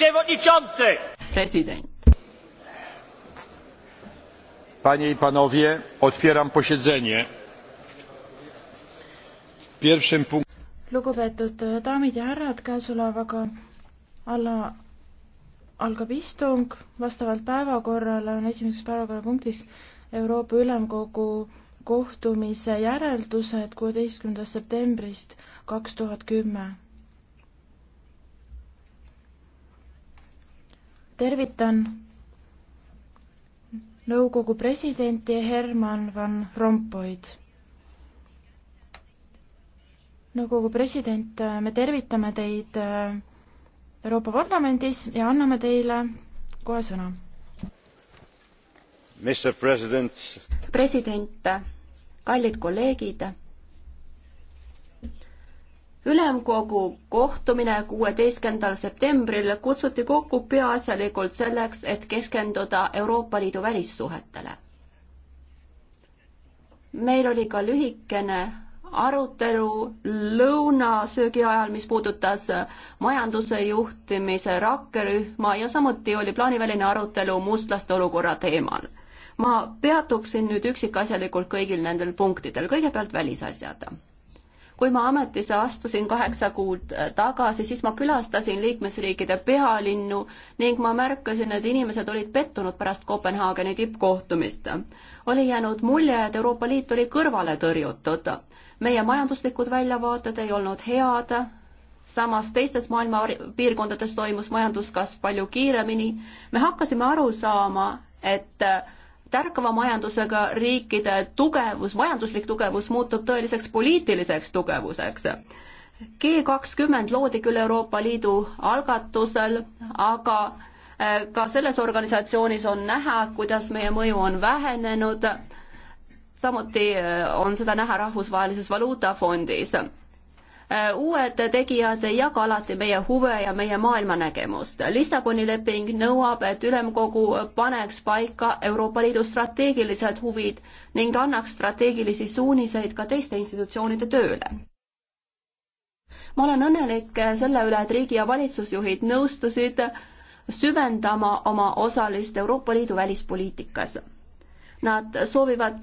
przewodniczący! Prezydent. Panie i panowie, otwieram posiedzenie. Pierwszym punktem... Lugupeetud daamid ja härrad, käesolevaga alla algab istung. Vastavalt päevakorrale on esimeses päevakorrapunktis Euroopa Ülemkogu kohtumise järeldused kuueteistkümnendast septembrist kaks tuhat kümme tervitan nõukogu presidenti Herman van Rompuyd. nõukogu president, me tervitame teid äh, Euroopa Parlamendis ja anname teile kohe sõna. president, president, kallid kolleegid ülemkogu kohtumine kuueteistkümnendal septembril kutsuti kokku peaasjalikult selleks, et keskenduda Euroopa Liidu välissuhetele. meil oli ka lühikene arutelu lõunasöögi ajal, mis puudutas majanduse juhtimise rakkerühma ja samuti oli plaaniväline arutelu mustlaste olukorra teemal. ma peatuksin nüüd üksikasjalikult kõigil nendel punktidel, kõigepealt välisasjad kui ma ametisse astusin kaheksa kuud äh, tagasi, siis ma külastasin liikmesriikide pealinnu ning ma märkasin, et inimesed olid pettunud pärast Kopenhaageni tippkohtumist. oli jäänud mulje, et Euroopa Liit oli kõrvale tõrjutud. meie majanduslikud väljavaated ei olnud head, samas teistes maailma piirkondades toimus majanduskasv palju kiiremini. me hakkasime aru saama, et äh, tärkava majandusega riikide tugevus, majanduslik tugevus muutub tõeliseks poliitiliseks tugevuseks. G kakskümmend loodi küll Euroopa Liidu algatusel, aga eh, ka selles organisatsioonis on näha, kuidas meie mõju on vähenenud. samuti eh, on seda näha Rahvusvahelises Valuutafondis Äh, uued tegijad ei jaga alati meie huve ja meie maailmanägemust. Lissaboni leping nõuab, et ülemkogu paneks paika Euroopa Liidu strateegilised huvid ning annaks strateegilisi suuniseid ka teiste institutsioonide tööle. ma olen õnnelik selle üle, et riigi- ja valitsusjuhid nõustusid süvendama oma osalist Euroopa Liidu välispoliitikas Nad soovivad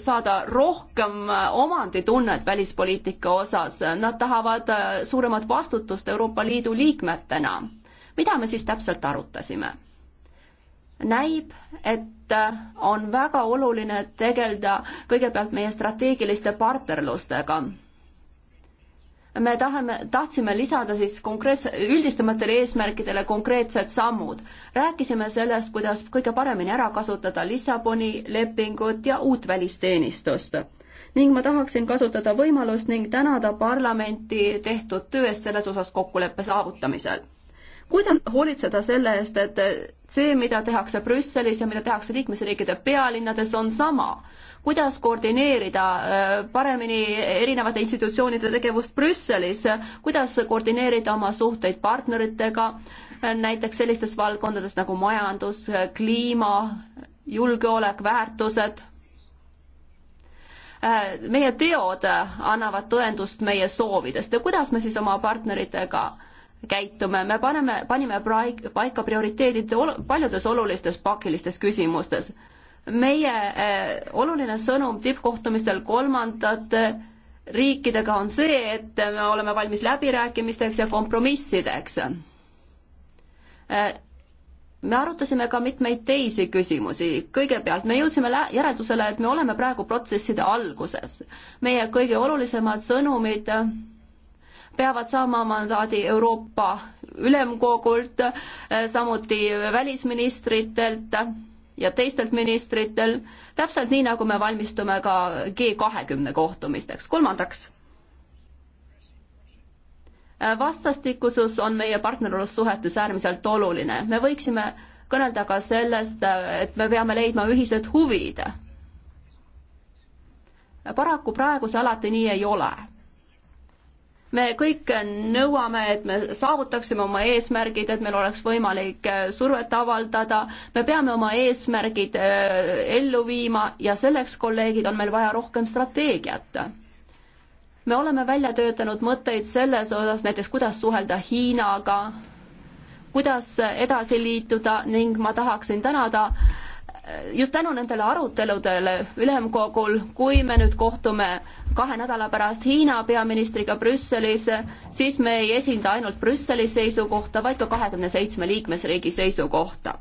saada rohkem omanditunnet välispoliitika osas, nad tahavad äh, suuremat vastutust Euroopa Liidu liikmetena. mida me siis täpselt arutasime? näib, et äh, on väga oluline tegeleda kõigepealt meie strateegiliste partnerlustega me tahame, tahtsime lisada siis konkreetse, üldistamatele eesmärkidele konkreetsed sammud. rääkisime sellest, kuidas kõige paremini ära kasutada Lissaboni lepingut ja uut välisteenistust. ning ma tahaksin kasutada võimalust ning tänada parlamenti tehtud töö eest selles osas kokkuleppe saavutamisel kuidas hoolitseda selle eest, et see, mida tehakse Brüsselis ja mida tehakse liikmesriikide pealinnades, on sama? kuidas koordineerida äh, paremini erinevate institutsioonide tegevust Brüsselis, kuidas koordineerida oma suhteid partneritega, äh, näiteks sellistes valdkondades nagu majandus, äh, kliima, julgeolek, väärtused meie teod annavad tõendust meie soovidest ja kuidas me siis oma partneritega käitume, me paneme, panime praegu paika prioriteedid ol, paljudes olulistes pakilistes küsimustes. meie äh, oluline sõnum tippkohtumistel kolmandate äh, riikidega on see, et me oleme valmis läbirääkimisteks ja kompromissideks. Eh, me arutasime ka mitmeid teisi küsimusi, kõigepealt me jõudsime järeldusele, et me oleme praegu protsesside alguses. meie kõige olulisemad sõnumid peavad saama mandaadi Euroopa Ülemkogult, eh, samuti välisministritelt ja teistelt ministritel, täpselt nii, nagu me valmistume ka G kahekümne kohtumisteks. kolmandaks, eh, vastastikusus on meie partnerlussuhetes äärmiselt oluline. me võiksime kõnelda ka sellest, eh, et me peame leidma ühised huvid. paraku praegu see alati nii ei ole me kõik nõuame, et me saavutaksime oma eesmärgid, et meil oleks võimalik äh, survet avaldada, me peame oma eesmärgid äh, ellu viima ja selleks, kolleegid, on meil vaja rohkem strateegiat. me oleme välja töötanud mõtteid selles osas näiteks, kuidas suhelda Hiinaga, kuidas edasi liituda ning ma tahaksin tänada äh, just tänu nendele aruteludele ülemkogul, kui me nüüd kohtume kahe nädala pärast Hiina peaministriga Brüsselis, siis me ei esinda ainult Brüsseli seisukohta, vaid ka kahekümne seitsme liikmesriigi seisukohta.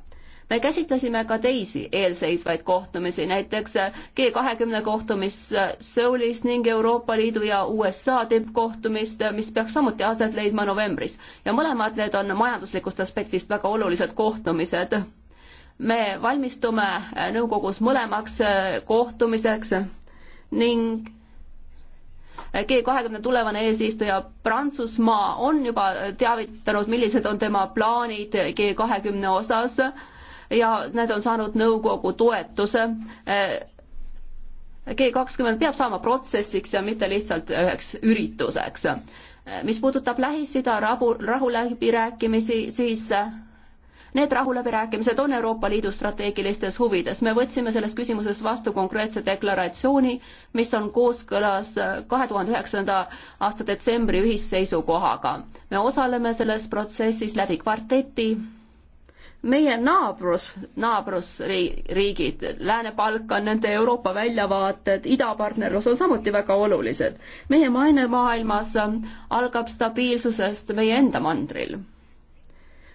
me käsitlesime ka teisi eelseisvaid kohtumisi, näiteks G kahekümne kohtumist Soulis ning Euroopa Liidu ja USA tippkohtumist, mis peaks samuti aset leidma novembris. ja mõlemad need on majanduslikust aspektist väga olulised kohtumised me valmistume nõukogus mõlemaks äh, kohtumiseks ning äh, G kahekümne tulevane eesistuja Prantsusmaa on juba teavitanud, millised on tema plaanid G kahekümne osas ja need on saanud nõukogu toetuse. Äh, G kakskümmend peab saama protsessiks ja mitte lihtsalt üheks ürituseks. mis puudutab Lähis-Ida rahu, rahuläbirääkimisi, siis Need rahuläbirääkimised on Euroopa Liidu strateegilistes huvides. me võtsime selles küsimuses vastu konkreetse deklaratsiooni, mis on kooskõlas äh, kahe tuhande üheksanda aasta detsembri ühisseisukohaga. me osaleme selles protsessis läbi kvarteti meie naabrus, naabrusriigid, Lääne-Balkan, nende Euroopa väljavaated, idapartnerlus on samuti väga olulised. meie maine maailmas äh, algab stabiilsusest meie enda mandril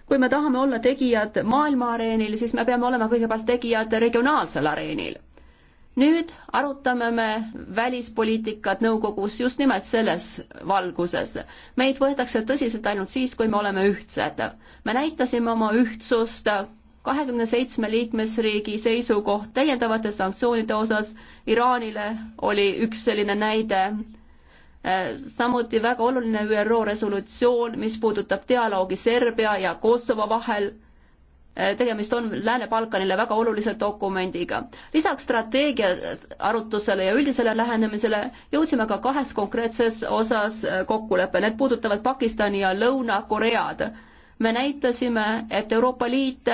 kui me tahame olla tegijad maailma areenil, siis me peame olema kõigepealt tegijad regionaalsel areenil. nüüd arutame me välispoliitikat nõukogus just nimelt selles valguses. meid võetakse tõsiselt ainult siis, kui me oleme ühtsed. me näitasime oma ühtsust kahekümne seitsme liikmesriigi seisukoht täiendavate sanktsioonide osas Iraanile oli üks selline näide Äh, samuti väga oluline ÜRO resolutsioon, mis puudutab dialoogi Serbia ja Kosovo vahel. Äh, tegemist on Lääne-Balkanile väga olulise dokumendiga. lisaks strateegia arutusele ja üldisele lähenemisele jõudsime ka kahes konkreetses osas äh, kokkuleppe, need puudutavad Pakistani ja Lõuna-Koread. me näitasime, et Euroopa Liit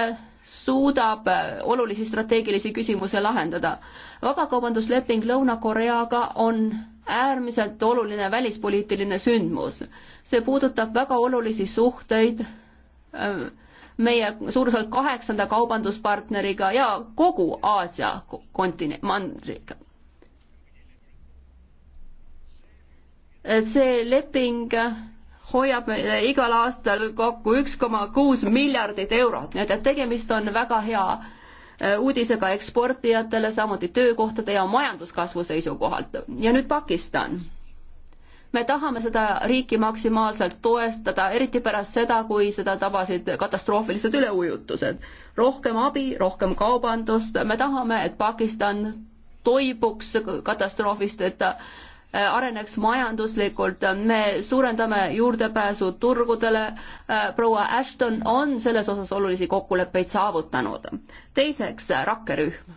suudab olulisi strateegilisi küsimusi lahendada. vabakaubandusleping Lõuna-Koreaga on äärmiselt oluline välispoliitiline sündmus. see puudutab väga olulisi suhteid äh, meie suuruselt kaheksanda kaubanduspartneriga ja kogu Aasia kontinent, mandriga. see leping hoiab meile igal aastal kokku üks koma kuus miljardit eurot, nii et, et tegemist on väga hea äh, Äh, uudisega eksportijatele, samuti töökohtade ja majanduskasvu seisukohalt. ja nüüd Pakistan. me tahame seda riiki maksimaalselt toestada, eriti pärast seda, kui seda tabasid katastroofilised üleujutused. rohkem abi, rohkem kaubandust, me tahame, et Pakistan toibuks katastroofist, et ta Äh, areneks majanduslikult, me suurendame juurdepääsu turgudele, äh, proua Ashton on selles osas olulisi kokkuleppeid saavutanud. teiseks, äh, rakkerühm.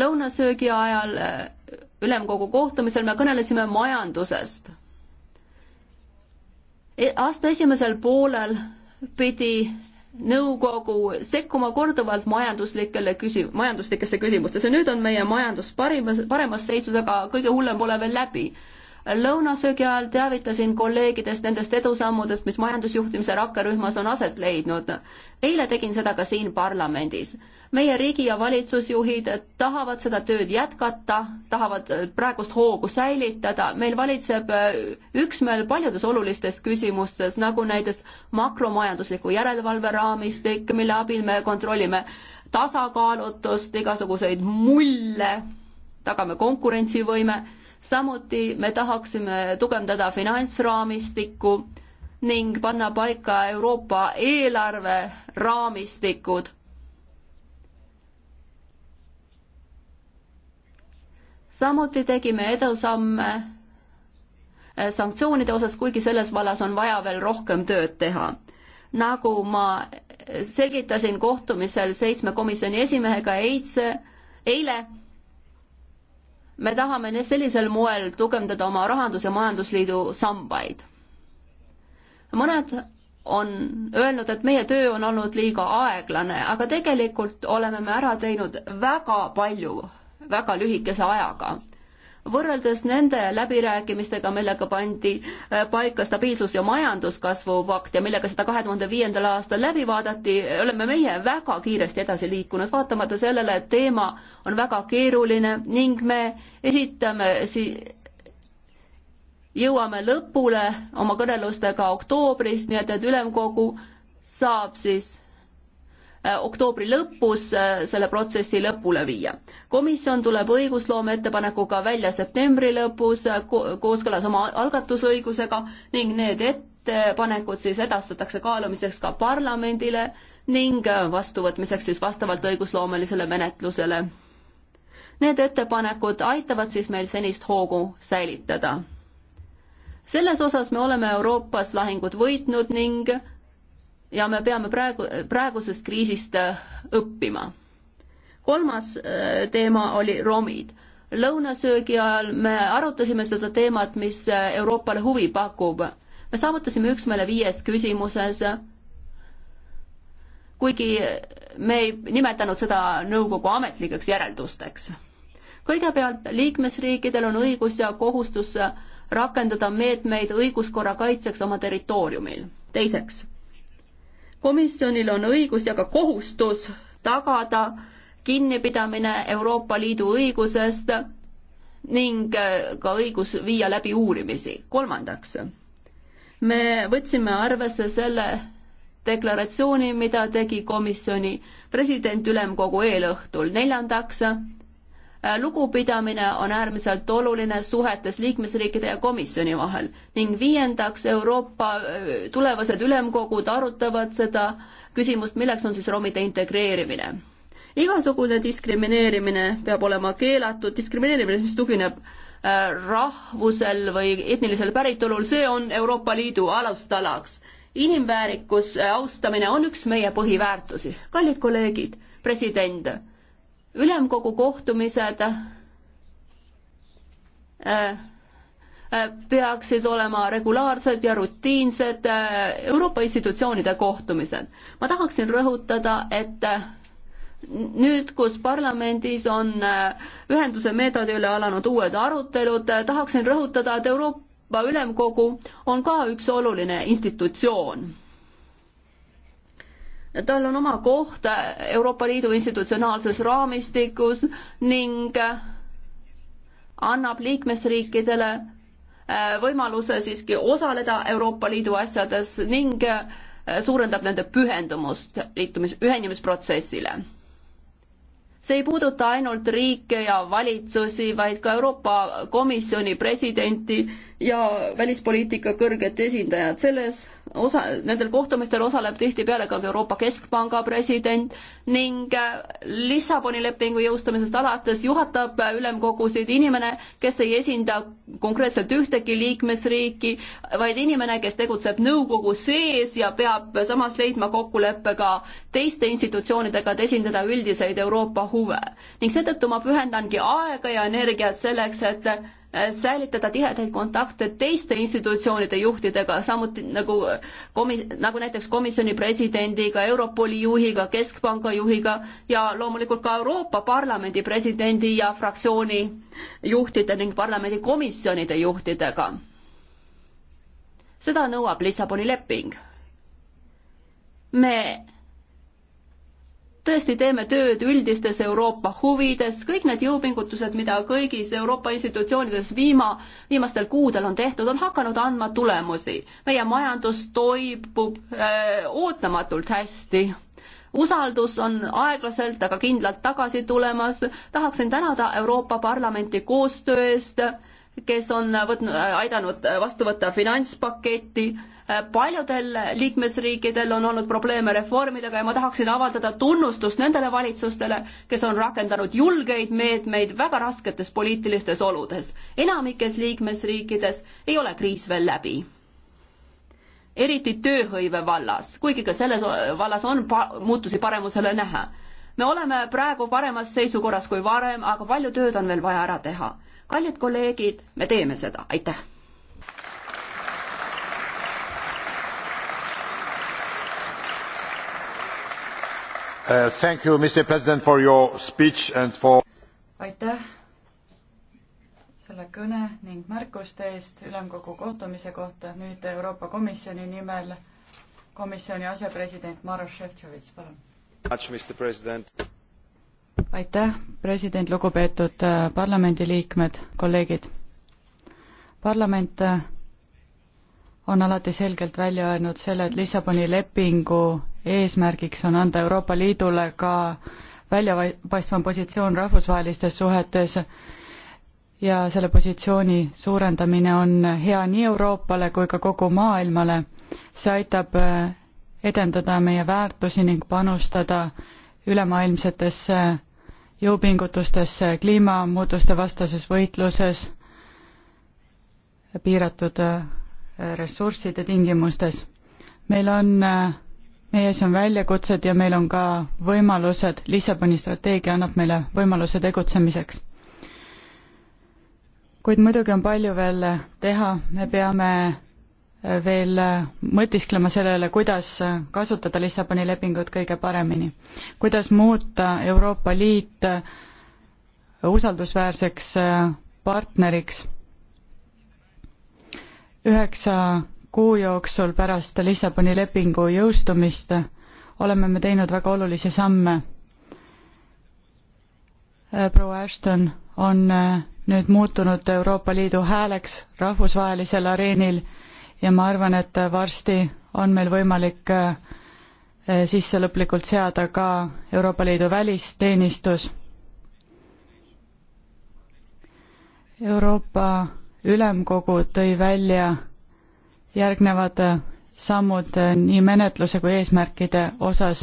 lõunasöögi ajal ülemkogu kohtumisel me kõnelesime majandusest. E, aasta esimesel poolel pidi nõukogu sekkuma korduvalt majanduslikele küsi-, majanduslikesse küsimustesse, nüüd on meie majandus parimas, paremas seisus, aga kõige hullem pole veel läbi lõunasöögi ajal teavitasin kolleegidest nendest edusammudest, mis majandusjuhtimise rakkerühmas on aset leidnud. eile tegin seda ka siin parlamendis. meie riigi ja valitsusjuhid tahavad seda tööd jätkata, tahavad praegust hoogu säilitada, meil valitseb äh, üksmeel paljudes olulistes küsimustes, nagu näiteks makromajandusliku järelevalve raamistik, mille abil me kontrollime tasakaalutust, igasuguseid mulle, tagame konkurentsivõime samuti me tahaksime tugevdada finantsraamistikku ning panna paika Euroopa eelarveraamistikud. samuti tegime edusamme eh, sanktsioonide osas, kuigi selles vallas on vaja veel rohkem tööd teha. nagu ma selgitasin kohtumisel seitsme komisjoni esimehega eitse, eile, me tahame sellisel moel tugevdada oma rahandus- ja majandusliidu sambaid. mõned on öelnud, et meie töö on olnud liiga aeglane, aga tegelikult oleme me ära teinud väga palju väga lühikese ajaga võrreldes nende läbirääkimistega, millega pandi äh, paika stabiilsus- ja majanduskasvu pakt ja millega seda kahe tuhande viiendal aastal läbi vaadati, oleme meie väga kiiresti edasi liikunud, vaatamata sellele, et teema on väga keeruline ning me esitame si-, jõuame lõpule oma kõnelustega oktoobris, nii et, et ülemkogu saab siis Äh, oktoobri lõpus äh, selle protsessi lõpule viia. komisjon tuleb õigusloome ettepanekuga välja septembri lõpus äh, kooskõlas oma algatusõigusega ning need ettepanekud siis edastatakse kaalumiseks ka parlamendile ning vastuvõtmiseks siis vastavalt õigusloomelisele menetlusele. Need ettepanekud aitavad siis meil senist hoogu säilitada. selles osas me oleme Euroopas lahingud võitnud ning ja me peame praegu, praegusest kriisist äh, õppima. kolmas äh, teema oli romid. lõunasöögi ajal me arutasime seda teemat, mis äh, Euroopale huvi pakub. me saavutasime üksmeele viies küsimuses, kuigi me ei nimetanud seda nõukogu ametlikeks järeldusteks. kõigepealt liikmesriikidel on õigus ja kohustus rakendada meetmeid õiguskorra kaitseks oma territooriumil. teiseks komisjonil on õigus ja ka kohustus tagada kinnipidamine Euroopa Liidu õigusest ning äh, ka õigus viia läbi uurimisi. kolmandaks, me võtsime arvesse selle deklaratsiooni, mida tegi komisjoni president ülemkogu eelõhtul. neljandaks, Äh, lugupidamine on äärmiselt oluline suhetes liikmesriikide ja komisjoni vahel ning viiendaks, Euroopa äh, tulevased ülemkogud arutavad seda küsimust, milleks on siis romide integreerimine. igasugune diskrimineerimine peab olema keelatud, diskrimineerimine, mis tugineb äh, rahvusel või etnilisel päritolul, see on Euroopa Liidu alustalaks. inimväärikuse austamine on üks meie põhiväärtusi. kallid kolleegid, president ülemkogu kohtumised äh, äh, peaksid olema regulaarsed ja rutiinsed äh, Euroopa institutsioonide kohtumised. ma tahaksin rõhutada, et nüüd, kus parlamendis on ühenduse meetodi üle alanud uued arutelud, tahaksin rõhutada, et Euroopa Ülemkogu on ka üks oluline institutsioon tal on oma koht Euroopa Liidu institutsionaalses raamistikus ning äh, annab liikmesriikidele äh, võimaluse siiski osaleda Euroopa Liidu asjades ning äh, suurendab nende pühendumust liitumis, ühenemisprotsessile. see ei puuduta ainult riike ja valitsusi, vaid ka Euroopa Komisjoni presidenti ja välispoliitika kõrged esindajad. selles osa, nendel kohtumistel osaleb tihtipeale ka Euroopa Keskpanga president ning äh, Lissaboni lepingu jõustumisest alates juhatab äh, ülemkogusid inimene, kes ei esinda konkreetselt ühtegi liikmesriiki, vaid inimene, kes tegutseb nõukogu sees ja peab samas leidma kokkuleppe ka teiste institutsioonidega, et esindada üldiseid Euroopa huve. ning seetõttu ma pühendangi aega ja energiat selleks, et säilitada tihedaid kontakte teiste institutsioonide juhtidega, samuti nagu komi-, nagu näiteks komisjoni presidendiga, Europoli juhiga, Keskpanga juhiga ja loomulikult ka Euroopa Parlamendi presidendi ja fraktsiooni juhtide ning parlamendikomisjonide juhtidega. seda nõuab Lissaboni leping. me tõesti teeme tööd üldistes Euroopa huvides, kõik need jõupingutused, mida kõigis Euroopa institutsioonides viima, viimastel kuudel on tehtud, on hakanud andma tulemusi. meie majandus toibub öö, äh, ootamatult hästi usaldus on aeglaselt, aga kindlalt tagasi tulemas. tahaksin tänada Euroopa Parlamenti koostöö eest, kes on võtnud, äh, aidanud äh, vastu võtta finantspaketti Äh, paljudel liikmesriikidel on olnud probleeme reformidega ja ma tahaksin avaldada tunnustust nendele valitsustele, kes on rakendanud julgeid meetmeid väga rasketes poliitilistes oludes. enamikes liikmesriikides ei ole kriis veel läbi. eriti tööhõive vallas, kuigi ka selles vallas on pa muutusi paremusele näha. me oleme praegu paremas seisukorras kui varem, aga palju tööd on veel vaja ära teha. kallid kolleegid, me teeme seda, aitäh! Uh, thank you, Mr President, for your speech and for aitäh selle kõne ning märkuste eest ülemkogu kohtumise kohta. nüüd Euroopa Komisjoni nimel komisjoni asepresident Maroš Šefčovitš, palun. aitäh, president, lugupeetud äh, parlamendiliikmed, kolleegid. parlament äh, on alati selgelt välja öelnud selle, et Lissaboni lepingu eesmärgiks on anda Euroopa Liidule ka väljapaistvam positsioon rahvusvahelistes suhetes ja selle positsiooni suurendamine on hea nii Euroopale kui ka kogu maailmale. see aitab eh, edendada meie väärtusi ning panustada ülemaailmsetesse jõupingutustesse kliimamuutuste vastases võitluses piiratud eh, ressursside tingimustes. meil on, meie ees on väljakutsed ja meil on ka võimalused, Lissaboni strateegia annab meile võimaluse tegutsemiseks. kuid muidugi on palju veel teha, me peame veel mõtisklema sellele, kuidas kasutada Lissaboni lepingut kõige paremini. kuidas muuta Euroopa Liit usaldusväärseks partneriks üheksa kuu jooksul pärast Lissaboni lepingu jõustumist oleme me teinud väga olulisi samme. proua Ashton on äh, nüüd muutunud Euroopa Liidu hääleks rahvusvahelisel areenil ja ma arvan, et varsti on meil võimalik äh, sisse lõplikult seada ka Euroopa Liidu välisteenistus. Euroopa ülemkogu tõi välja järgnevad sammud eh, nii menetluse kui eesmärkide osas.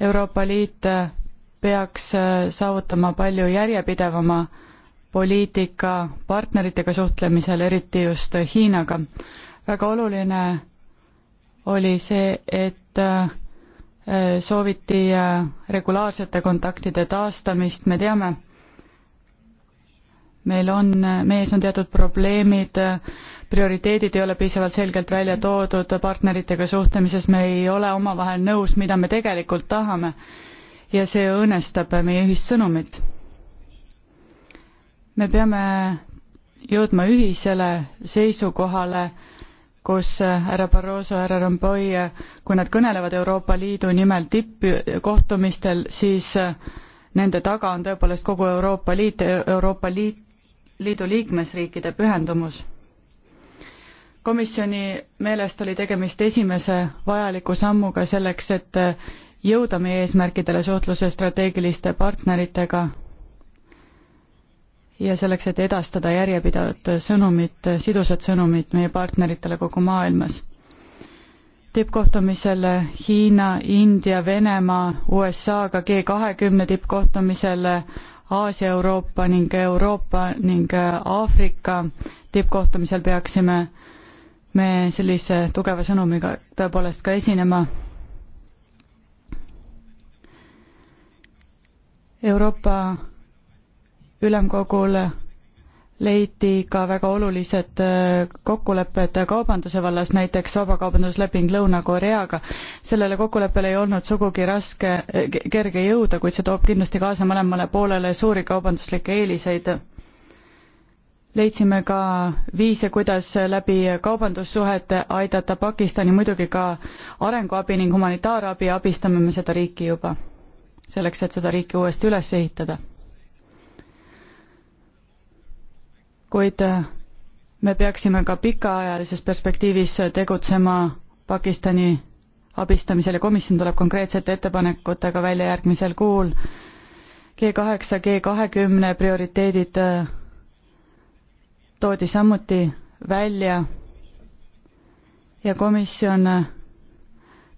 Euroopa Liit eh, peaks eh, saavutama palju järjepidevama poliitika partneritega suhtlemisel, eriti just Hiinaga. väga oluline oli see, et sooviti regulaarsete kontaktide taastamist, me teame, meil on, meie ees on teatud probleemid, prioriteedid ei ole piisavalt selgelt välja toodud partneritega suhtlemises, me ei ole omavahel nõus, mida me tegelikult tahame. ja see õõnestab meie ühist sõnumit. me peame jõudma ühisele seisukohale, kus härra Barroso, härra Rompuy, kui nad kõnelevad Euroopa Liidu nimel tippkohtumistel, siis nende taga on tõepoolest kogu Euroopa Liit, Euroopa Liit Liidu liikmesriikide pühendumus. komisjoni meelest oli tegemist esimese vajaliku sammuga selleks, et jõuda meie eesmärkidele suhtluse strateegiliste partneritega ja selleks, et edastada järjepidevat sõnumit, sidusat sõnumit meie partneritele kogu maailmas. tippkohtumisel Hiina, India, Venemaa, USA-ga G kahekümne tippkohtumisel Aasia-Euroopa ning Euroopa ning äh, Aafrika tippkohtumisel peaksime me sellise tugeva sõnumiga tõepoolest ka esinema. Euroopa Ülemkogul leiti ka väga olulised äh, kokkulepped kaubanduse vallas, näiteks vabakaubandusleping Lõuna-Koreaga. sellele kokkuleppele ei olnud sugugi raske, äh, kerge jõuda, kuid see toob kindlasti kaasa mõlemale poolele suuri kaubanduslikke eeliseid. leidsime ka viise, kuidas läbi kaubandussuhete aidata Pakistani, muidugi ka arenguabi ning humanitaarabi, abistame me seda riiki juba, selleks, et seda riiki uuesti üles ehitada kuid äh, me peaksime ka pikaajalises perspektiivis äh, tegutsema Pakistani abistamisel ja komisjon tuleb konkreetsete ettepanekutega välja järgmisel kuul. G kaheksa, G kahekümne prioriteedid äh, toodi samuti välja ja komisjon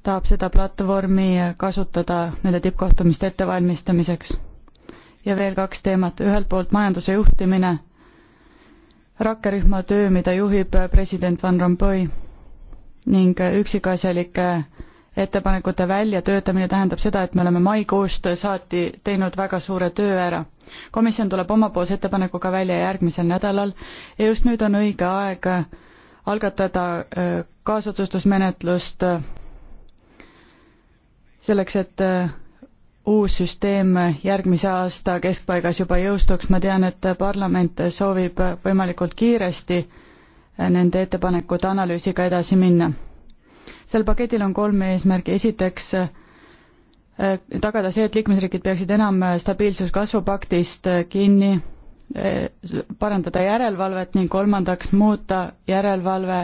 tahab seda platvormi kasutada nende tippkohtumiste ettevalmistamiseks. ja veel kaks teemat, ühelt poolt majanduse juhtimine rakkerühma töö, mida juhib äh, president Van Rompuy ning äh, üksikasjalike ettepanekute väljatöötamine tähendab seda, et me oleme maikuust saati teinud väga suure töö ära. komisjon tuleb omapoolse ettepanekuga välja järgmisel nädalal ja just nüüd on õige aeg äh, algatada kaasotsustusmenetlust selleks, et uus süsteem järgmise aasta keskpaigas juba jõustuks, ma tean, et parlament soovib võimalikult kiiresti nende ettepanekute analüüsiga edasi minna. sel paketil on kolm eesmärki, esiteks eh, tagada see, et liikmesriigid peaksid enam stabiilsuskasvupaktist kinni, eh, parandada järelevalvet ning kolmandaks muuta järelevalve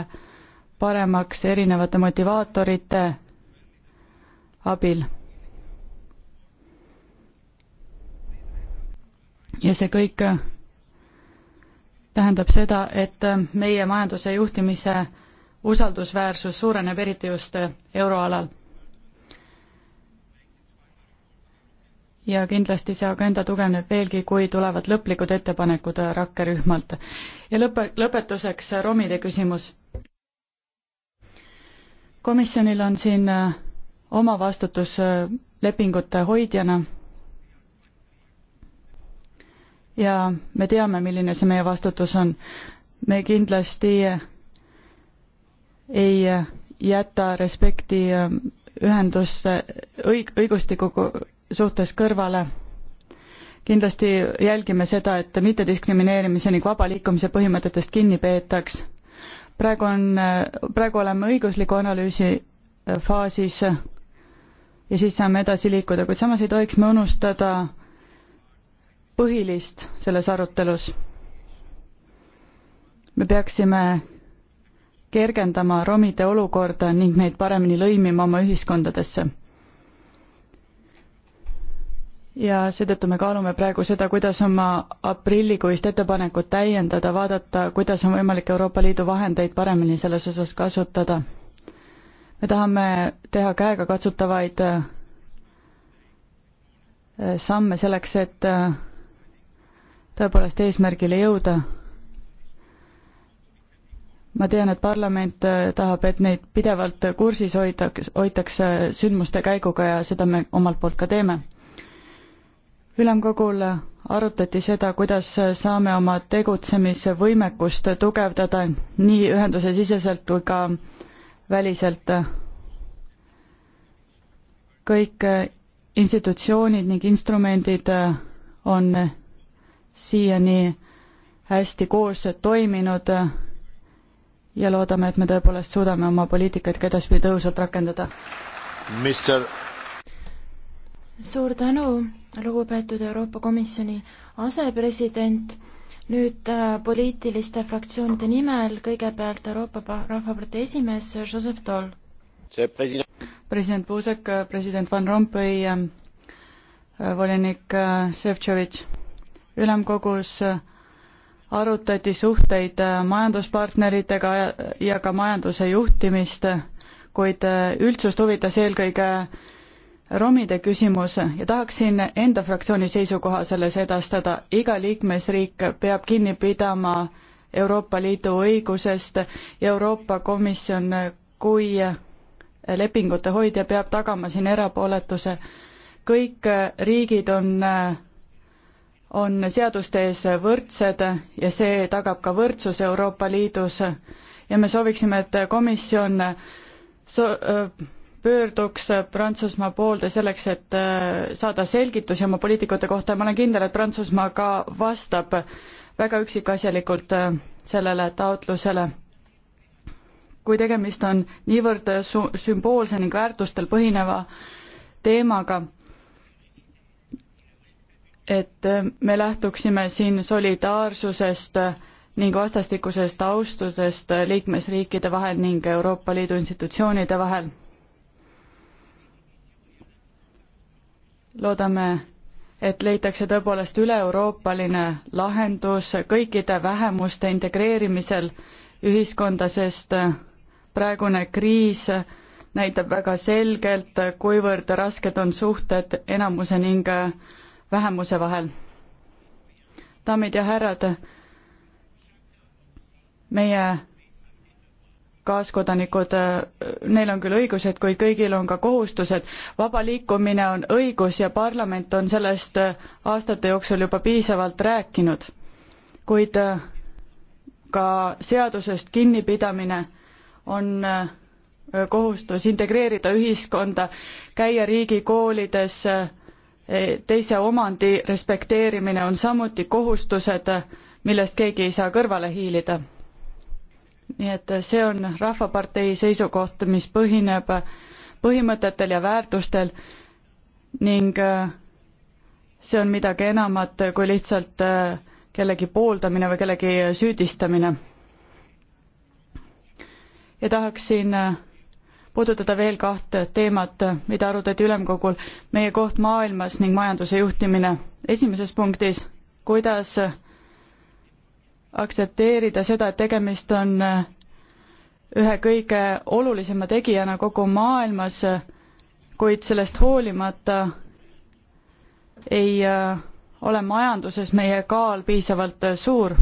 paremaks erinevate motivaatorite abil ja see kõik äh, tähendab seda, et äh, meie majanduse juhtimise usaldusväärsus suureneb eriti just äh, euroalal. ja kindlasti see agenda tugevneb veelgi, kui tulevad lõplikud ettepanekud rakkerühmalt. ja lõpe, lõpetuseks romide küsimus. komisjonil on siin oma vastutus lepingute hoidjana ja me teame, milline see meie vastutus on. me kindlasti ei jäta respekti ühenduste õig-, õigustiku suhtes kõrvale. kindlasti jälgime seda, et mittediskrimineerimise ning vaba liikumise põhimõtetest kinni peetaks. praegu on, praegu oleme õigusliku analüüsi faasis ja siis saame edasi liikuda, kuid samas ei tohiks me unustada põhilist selles arutelus. me peaksime kergendama romide olukorda ning neid paremini lõimima oma ühiskondadesse. ja seetõttu me kaalume praegu seda, kuidas oma aprillikuist ettepanekut täiendada, vaadata, kuidas on võimalik Euroopa Liidu vahendeid paremini selles osas kasutada. me tahame teha käegakatsutavaid äh, samme selleks, et äh, tõepoolest eesmärgile jõuda. ma tean, et parlament äh, tahab, et neid pidevalt kursis hoitaks, hoitakse äh, sündmuste käiguga ja seda me omalt poolt ka teeme. ülemkogul arutati seda, kuidas saame oma tegutsemisvõimekust tugevdada nii ühenduse siseselt kui ka väliselt. kõik institutsioonid ning instrumendid on siiani hästi koos toiminud ja loodame, et me tõepoolest suudame oma poliitikaid ka edaspidi tõhusalt rakendada. Mister suur tänu, lugupeetud Euroopa Komisjoni asepresident. nüüd äh, poliitiliste fraktsioonide nimel kõigepealt Euroopa Rahvapartei esimees Joseph Toll. president, president Puusek, äh, president Van Rompuy, ähm, äh, volinik Šefčovitš ülemkogus arutati suhteid majanduspartneritega ja ka majanduse juhtimist, kuid üldsust huvitas eelkõige romide küsimus ja tahaksin enda fraktsiooni seisukoha selles edastada. iga liikmesriik peab kinni pidama Euroopa Liidu õigusest ja Euroopa Komisjon kui lepingute hoidja peab tagama siin erapooletuse. kõik riigid on on seaduste ees võrdsed ja see tagab ka võrdsuse Euroopa Liidus ja me sooviksime, et komisjon so-, pöörduks Prantsusmaa poolde selleks, et äh, saada selgitusi oma poliitikute kohta ja ma olen kindel, et Prantsusmaa ka vastab väga üksikasjalikult äh, sellele taotlusele. kui tegemist on niivõrd su-, sümboolse ning väärtustel põhineva teemaga, et me lähtuksime siin solidaarsusest ning vastastikusest austusest liikmesriikide vahel ning Euroopa Liidu institutsioonide vahel. loodame, et leitakse tõepoolest üle-euroopaline lahendus kõikide vähemuste integreerimisel ühiskonda, sest praegune kriis näitab väga selgelt, kuivõrd rasked on suhted enamuse ning vähemuse vahel. daamid ja härrad, meie kaaskodanikud, neil on küll õigused, kuid kõigil on ka kohustused. vaba liikumine on õigus ja parlament on sellest aastate jooksul juba piisavalt rääkinud. kuid ka seadusest kinnipidamine on kohustus integreerida ühiskonda, käia riigikoolides, teise omandi respekteerimine on samuti kohustused, millest keegi ei saa kõrvale hiilida. nii et see on Rahvapartei seisukoht, mis põhineb põhimõtetel ja väärtustel ning äh, see on midagi enamat kui lihtsalt äh, kellegi pooldamine või kellegi süüdistamine. ja tahaksin äh, puudutada veel kahte teemat, mida arutati ülemkogul, meie koht maailmas ning majanduse juhtimine. esimeses punktis, kuidas aktsepteerida seda, et tegemist on ühe kõige olulisema tegijana kogu maailmas, kuid sellest hoolimata ei äh, ole majanduses meie kaal piisavalt äh, suur.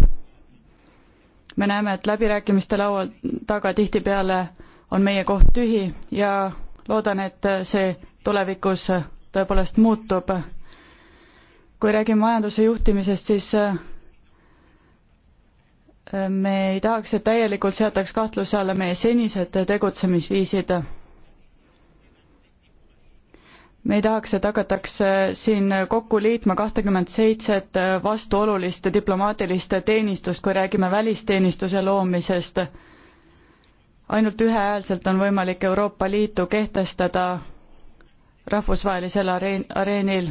me näeme, et läbirääkimiste laua taga tihtipeale on meie koht tühi ja loodan, et see tulevikus tõepoolest muutub. kui räägime majanduse juhtimisest, siis äh, me ei tahaks, et täielikult seataks kahtluse alla meie senised tegutsemisviisid. me ei tahaks, et hakataks äh, siin kokku liitma kahtekümmet seitset äh, vastuolulist diplomaatilist teenistust, kui räägime välisteenistuse loomisest ainult ühehäälselt on võimalik Euroopa Liitu kehtestada rahvusvahelisel areen-, areenil.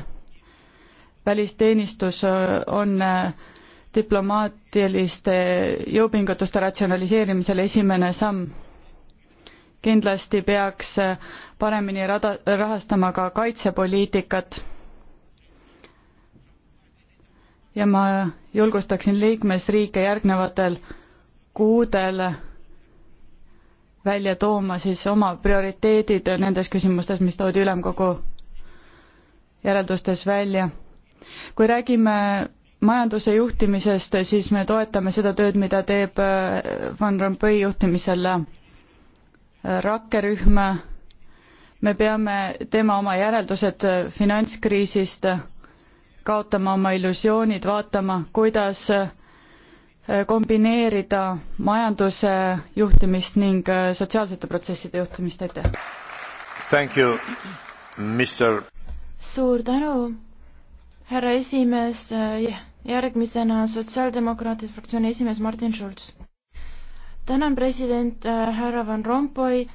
välisteenistus äh, on äh, diplomaatiliste jõupingutuste ratsionaliseerimisel esimene samm. kindlasti peaks äh, paremini rada-, rahastama ka kaitsepoliitikat ja ma julgustaksin liikmesriike järgnevatel kuudel välja tooma siis oma prioriteedid nendes küsimustes, mis toodi ülemkogu järeldustes välja. kui räägime majanduse juhtimisest, siis me toetame seda tööd, mida teeb äh, Van Rompuy juhtimisel äh, rakkerühm. me peame tema oma järeldused äh, finantskriisist, kaotama oma illusioonid, vaatama, kuidas Äh, kombineerida majanduse juhtimist ning äh, sotsiaalsete protsesside juhtimist, aitäh! suur tänu, härra esimees, äh, järgmisena Sotsiaaldemokraatide fraktsiooni esimees Martin Schulz. tänan, president härra Van Rompuy,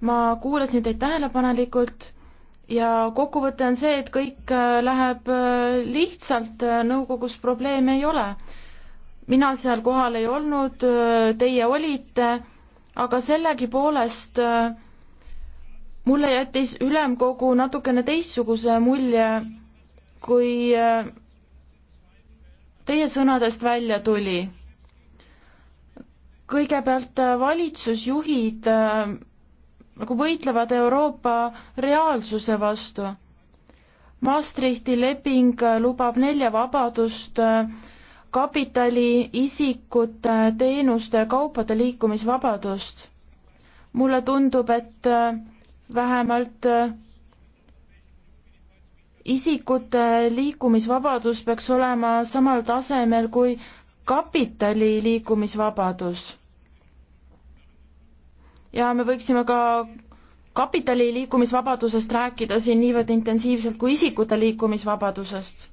ma kuulasin teid tähelepanelikult ja kokkuvõte on see, et kõik läheb lihtsalt, nõukogus probleeme ei ole mina seal kohal ei olnud, äh, teie olite, aga sellegipoolest äh, mulle jättis ülemkogu natukene teistsuguse mulje, kui äh, teie sõnadest välja tuli. kõigepealt valitsusjuhid nagu võitlevad Euroopa reaalsuse vastu. Maastrichti leping lubab nelja vabadust äh, kapitali, isikute, teenuste, kaupade liikumisvabadust. mulle tundub, et äh, vähemalt äh, isikute liikumisvabadus peaks olema samal tasemel kui kapitali liikumisvabadus. ja me võiksime ka kapitali liikumisvabadusest rääkida siin niivõrd intensiivselt kui isikute liikumisvabadusest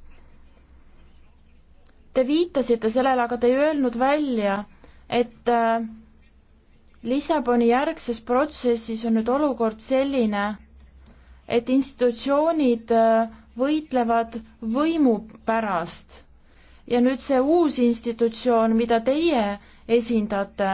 Te viitasite sellele, aga te ei öelnud välja, et äh, Lissaboni järgses protsessis on nüüd olukord selline, et institutsioonid äh, võitlevad võimu pärast ja nüüd see uus institutsioon, mida teie esindate,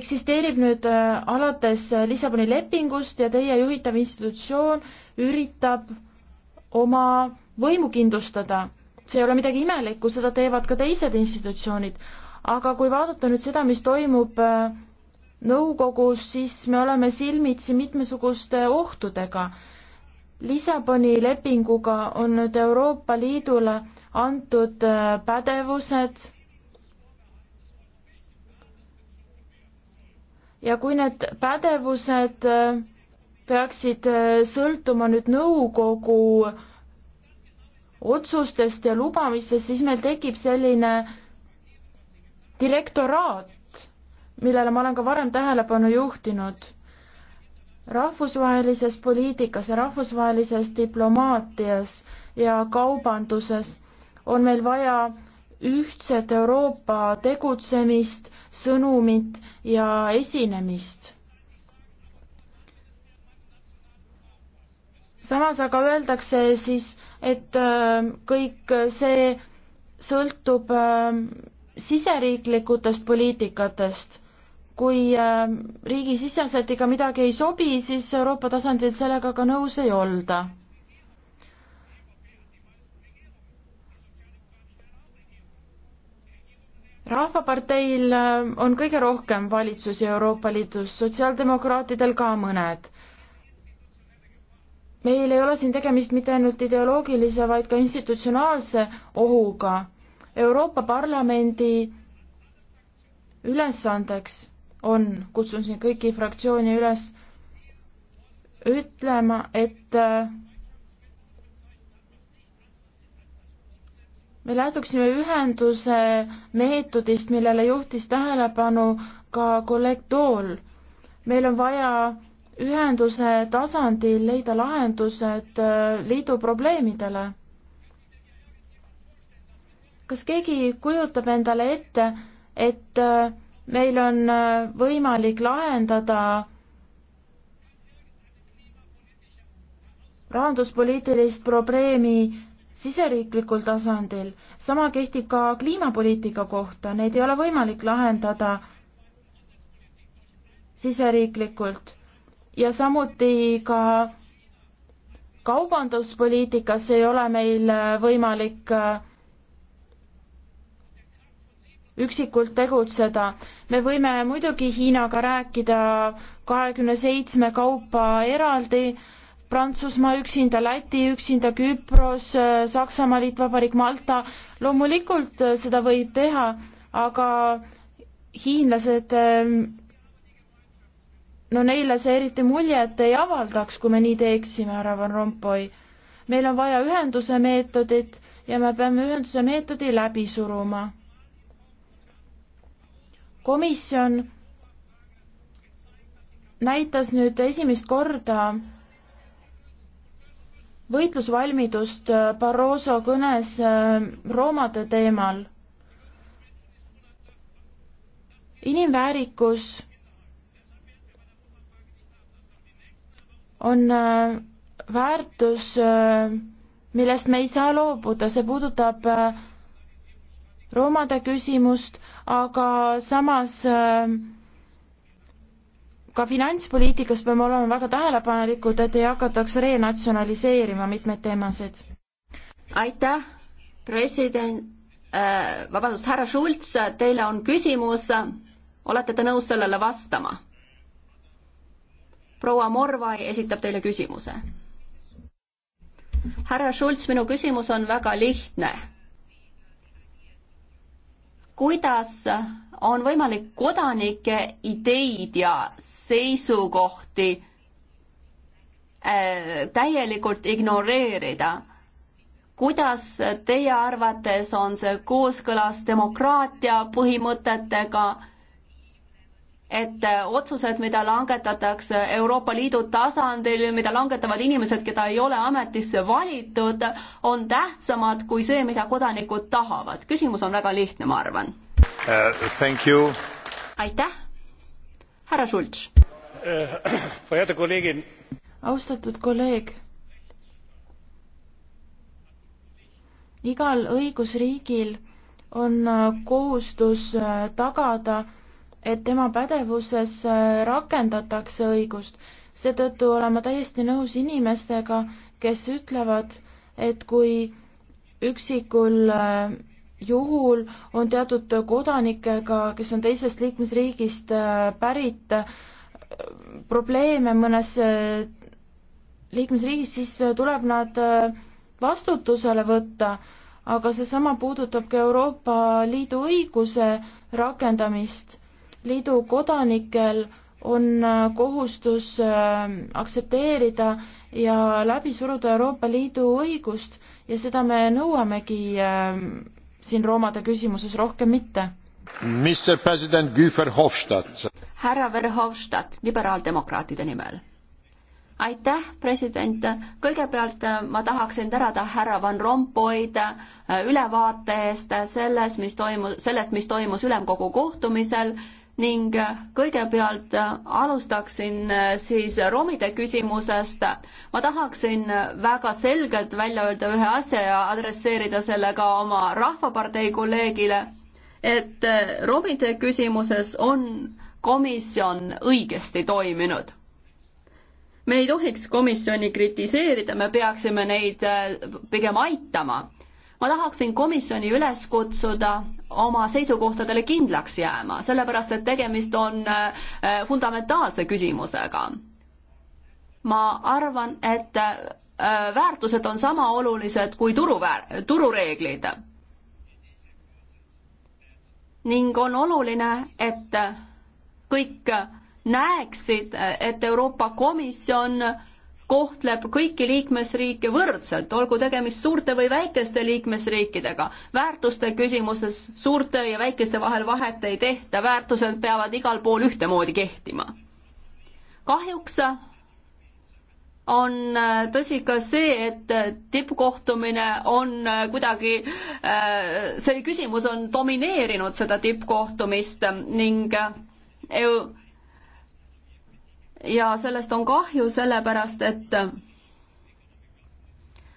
eksisteerib nüüd äh, alates Lissaboni lepingust ja teie juhitav institutsioon üritab äh, oma võimu kindlustada. see ei ole midagi imelikku, seda teevad ka teised institutsioonid. aga kui vaadata nüüd seda, mis toimub äh, nõukogus, siis me oleme silmitsi mitmesuguste ohtudega. Lissaboni lepinguga on nüüd Euroopa Liidule antud äh, pädevused ja kui need pädevused äh, peaksid äh, sõltuma nüüd nõukogu otsustest ja lubamistest, siis meil tekib selline direktoraat, millele ma olen ka varem tähelepanu juhtinud. rahvusvahelises poliitikas ja rahvusvahelises diplomaatias ja kaubanduses on meil vaja ühtset Euroopa tegutsemist, sõnumit ja esinemist samas aga öeldakse siis, et äh, kõik see sõltub äh, siseriiklikutest poliitikatest. kui äh, riigisiseselt ikka midagi ei sobi, siis Euroopa tasandil sellega ka nõus ei olda rahvaparteil on kõige rohkem valitsusi Euroopa Liidus, sotsiaaldemokraatidel ka mõned meil ei ole siin tegemist mitte ainult ideoloogilise, vaid ka institutsionaalse ohuga. Euroopa Parlamendi ülesandeks on, kutsun siin kõiki fraktsioone üles ütlema, et äh, me lähtuksime ühenduse meetodist, millele juhtis tähelepanu ka kolleeg Tool. meil on vaja ühenduse tasandil leida lahendused äh, liidu probleemidele. kas keegi kujutab endale ette, et äh, meil on äh, võimalik lahendada rahanduspoliitilist probleemi siseriiklikul tasandil, sama kehtib ka kliimapoliitika kohta, neid ei ole võimalik lahendada siseriiklikult ja samuti ka kaubanduspoliitikas ei ole meil äh, võimalik äh, üksikult tegutseda. me võime muidugi Hiinaga rääkida kahekümne seitsme kaupa eraldi, Prantsusmaa üksinda, Läti üksinda, Küpros, äh, Saksamaa Liitvabariik, Malta, loomulikult seda võib teha, aga hiinlased ähm, no neile see eriti muljet ei avaldaks, kui me nii teeksime, härra Van Rompuy. meil on vaja ühenduse meetodit ja me peame ühenduse meetodi läbi suruma. komisjon näitas nüüd esimest korda võitlusvalmidust Barroso kõnes äh, roomade teemal. inimväärikus on äh, väärtus, äh, millest me ei saa loobuda, see puudutab äh, roomade küsimust, aga samas ka finantspoliitikas peame olema väga tähelepanelikud, et ei hakataks renatsionaliseerima mitmeid teemasid. aitäh, president äh,, vabandust, härra Schulz, teile on küsimus, olete te nõus sellele vastama? proua Morvai esitab teile küsimuse. härra Schulz, minu küsimus on väga lihtne. kuidas on võimalik kodanike ideid ja seisukohti äh, täielikult ignoreerida? kuidas teie arvates on see kooskõlas demokraatia põhimõtetega et äh, otsused, mida langetatakse Euroopa Liidu tasandil, mida langetavad inimesed, keda ei ole ametisse valitud, on tähtsamad kui see, mida kodanikud tahavad. küsimus on väga lihtne, ma arvan uh,. aitäh, härra Schultz uh,. austatud kolleeg. igal õigusriigil on äh, kohustus äh, tagada et tema pädevuses äh, rakendatakse õigust. seetõttu olen ma täiesti nõus inimestega, kes ütlevad, et kui üksikul äh, juhul on teatud kodanikega, kes on teisest liikmesriigist äh, pärit, probleeme mõnes liikmesriigis, siis tuleb nad vastutusele võtta, aga seesama puudutab ka Euroopa Liidu õiguse rakendamist Liidu kodanikel on äh, kohustus äh, aktsepteerida ja läbi suruda Euroopa Liidu õigust ja seda me nõuamegi äh, siin roomade küsimuses, rohkem mitte. härra Verhofstadt, liberaaldemokraatide nimel. aitäh, president, kõigepealt ma tahaksin tänada härra Van Rompuyd ülevaate eest selles, mis toimus, sellest, mis toimus ülemkogu kohtumisel ning kõigepealt alustaksin äh, siis romide küsimusest. ma tahaksin väga selgelt välja öelda ühe asja ja adresseerida selle ka oma Rahvapartei kolleegile, et äh, romide küsimuses on komisjon õigesti toiminud. me ei tohiks komisjoni kritiseerida, me peaksime neid äh, pigem aitama ma tahaksin komisjoni üles kutsuda oma seisukohtadele kindlaks jääma, sellepärast et tegemist on äh, fundamentaalse küsimusega. ma arvan, et äh, väärtused on sama olulised kui turuväär-, turureeglid. ning on oluline, et kõik näeksid, et Euroopa Komisjon kohtleb kõiki liikmesriike võrdselt, olgu tegemist suurte või väikeste liikmesriikidega. väärtuste küsimuses suurte ja väikeste vahel vahet ei tehta, väärtused peavad igal pool ühtemoodi kehtima. kahjuks on äh, tõsi ka see, et äh, tippkohtumine on äh, kuidagi, see küsimus on domineerinud seda tippkohtumist ning EU ja sellest on kahju, sellepärast et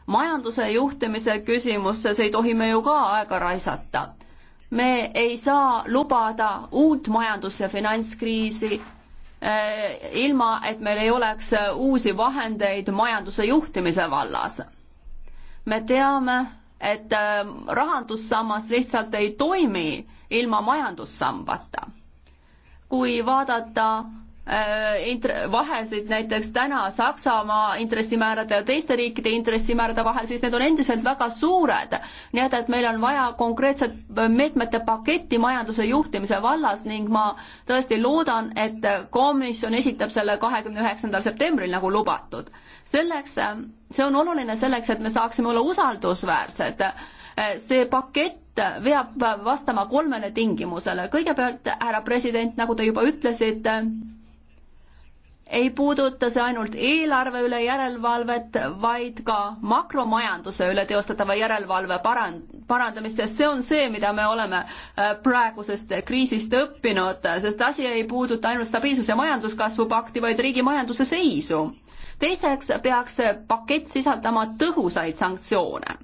majanduse juhtimise küsimuses ei tohi me ju ka aega raisata. me ei saa lubada uut majandus- ja finantskriisi eh, ilma, et meil ei oleks uusi vahendeid majanduse juhtimise vallas. me teame, et eh, rahandussammas lihtsalt ei toimi ilma majandussambata. kui vaadata Äh, int-, vahesid näiteks täna Saksamaa intressimäärade ja teiste riikide intressimäärade vahel, siis need on endiselt väga suured. nii et, et meil on vaja konkreetset meetmete paketti majanduse juhtimise vallas ning ma tõesti loodan, et komisjon esitab selle kahekümne üheksandal septembril, nagu lubatud. selleks, äh, see on oluline selleks, et me saaksime olla usaldusväärsed. Äh, see pakett peab vastama kolmele tingimusele. kõigepealt, härra president, nagu te juba ütlesite, ei puuduta see ainult eelarve üle järelevalvet, vaid ka makromajanduse üle teostatava järelevalve parand-, parandamist, sest see on see, mida me oleme äh, praegusest kriisist õppinud, sest asi ei puuduta ainult stabiilsus- ja majanduskasvu pakti, vaid riigi majanduse seisu. teiseks peaks see pakett sisaldama tõhusaid sanktsioone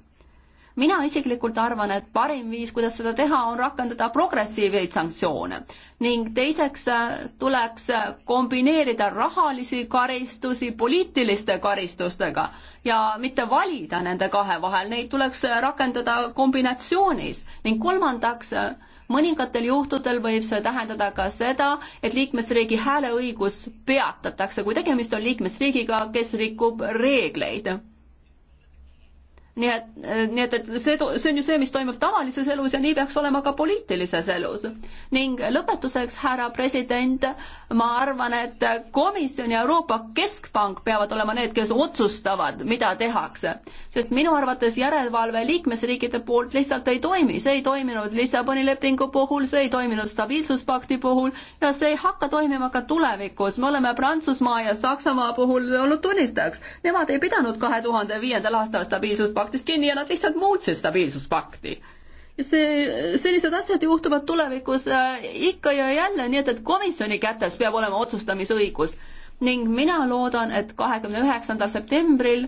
mina isiklikult arvan, et parim viis, kuidas seda teha, on rakendada progressiivseid sanktsioone ning teiseks äh, tuleks äh, kombineerida rahalisi karistusi poliitiliste karistustega ja mitte valida nende kahe vahel, neid tuleks äh, rakendada kombinatsioonis ning kolmandaks, mõningatel juhtudel võib see tähendada ka seda, et liikmesriigi hääleõigus peatatakse, kui tegemist on liikmesriigiga, kes rikub reegleid nii et, nii et, et see, see on ju see, mis toimub tavalises elus ja nii peaks olema ka poliitilises elus. ning lõpetuseks, härra president, ma arvan, et komisjon ja Euroopa Keskpank peavad olema need, kes otsustavad, mida tehakse. sest minu arvates järelevalve liikmesriikide poolt lihtsalt ei toimi, see ei toiminud Lissaboni lepingu puhul, see ei toiminud stabiilsuspakti puhul ja see ei hakka toimima ka tulevikus. me oleme Prantsusmaa ja Saksamaa puhul olnud tunnistajaks. Nemad ei pidanud kahe tuhande viiendal aastal stabiilsuspakti stabiilsuspaktist kinni ja nad lihtsalt muutsid stabiilsuspakti see, sellised asjad juhtuvad tulevikus äh, ikka ja jälle, nii et, et komisjoni kätes peab olema otsustamisõigus ning mina loodan, et kahekümne üheksandal septembril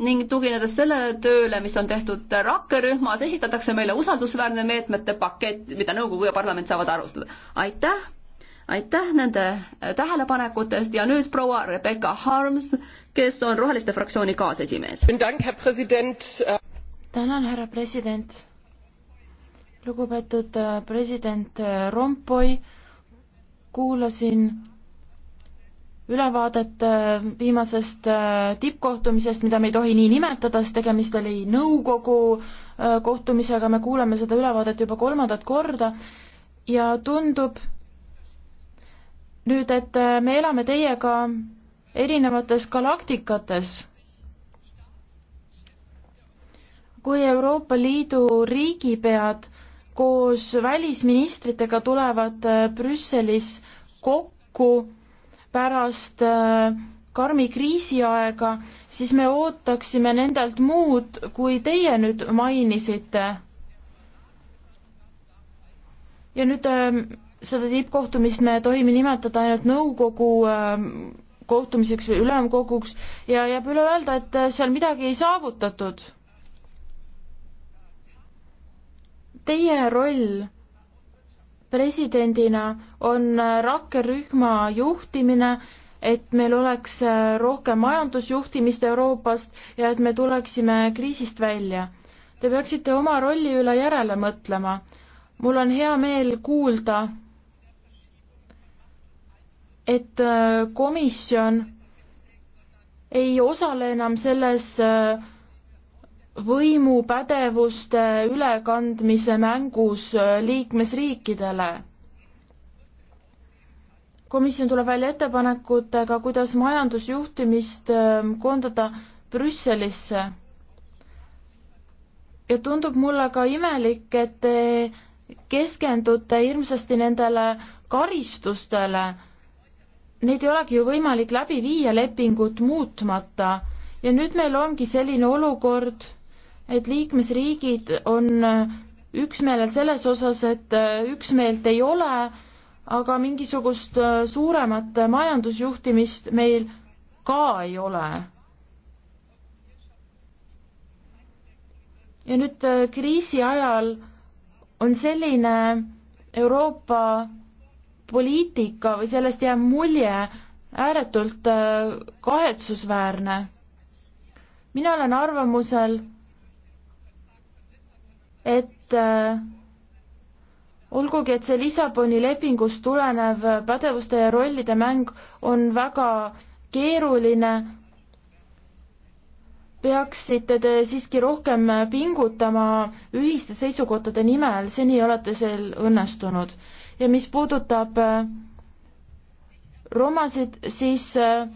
ning tuginedes sellele tööle, mis on tehtud rakkerühmas, esitatakse meile usaldusväärne meetmete pakett, mida nõukogu ja parlament saavad arvestada. aitäh, aitäh nende tähelepanekute eest ja nüüd proua Rebecca Harms kes on Roheliste fraktsiooni kaasesimees. tänan, härra president. lugupeetud äh, president äh, Rompoi, kuulasin ülevaadet äh, viimasest tippkohtumisest, mida me ei tohi nii nimetada, sest tegemist oli nõukogu kohtumisega, me kuuleme seda ülevaadet juba kolmandat korda ja tundub nüüd, et me elame teiega erinevates galaktikates. kui Euroopa Liidu riigipead koos välisministritega tulevad äh, Brüsselis kokku pärast äh, karmi kriisiaega, siis me ootaksime nendelt muud, kui teie nüüd mainisite. ja nüüd äh, seda tippkohtumist me tohime nimetada ainult nõukogu kohtumiseks või ülemkoguks ja jääb üle öelda, et seal midagi ei saavutatud. Teie roll presidendina on rakkerühma juhtimine, et meil oleks rohkem majandusjuhtimist Euroopast ja et me tuleksime kriisist välja. Te peaksite oma rolli üle järele mõtlema. mul on hea meel kuulda et äh, komisjon ei osale enam selles äh, võimupädevuste ülekandmise mängus äh, liikmesriikidele. komisjon tuleb välja ettepanekutega, kuidas majandusjuhtimist koondada Brüsselisse. ja tundub mulle ka imelik, et te keskendute hirmsasti nendele karistustele neid ei olegi ju võimalik läbi viia lepingut muutmata ja nüüd meil ongi selline olukord, et liikmesriigid on äh, üksmeelel selles osas, et äh, üksmeelt ei ole, aga mingisugust äh, suuremat majandusjuhtimist meil ka ei ole. ja nüüd kriisi ajal on selline Euroopa poliitika või sellest jääb mulje ääretult äh, kahetsusväärne. mina olen arvamusel, et äh, olgugi, et see Lissaboni lepingust tulenev pädevuste ja rollide mäng on väga keeruline, peaksite te siiski rohkem pingutama ühiste seisukohtade nimel, seni olete seal õnnestunud ja mis puudutab äh, romasid, siis äh,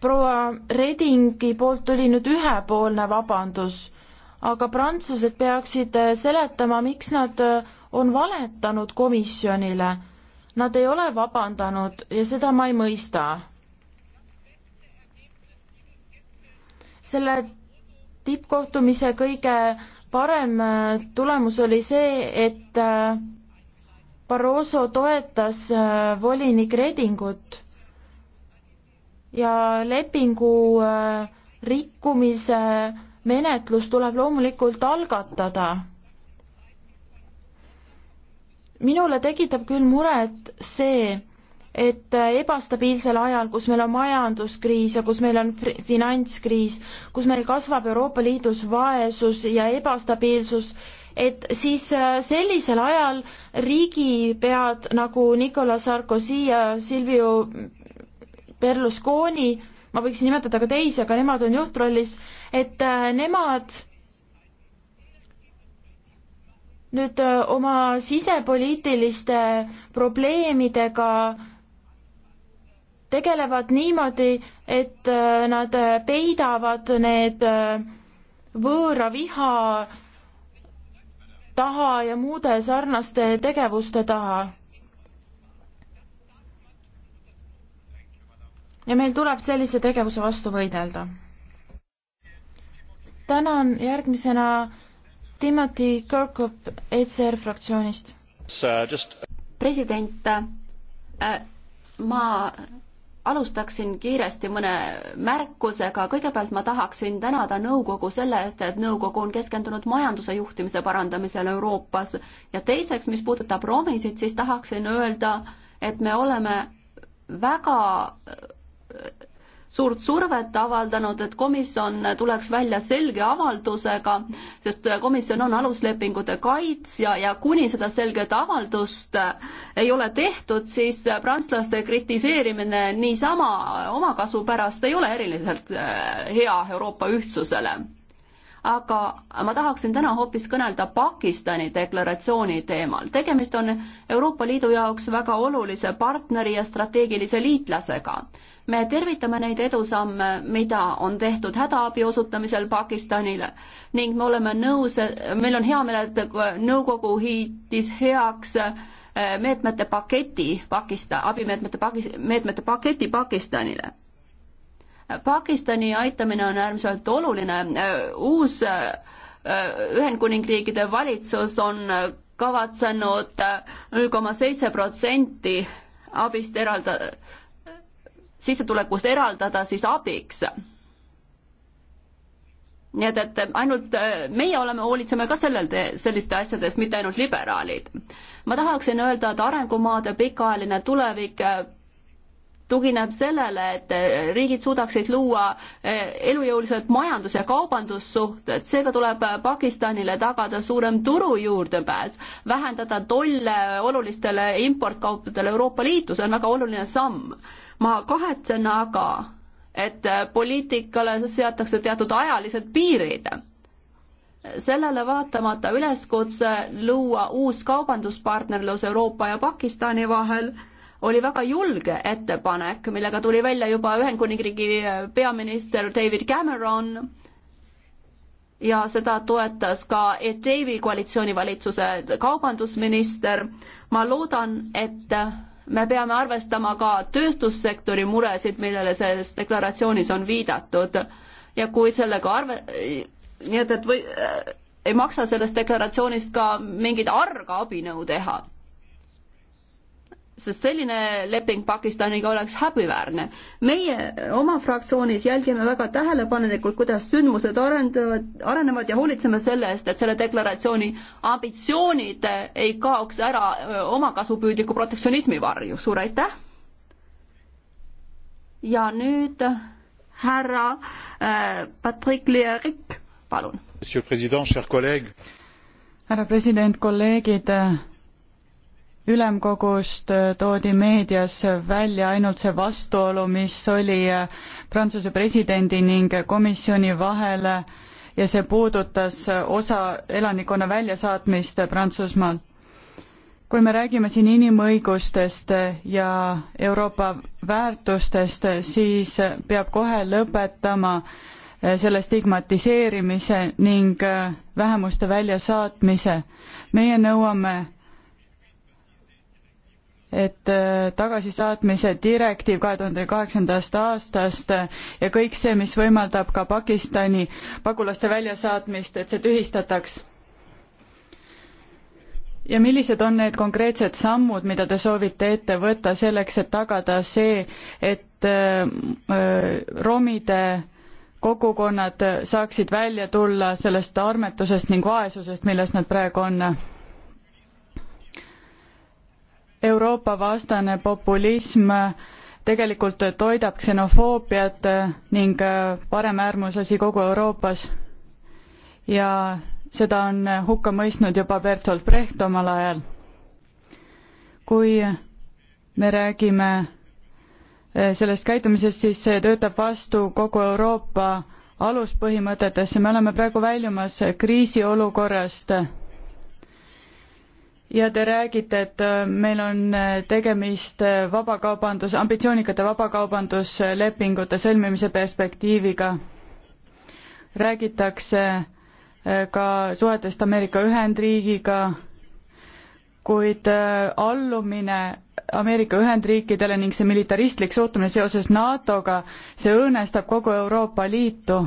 proua Redingi poolt tuli nüüd ühepoolne vabandus, aga prantslased peaksid äh, seletama, miks nad on valetanud komisjonile. Nad ei ole vabandanud ja seda ma ei mõista. selle tippkohtumise kõige parem tulemus oli see, et äh, Barroso toetas äh, volinik Redingut ja lepingu äh, rikkumise menetlus tuleb loomulikult algatada. minule tekitab küll muret see, et äh, ebastabiilsel ajal, kus meil on majanduskriis ja kus meil on finantskriis, kus meil kasvab Euroopa Liidus vaesus ja ebastabiilsus et siis äh, sellisel ajal riigipead nagu Nicolas Sarkozy ja Silvio Berlusconi, ma võiksin nimetada ka teisi, aga nemad on juhtrollis, et äh, nemad nüüd äh, oma sisepoliitiliste probleemidega tegelevad niimoodi, et nad peidavad need võõra viha taha ja muude sarnaste tegevuste taha. ja meil tuleb sellise tegevuse vastu võidelda. tänan järgmisena Timothy Kirkup ECR fraktsioonist. president, äh, ma alustaksin kiiresti mõne märkusega, kõigepealt ma tahaksin tänada nõukogu selle eest, et nõukogu on keskendunud majanduse juhtimise parandamisele Euroopas ja teiseks, mis puudutab romisid, siis tahaksin öelda, et me oleme väga suurt survet avaldanud, et komisjon tuleks välja selge avaldusega, sest komisjon on aluslepingute kaitsja ja kuni seda selget avaldust ei ole tehtud, siis prantslaste kritiseerimine niisama omakasu pärast ei ole eriliselt eh, hea Euroopa ühtsusele aga ma tahaksin täna hoopis kõnelda Pakistani deklaratsiooni teemal. tegemist on Euroopa Liidu jaoks väga olulise partneri ja strateegilise liitlasega. me tervitame neid edusamme, mida on tehtud hädaabi osutamisel Pakistanile ning me oleme nõus, meil on hea meel, et nõukogu hiitis heaks eh, meetmete paketi Pakistan, abimeetmete pakis-, meetmete paketi Pakistanile Pakistani aitamine on äärmiselt oluline, uus äh, äh, Ühendkuningriikide valitsus on kavatsenud null äh, koma seitse protsenti abist eralda, sissetulekust eraldada siis abiks. nii et, et ainult meie oleme, hoolitseme ka sellel, selliste asjade eest, mitte ainult liberaalid. ma tahaksin öelda, et arengumaade pikaajaline tulevik tugineb sellele, et eh, riigid suudaksid luua eh, elujõulised majandus- ja kaubandussuhted, seega tuleb eh, Pakistanile tagada suurem turu juurdepääs, vähendada tolle olulistele importkaupadele Euroopa Liitu, see on väga oluline samm. ma kahetsen aga, et poliitikale seatakse teatud ajalised piirid sellele vaatamata üleskutse luua uus kaubanduspartnerlus Euroopa ja Pakistani vahel oli väga julge ettepanek, millega tuli välja juba Ühendkuningriigi äh, peaminister David Cameron ja seda toetas ka Davi koalitsioonivalitsuse kaubandusminister. ma loodan, et me peame arvestama ka tööstussektori muresid, millele selles deklaratsioonis on viidatud ja kui sellega arve, nii et, et või äh, ei maksa sellest deklaratsioonist ka mingit arga abinõu teha sest selline leping Pakistaniga oleks häbiväärne. meie oma fraktsioonis jälgime väga tähelepanelikult, kuidas sündmused arendavad, arenevad ja hoolitseme selle eest, et selle deklaratsiooni ambitsioonid ei kaoks ära omakasupüüdliku protektsionismi varju. suur aitäh! ja nüüd härra äh, Patrick Lierik, palun. härra president, kolleegid ülemkogust äh, toodi meedias välja ainult see vastuolu, mis oli äh, Prantsuse presidendi ning komisjoni vahel äh, ja see puudutas osa elanikkonna väljasaatmist Prantsusmaalt. kui me räägime siin inimõigustest ja Euroopa väärtustest, siis peab kohe lõpetama selle stigmatiseerimise ning vähemuste väljasaatmise. meie nõuame et äh, tagasisaatmise direktiiv kahe tuhande kaheksandast aastast ja kõik see, mis võimaldab ka Pakistani pagulaste väljasaatmist, et see tühistataks. ja millised on need konkreetsed sammud, mida te soovite ette võtta selleks, et tagada see, et äh, äh, romide kogukonnad saaksid välja tulla sellest armetusest ning vaesusest, milles nad praegu on? Euroopa vastane populism tegelikult toidab ksenofoobiat ning paremäärmuslasi kogu Euroopas. ja seda on hukka mõistnud juba Bertolt Brecht omal ajal. kui me räägime eh, sellest käitumisest, siis see töötab vastu kogu Euroopa aluspõhimõtetesse, me oleme praegu väljumas kriisiolukorrast ja te räägite, et äh, meil on äh, tegemist äh, vabakaubandus, ambitsioonikate vabakaubanduslepingute sõlmimise perspektiiviga. räägitakse ka suhetest Ameerika Ühendriigiga, kuid allumine Ameerika Ühendriikidele ning see militaristlik suhtumine seoses NATO-ga, see õõnestab kogu Euroopa Liitu.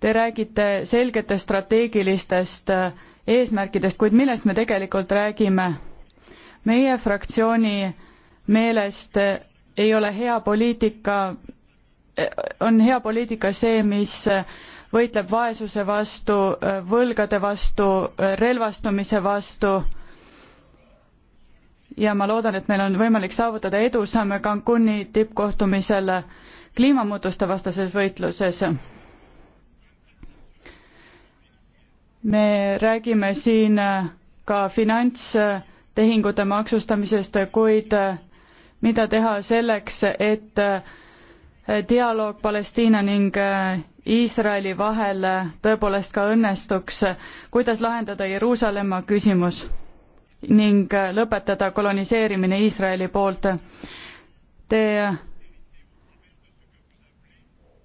Te räägite selgetest strateegilistest äh, eesmärkidest, kuid millest me tegelikult räägime? meie fraktsiooni meelest ei ole hea poliitika, on hea poliitika see, mis võitleb vaesuse vastu, võlgade vastu, relvastumise vastu ja ma loodan, et meil on võimalik saavutada edusamme Cancuni tippkohtumisel kliimamuutuste vastases võitluses me räägime siin äh, ka finantstehingute maksustamisest, äh, kuid äh, mida teha selleks, et dialoog Palestiina ning Iisraeli vahel tõepoolest ka õnnestuks, kuidas lahendada Jeruusalemma küsimus ning lõpetada koloniseerimine Iisraeli poolt. Te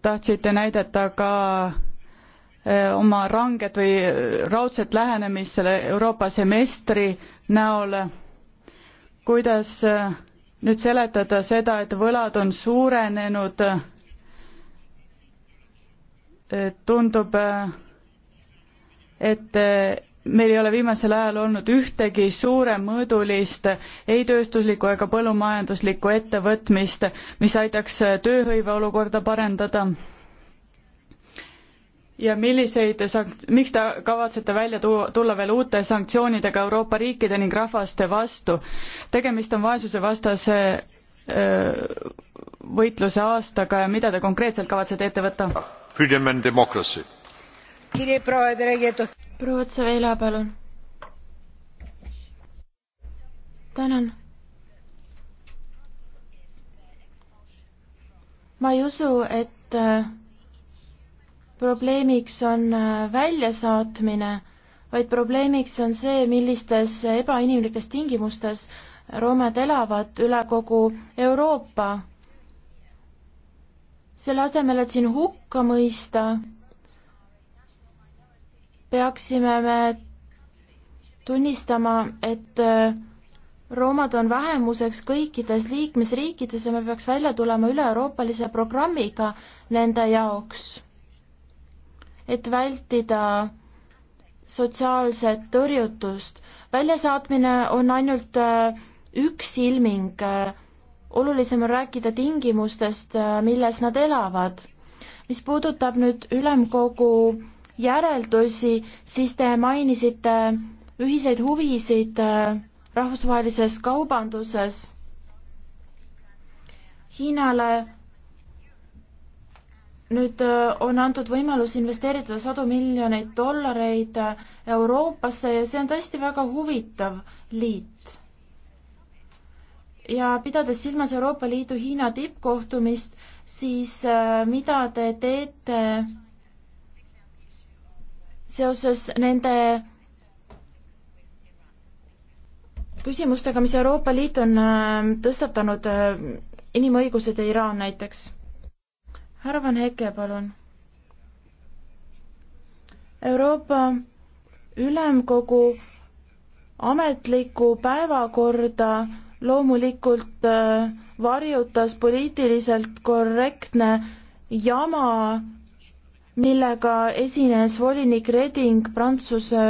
tahtsite näidata ka oma ranget või raudset lähenemist selle Euroopa semestri näol. kuidas nüüd seletada seda, et võlad on suurenenud? tundub, et meil ei ole viimasel ajal olnud ühtegi suuremõõdulist ei tööstuslikku ega põllumajanduslikku ettevõtmist, mis aitaks tööhõive olukorda parendada ja milliseid sank-, miks te kavatsete välja tuua, tulla veel uute sanktsioonidega Euroopa riikide ning rahvaste vastu? tegemist on vaesusevastase võitluse aastaga ja mida te konkreetselt kavatsete ette võtta? proua Otsa-Veila, palun. tänan. ma ei usu, et äh, probleemiks on äh, väljasaatmine, vaid probleemiks on see, millistes ebainimlikes tingimustes roomad elavad üle kogu Euroopa. selle asemel, et siin hukka mõista, peaksime me tunnistama, et äh, roomad on vähemuseks kõikides liikmesriikides ja me peaks välja tulema üle-euroopalise programmiga nende jaoks et vältida sotsiaalset tõrjutust. väljasaatmine on ainult äh, üks ilming, äh, olulisem on rääkida tingimustest, äh, milles nad elavad. mis puudutab nüüd ülemkogu järeldusi, siis te mainisite ühiseid huvisid rahvusvahelises kaubanduses. Hiinale nüüd äh, on antud võimalus investeerida sadu miljoneid dollareid äh, Euroopasse ja see on tõesti väga huvitav liit. ja pidades silmas Euroopa Liidu Hiina tippkohtumist, siis äh, mida te teete seoses nende küsimustega, mis Euroopa Liit on tõstatanud, inimõigused ja Iraan näiteks härra Van Heke, palun. Euroopa Ülemkogu ametlikku päevakorda loomulikult äh, varjutas poliitiliselt korrektne jama, millega esines volinik Reding Prantsuse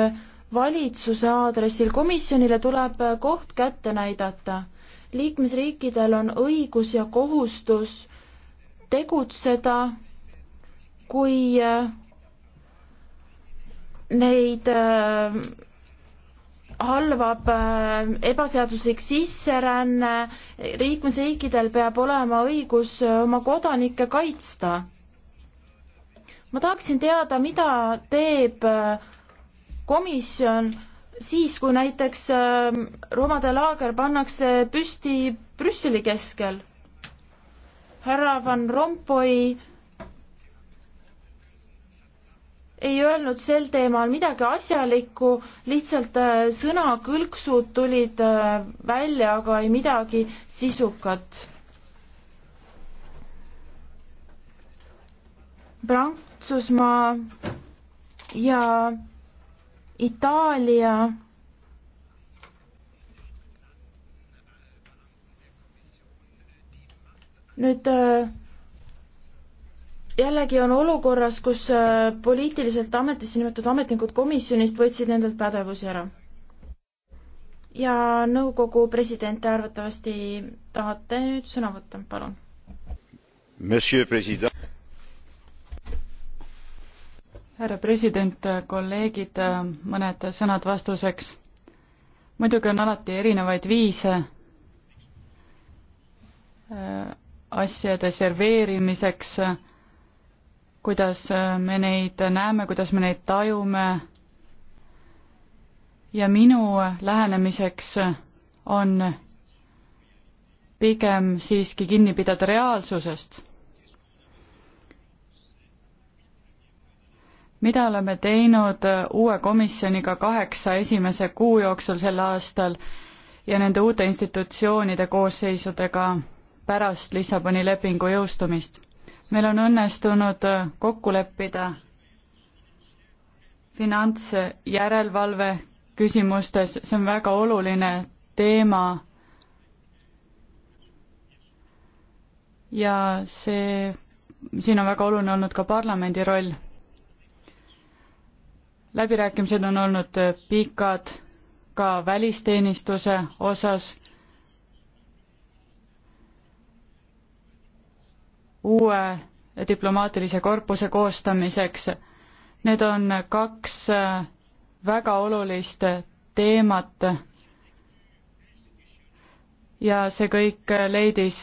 valitsuse aadressil. komisjonile tuleb koht kätte näidata. liikmesriikidel on õigus ja kohustus tegutseda, kui äh, neid äh, halvab äh, ebaseaduslik sisseränne, liikmesriikidel peab olema õigus oma kodanikke kaitsta. ma tahaksin teada, mida teeb komisjon siis, kui näiteks romade laager pannakse püsti Brüsseli keskel härra Van Rompuy ei öelnud sel teemal midagi asjalikku, lihtsalt äh, sõnakõlksud tulid äh, välja, aga ei midagi sisukat. Prantsusmaa ja Itaalia nüüd äh, jällegi on olukorras, kus äh, poliitiliselt ametisse nimetatud ametnikud komisjonist võtsid endalt pädevusi ära. ja nõukogu president, te arvatavasti tahate nüüd sõna võtta, palun. härra president, kolleegid, mõned sõnad vastuseks. muidugi on alati erinevaid viise äh, asjade serveerimiseks, kuidas me neid näeme, kuidas me neid tajume. ja minu lähenemiseks on pigem siiski kinni pidada reaalsusest. mida oleme teinud uue komisjoniga kaheksa esimese kuu jooksul sel aastal ja nende uute institutsioonide koosseisudega pärast Lissaboni lepingu jõustumist. meil on õnnestunud äh, kokku leppida finantsjärelevalve küsimustes, see on väga oluline teema. ja see, siin on väga oluline olnud ka parlamendi roll. läbirääkimised on olnud äh, pikad ka välisteenistuse osas uue diplomaatilise korpuse koostamiseks. Need on kaks äh, väga olulist teemat ja see kõik leidis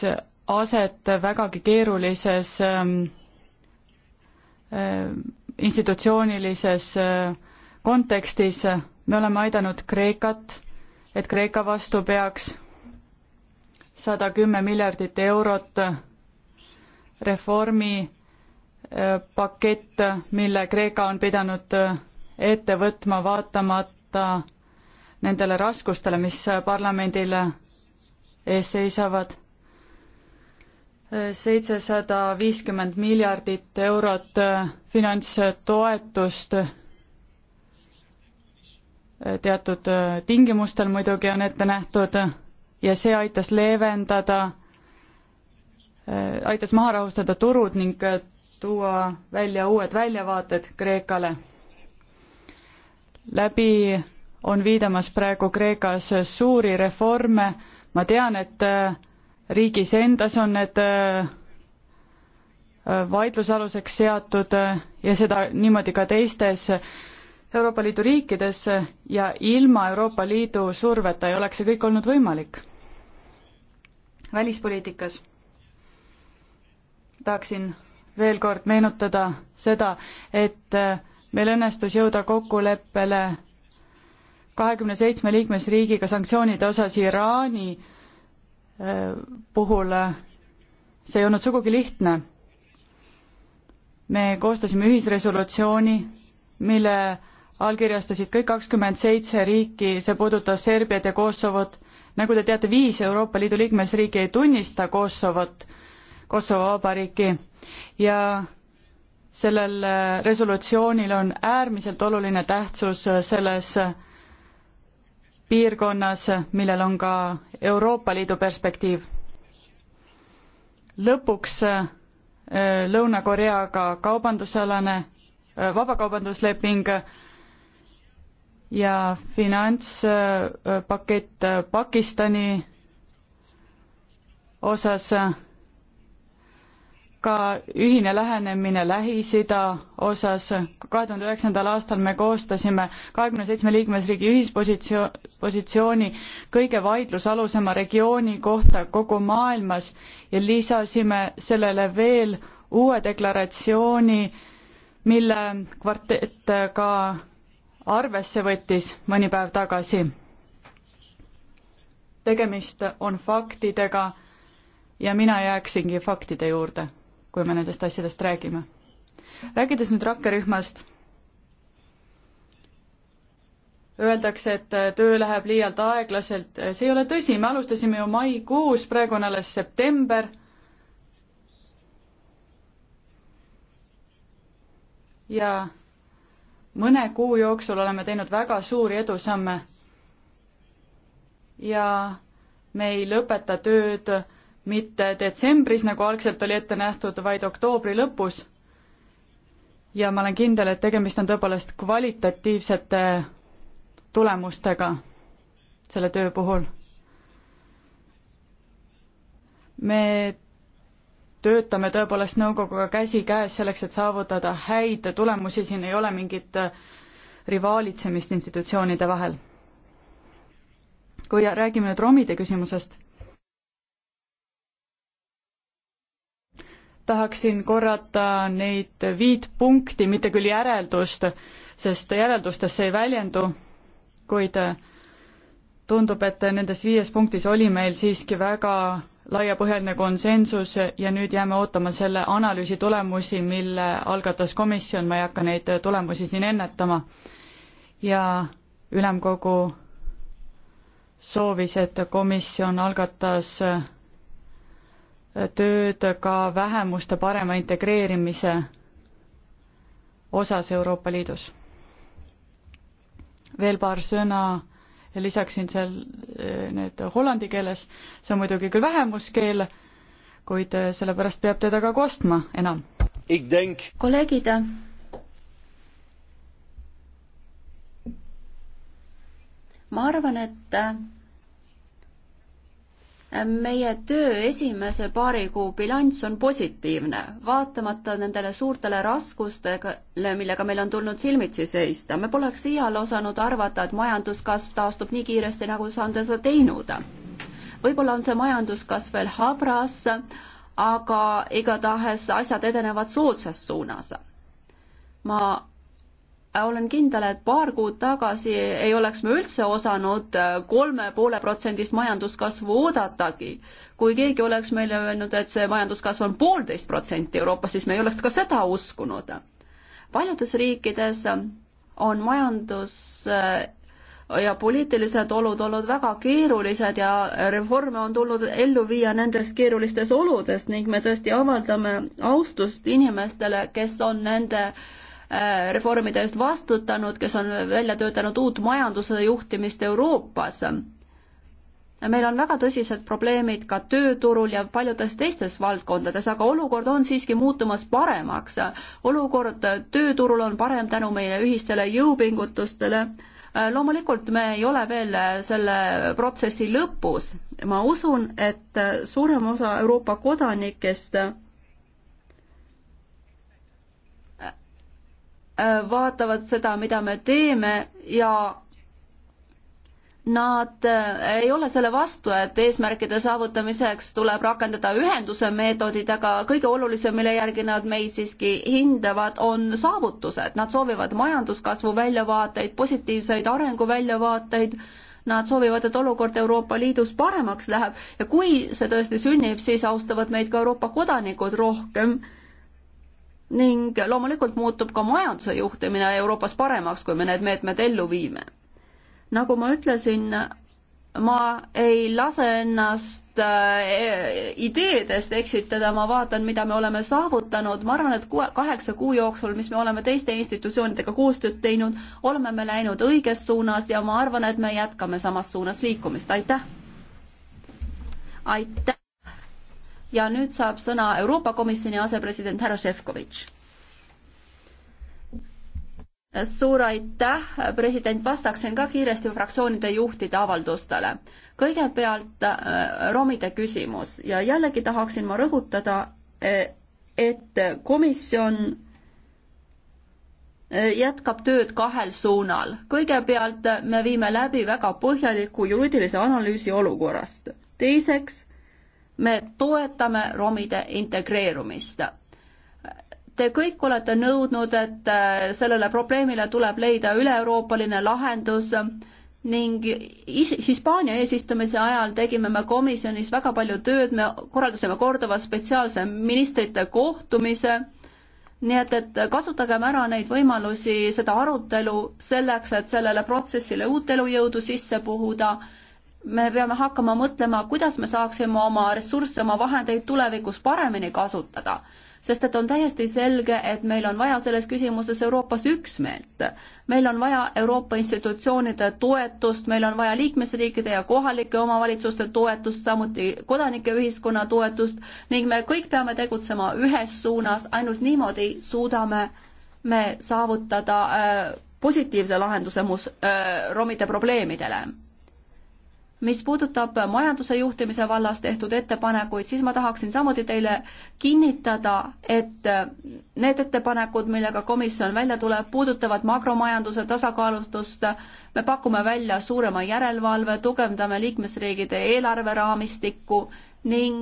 aset vägagi keerulises ähm, äh, institutsioonilises äh, kontekstis. me oleme aidanud Kreekat, et Kreeka vastu peaks sada kümme miljardit eurot reformi äh, pakett, mille Kreeka on pidanud äh, ette võtma, vaatamata nendele raskustele, mis äh, parlamendile ees seisavad. seitsesada viiskümmend miljardit eurot finantstoetust teatud tingimustel muidugi on ette nähtud ja see aitas leevendada Äh, aitas maha rahustada turud ning äh, tuua välja uued väljavaated Kreekale. läbi on viidamas praegu Kreekas suuri reforme, ma tean, et äh, riigis endas on need vaidlusaluseks seatud ja seda niimoodi ka teistes Euroopa Liidu riikides ja ilma Euroopa Liidu surveta ei oleks see kõik olnud võimalik. välispoliitikas tahaksin veel kord meenutada seda, et äh, meil õnnestus jõuda kokkuleppele kahekümne seitsme liikmesriigiga sanktsioonide osas Iraani äh, puhul. see ei olnud sugugi lihtne. me koostasime ühisresolutsiooni, mille allkirjastasid kõik kakskümmend seitse riiki, see puudutas Serbiat ja Kosovot. nagu te teate, viis Euroopa Liidu liikmesriiki ei tunnista Kosovot Kosovo Vabariiki ja sellel äh, resolutsioonil on äärmiselt oluline tähtsus äh, selles äh, piirkonnas, millel on ka Euroopa Liidu perspektiiv. lõpuks Lõuna-Koreaga kaubandusalane, vabakaubandusleping ja finantspakett Pakistani osas ka ühine lähenemine Lähis-Ida osas. kahe tuhande üheksandal aastal me koostasime kahekümne seitsme liikmesriigi ühispositsioon, positsiooni kõige vaidlusalusema regiooni kohta kogu maailmas ja lisasime sellele veel uue deklaratsiooni, mille kvartett ka arvesse võttis mõni päev tagasi. tegemist on faktidega ja mina jääksingi faktide juurde kui me nendest asjadest räägime. rääkides nüüd rakkerühmast, öeldakse, et äh, töö läheb liialt aeglaselt, see ei ole tõsi, me alustasime ju maikuus, praegu on alles september ja mõne kuu jooksul oleme teinud väga suuri edusamme ja me ei lõpeta tööd mitte detsembris, nagu algselt oli ette nähtud, vaid oktoobri lõpus. ja ma olen kindel, et tegemist on tõepoolest kvalitatiivsete tulemustega selle töö puhul. me töötame tõepoolest nõukoguga käsikäes selleks, et saavutada häid tulemusi, siin ei ole mingit rivaalitsemist institutsioonide vahel. kui räägime nüüd romide küsimusest tahaksin korrata neid viit punkti, mitte küll järeldust, sest järeldustes see ei väljendu, kuid tundub, et nendes viies punktis oli meil siiski väga laiapõhjaline konsensus ja nüüd jääme ootama selle analüüsi tulemusi, mille algatas komisjon, ma ei hakka neid tulemusi siin ennetama. ja ülemkogu soovis, et komisjon algatas tööd ka vähemuste parema integreerimise osas Euroopa Liidus. veel paar sõna lisaksin seal eh, need hollandi keeles, see on muidugi küll vähemuskeel, kuid eh, sellepärast peab teda ka kostma enam. kolleegid, ma arvan, et meie töö esimese paari kuu bilanss on positiivne, vaatamata nendele suurtele raskustega, millega meil on tulnud silmitsi seista. me poleks iial osanud arvata, et majanduskasv taastub nii kiiresti, nagu see on seda teinud. võib-olla on see majanduskasv veel habras, aga igatahes asjad edenevad soodsas suunas. ma Äh, olen kindel, et paar kuud tagasi ei oleks me üldse osanud äh, kolme poole protsendist majanduskasvu oodatagi. kui keegi oleks meile öelnud, et see majanduskasv on poolteist protsenti Euroopas, siis me ei oleks ka seda uskunud. paljudes riikides on majandus äh, ja poliitilised olud olnud väga keerulised ja reforme on tulnud ellu viia nendes keerulistes oludes ning me tõesti avaldame austust inimestele, kes on nende äh, Äh, reformide eest vastutanud, kes on välja töötanud uut majanduse juhtimist Euroopas. meil on väga tõsised probleemid ka tööturul ja paljudes teistes valdkondades, aga olukord on siiski muutumas paremaks. olukord tööturul on parem tänu meie ühistele jõupingutustele äh, loomulikult me ei ole veel selle protsessi lõpus. ma usun, et suurem osa Euroopa kodanikest Äh, vaatavad seda, mida me teeme ja nad äh, ei ole selle vastu, et eesmärkide saavutamiseks tuleb rakendada ühenduse meetodid, aga kõige olulisem, mille järgi nad meid siiski hindavad, on saavutused. Nad soovivad majanduskasvu väljavaateid, positiivseid arenguväljavaateid, nad soovivad, et olukord Euroopa Liidus paremaks läheb ja kui see tõesti sünnib, siis austavad meid ka Euroopa kodanikud rohkem ning loomulikult muutub ka majanduse juhtimine Euroopas paremaks, kui me need meetmed ellu viime. nagu ma ütlesin, ma ei lase ennast äh, ideedest eksitada, ma vaatan, mida me oleme saavutanud, ma arvan, et kuue, kaheksa kuu jooksul, mis me oleme teiste institutsioonidega koostööd teinud, oleme me läinud õiges suunas ja ma arvan, et me jätkame samas suunas liikumist, aitäh! aitäh! ja nüüd saab sõna Euroopa Komisjoni asepresident härra Šefkovitš. suur aitäh, president, vastaksin ka kiiresti fraktsioonide juhtide avaldustele. kõigepealt äh, romide küsimus ja jällegi tahaksin ma rõhutada, e, et komisjon e, jätkab tööd kahel suunal. kõigepealt me viime läbi väga põhjaliku juriidilise analüüsi olukorrast. teiseks me toetame romide integreerumist. Te kõik olete nõudnud, et äh, sellele probleemile tuleb leida üle-euroopaline lahendus ning Hispaania eesistumise ajal tegime me komisjonis väga palju tööd, me korraldasime korduvalt spetsiaalse ministrite kohtumise, nii et, et kasutagem ära neid võimalusi, seda arutelu selleks, et sellele protsessile uut elujõudu sisse puhuda me peame hakkama mõtlema, kuidas me saaksime oma ressursse, oma vahendeid tulevikus paremini kasutada. sest et on täiesti selge, et meil on vaja selles küsimuses Euroopas üksmeelt. meil on vaja Euroopa institutsioonide toetust, meil on vaja liikmesriikide ja kohalike omavalitsuste toetust, samuti kodanikeühiskonna toetust ning me kõik peame tegutsema ühes suunas, ainult niimoodi suudame me saavutada äh, positiivse lahenduse mus- äh,, romide probleemidele mis puudutab majanduse juhtimise vallas tehtud ettepanekuid, siis ma tahaksin samuti teile kinnitada, et need ettepanekud, millega komisjon välja tuleb, puudutavad makromajanduse tasakaalustust. me pakume välja suurema järelevalve, tugevdame liikmesriigide eelarveraamistikku ning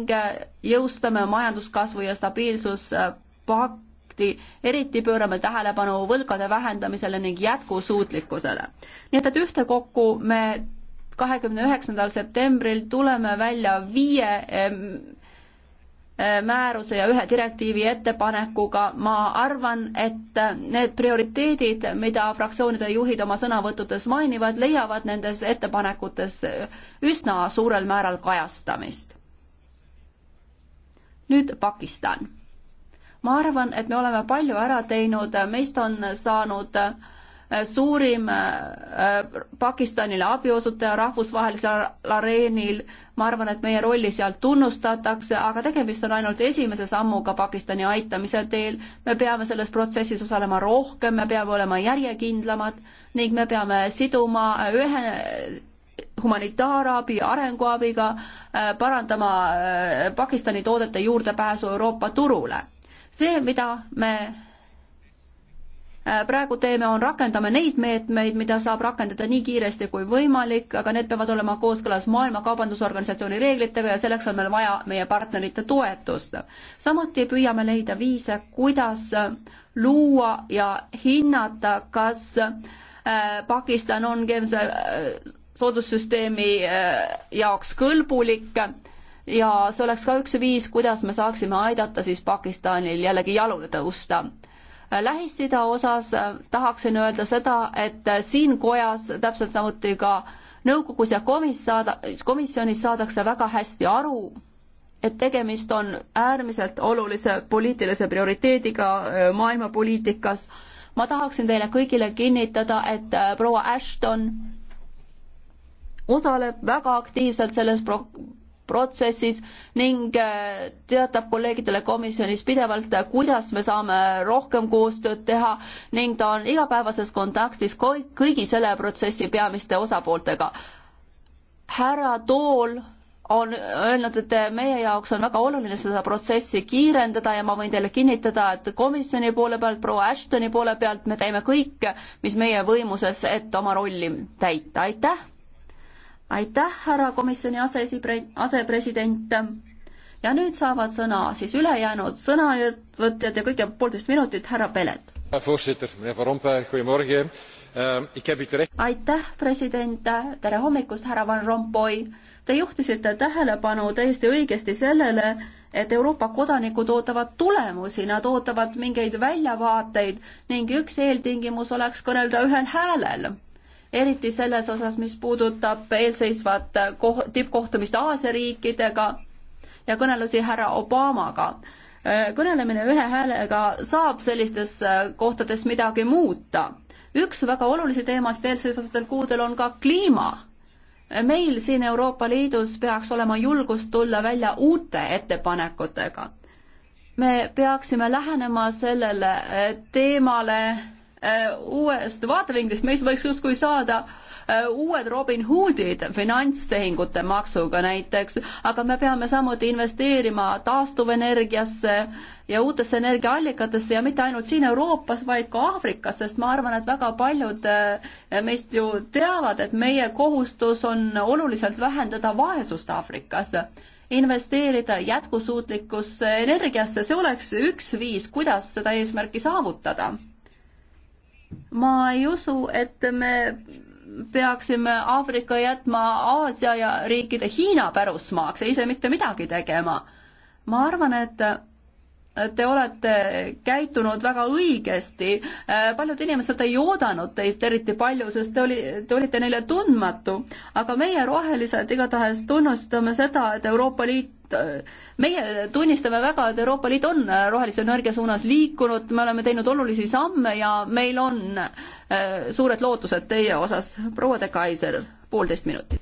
jõustame majanduskasvu ja stabiilsuspakti eriti pöörame tähelepanu võlgade vähendamisele ning jätkusuutlikkusele. nii et, et ühtekokku me kahekümne üheksandal septembril tuleme välja viie eh, määruse ja ühe direktiivi ettepanekuga, ma arvan, et need prioriteedid, mida fraktsioonide juhid oma sõnavõttudes mainivad, leiavad nendes ettepanekutes üsna suurel määral kajastamist. nüüd Pakistan. ma arvan, et me oleme palju ära teinud, meist on saanud äh, Äh, suurim äh, Pakistanile abiosutaja rahvusvahelisel areenil. ma arvan, et meie rolli seal tunnustatakse, aga tegemist on ainult esimese sammuga Pakistani aitamise teel. me peame selles protsessis osalema rohkem, me peame olema järjekindlamad ning me peame siduma äh, ühe humanitaarabi, arenguabiga, parandama Pakistani toodete juurdepääsu Euroopa turule see, mida me Äh, praegu teeme, on rakendame neid meetmeid, mida saab rakendada nii kiiresti kui võimalik, aga need peavad olema kooskõlas Maailma Kaubandusorganisatsiooni reeglitega ja selleks on meil vaja meie partnerite toetust. samuti püüame leida viise, kuidas äh, luua ja hinnata, kas äh, Pakistan on keemse soodussüsteemi jaoks kõlbulik ja see oleks ka üks viis, kuidas me saaksime aidata siis Pakistanil jällegi jalule tõusta Lähis-Ida osas äh, tahaksin öelda seda, et äh, siin kojas täpselt samuti ka nõukogus ja komissaada, komisjonis saadakse väga hästi aru, et tegemist on äärmiselt olulise poliitilise prioriteediga äh, maailmapoliitikas. ma tahaksin teile kõigile kinnitada, et proua Ashton osaleb väga aktiivselt selles pro-, protsessis ning äh, teatab kolleegidele komisjonis pidevalt, kuidas me saame rohkem koostööd teha ning ta on igapäevases kontaktis kõigi selle protsessi peamiste osapooltega. härra Tool on öelnud, et meie jaoks on väga oluline seda protsessi kiirendada ja ma võin teile kinnitada, et komisjoni poole pealt, proua Ashtoni poole pealt me teeme kõik, mis meie võimuses, et oma rolli täita, aitäh! aitäh, härra komisjoni asesipre-, asepresident. ja nüüd saavad sõna siis ülejäänud sõnavõtjad ja kõige poolteist minutit, härra Pelet. Ehm, aitäh, president, tere hommikust, härra Van Rompuy. Te juhtisite tähelepanu täiesti õigesti sellele, et Euroopa kodanikud ootavad tulemusi, nad ootavad mingeid väljavaateid ning üks eeltingimus oleks kõnelda ühel häälel eriti selles osas, mis puudutab eelseisvat koh-, tippkohtumist Aasia riikidega ja kõnelusi härra Obamaga. kõnelemine ühe häälega saab sellistes kohtades midagi muuta. üks väga olulisi teemasid eelseisvatel kuudel on ka kliima meil siin Euroopa Liidus peaks olema julgust tulla välja uute ettepanekutega. me peaksime lähenema sellele teemale Äh, uuest vaatevinklist meist võiks justkui saada äh, uued Robin Hoodid finantstehingute maksuga näiteks, aga me peame samuti investeerima taastuvenergiasse ja uutesse energiaallikatesse ja mitte ainult siin Euroopas, vaid ka Aafrikas, sest ma arvan, et väga paljud äh, meist ju teavad, et meie kohustus on oluliselt vähendada vaesust Aafrikas investeerida jätkusuutlikkusse energiasse, see oleks üks viis, kuidas seda eesmärki saavutada ma ei usu, et me peaksime Aafrika jätma Aasia ja riikide Hiina pärusmaaks ja ise mitte midagi tegema. ma arvan, et te olete käitunud väga õigesti. paljud inimesed ei oodanud teid eriti palju, sest te oli, te olite neile tundmatu. aga meie rohelised igatahes tunnustame seda, et Euroopa Liit et äh, meie tunnistame väga, et Euroopa Liit on äh, rohelise energia suunas liikunud, me oleme teinud olulisi samme ja meil on äh, suured lootused teie osas. proua de Kaiser, poolteist minutit.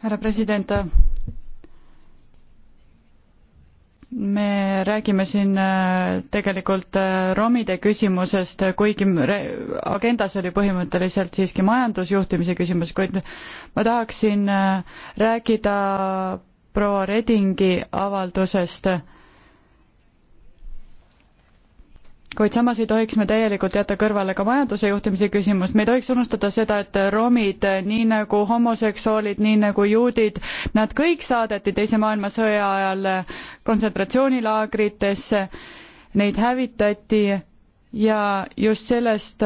härra president me räägime siin äh, tegelikult äh, romide küsimusest, äh, kuigi agendas oli põhimõtteliselt siiski majandusjuhtimise küsimus, kuid ma tahaksin rääkida proua Redingi avaldusest kuid samas ei tohiks me täielikult jätta kõrvale ka majanduse juhtimise küsimust, me ei tohiks unustada seda, et romid, nii nagu homoseksuaalid, nii nagu juudid, nad kõik saadeti Teise maailmasõja ajal kontsentratsioonilaagritesse, neid hävitati ja just sellest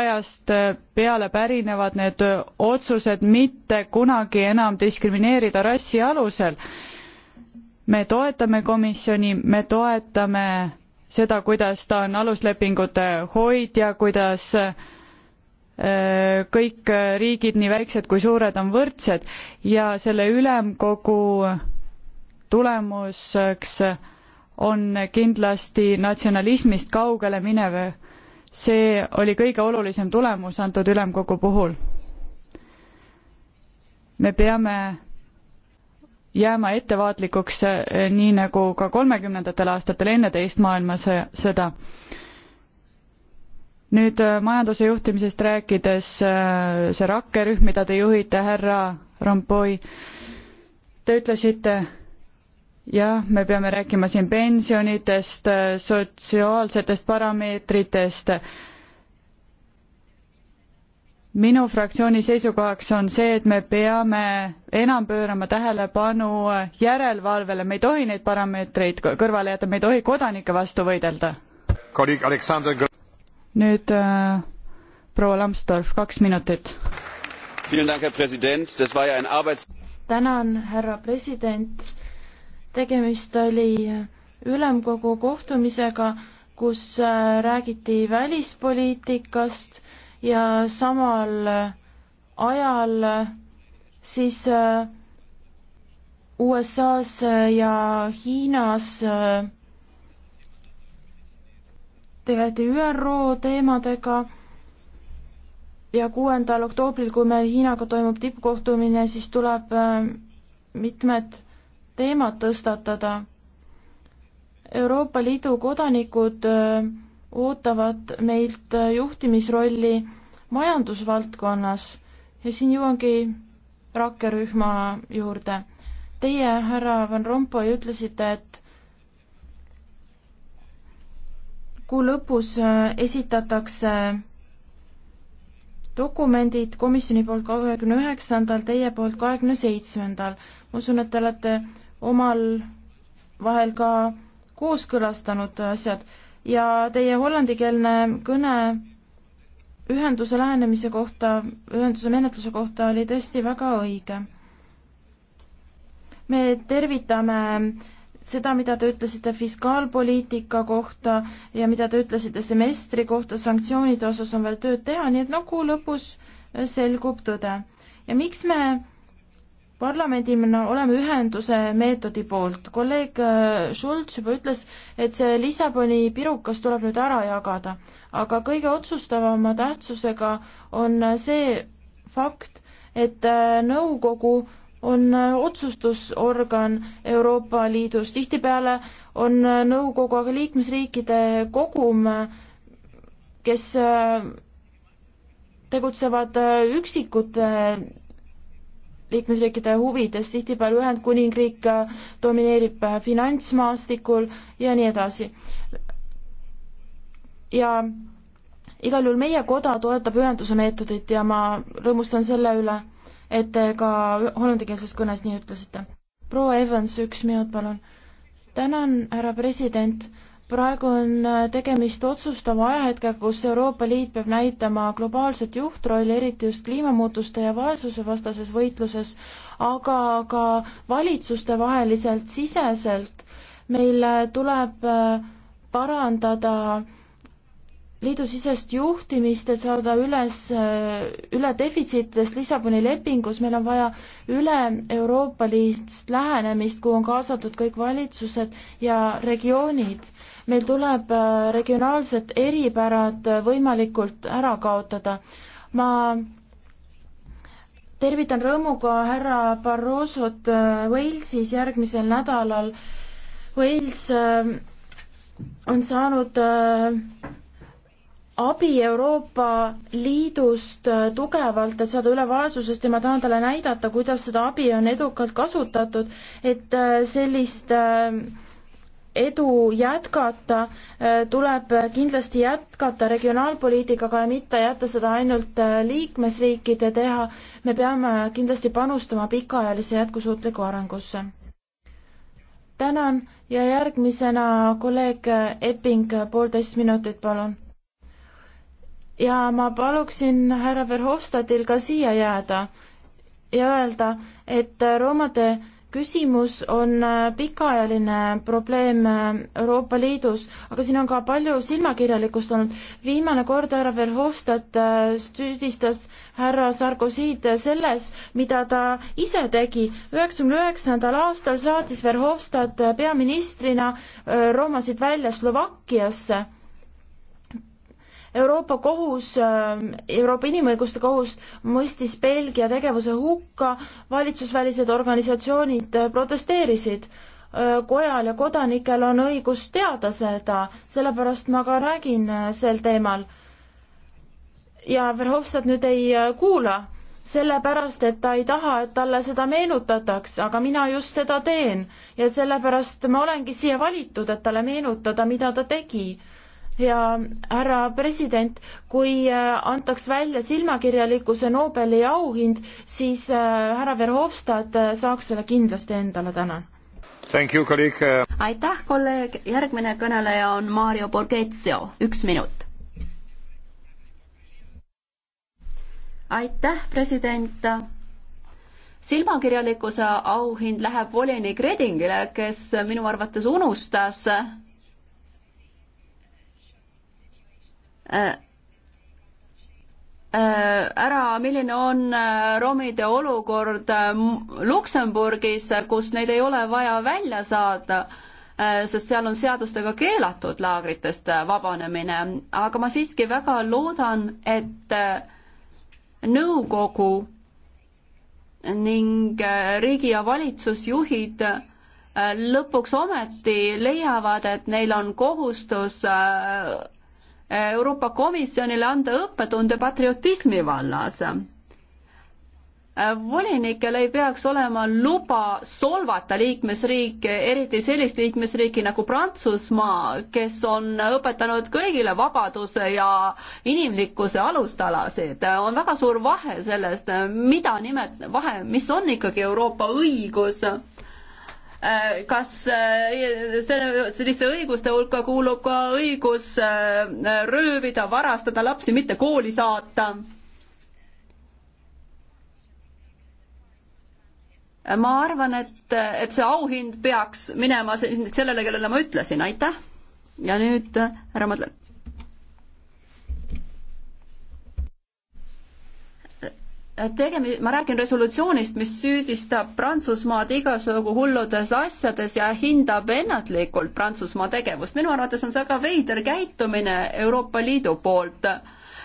ajast peale pärinevad need otsused mitte kunagi enam diskrimineerida rassi alusel. me toetame komisjoni, me toetame seda, kuidas ta on aluslepingute hoidja, kuidas äh, kõik riigid, nii väiksed kui suured, on võrdsed ja selle ülemkogu tulemuseks on kindlasti natsionalismist kaugele minev. see oli kõige olulisem tulemus antud ülemkogu puhul. me peame jääma ettevaatlikuks, eh, nii nagu ka kolmekümnendatel aastatel enne teist maailmasõda. nüüd eh, majanduse juhtimisest rääkides, eh, see rakkerühm, mida te juhite, härra Rompuy, te ütlesite, jah, me peame rääkima siin pensionitest, sotsiaalsetest parameetritest, minu fraktsiooni seisukohaks on see, et me peame enam pöörama tähelepanu järelevalvele, me ei tohi neid parameetreid kõrvale jätta, me ei tohi kodanike vastu võidelda. nüüd äh, proua Lambsdorff, kaks minutit. tänan, härra president. tegemist oli äh, ülemkogu kohtumisega, kus äh, räägiti välispoliitikast ja samal äh, ajal äh, siis äh, USA-s ja Hiinas tegeleti ÜRO teemadega ja kuuendal oktoobril, kui meil Hiinaga toimub tippkohtumine, siis tuleb mitmed teemad tõstatada. Euroopa Liidu kodanikud äh, ootavad meilt juhtimisrolli majandusvaldkonnas ja siin jõuangi rakkerühma juurde. Teie, härra Van Rompuy, ütlesite, et kuu lõpus äh, esitatakse dokumendid komisjoni poolt kahekümne üheksandal, teie poolt kahekümne seitsmendal. ma usun, et te olete omal vahel ka kooskõlastanud asjad ja teie hollandikeelne kõne ühenduse lähenemise kohta, ühenduse menetluse kohta oli tõesti väga õige. me tervitame seda, mida te ütlesite fiskaalpoliitika kohta ja mida te ütlesite semestri kohta, sanktsioonide osas on veel tööd teha, nii et no kuu nagu lõpus selgub tõde. ja miks me parlamendina oleme ühenduse meetodi poolt. kolleeg äh, Schulz juba ütles, et see Lissaboni pirukas tuleb nüüd ära jagada, aga kõige otsustavama tähtsusega on äh, see fakt, et äh, nõukogu on otsustusorgan Euroopa Liidus, tihtipeale on nõukogu aga liikmesriikide kogum, kes tegutsevad üksikute liikmesriikide huvides, tihtipeale Ühendkuningriik äh, domineerib äh, finantsmaastikul ja nii edasi. ja igal juhul meie koda toetab ühenduse meetodit ja ma rõõmustan selle üle, et te ka hollandikeelses kõnes nii ütlesite. proua Evans, üks minut, palun. tänan, härra president praegu on äh, tegemist otsustava ajahetkega, kus Euroopa Liit peab näitama globaalset juhtrolli, eriti just kliimamuutuste ja vaesusevastases võitluses, aga ka valitsustevaheliselt, siseselt. meil äh, tuleb äh, parandada liidusisest juhtimist, et saada üles, üle defitsiitidest Lissaboni lepingus, meil on vaja üle-euroopalist lähenemist, kuhu on kaasatud kõik valitsused ja regioonid meil tuleb äh, regionaalsed eripärad äh, võimalikult ära kaotada. ma tervitan rõõmuga härra Barrosot äh, Walesis järgmisel nädalal. Wales on saanud abi Euroopa Liidust tugevalt, et saada üle vaesusest ja ma tahan talle näidata, kuidas seda abi on edukalt kasutatud, et sellist äh, edu jätkata, äh, tuleb kindlasti jätkata regionaalpoliitikaga ja mitte jätta seda ainult äh, liikmesriikide teha. me peame kindlasti panustama pikaajalise jätkusuutliku arengusse. tänan ja järgmisena kolleeg Epping, poolteist minutit, palun. ja ma paluksin härra Verhofstadil ka siia jääda ja öelda, et roomade küsimus on äh, pikaajaline probleem äh, Euroopa Liidus, aga siin on ka palju silmakirjalikkust olnud. viimane kord härra Verhofstadt äh, süüdistas härra Sarkozyd selles, mida ta ise tegi. üheksakümne üheksandal aastal saatis Verhofstadt peaministrina roomasid välja Slovakkiasse Euroopa kohus, ähm, Euroopa Inimõiguste Kohus mõistis Belgia tegevuse hukka, valitsusvälised organisatsioonid äh, protesteerisid. Äh, kojal ja kodanikel on õigus teada seda, sellepärast ma ka räägin äh, sel teemal. ja Verhofstadt nüüd ei kuula, sellepärast et ta ei taha, et talle seda meenutataks, aga mina just seda teen. ja sellepärast ma olengi siia valitud, et talle meenutada, mida ta tegi ja härra president, kui äh, antaks välja silmakirjalikkuse Nobeli auhind, siis äh, härra Verhofstadt äh, saaks selle kindlasti endale, tänan. You, aitäh, kolleeg, järgmine kõneleja on Mario Borghezio, üks minut. aitäh, president silmakirjalikkuse auhind läheb volinik Redingile, kes minu arvates unustas Äh, äh, ära, milline on äh, romide olukord Luksemburgis, kus neid ei ole vaja välja saada, sest seal on seadustega keelatud laagritest vabanemine, aga ma siiski väga loodan, et nõukogu ning riigi- ja valitsusjuhid lõpuks ometi leiavad, et neil on kohustus Euroopa Komisjonile anda õppetunde patriotismi vallas. volinikel ei peaks olema luba solvata liikmesriike, eriti sellist liikmesriiki nagu Prantsusmaa, kes on õpetanud kõigile vabaduse ja inimlikkuse alustalasid. on väga suur vahe sellest, mida nimet-, vahe, mis on ikkagi Euroopa õigus Äh, kas äh, selliste õiguste hulka kuulub ka õigus äh, röövida, varastada lapsi, mitte kooli saata? ma arvan, et, et see auhind peaks minema sellele, kellele ma ütlesin, aitäh. ja nüüd härra Madlen tegemi-, ma räägin resolutsioonist, mis süüdistab Prantsusmaad igasugu hulludes asjades ja hindab ennatlikult Prantsusmaa tegevust. minu arvates on see väga veider käitumine Euroopa Liidu poolt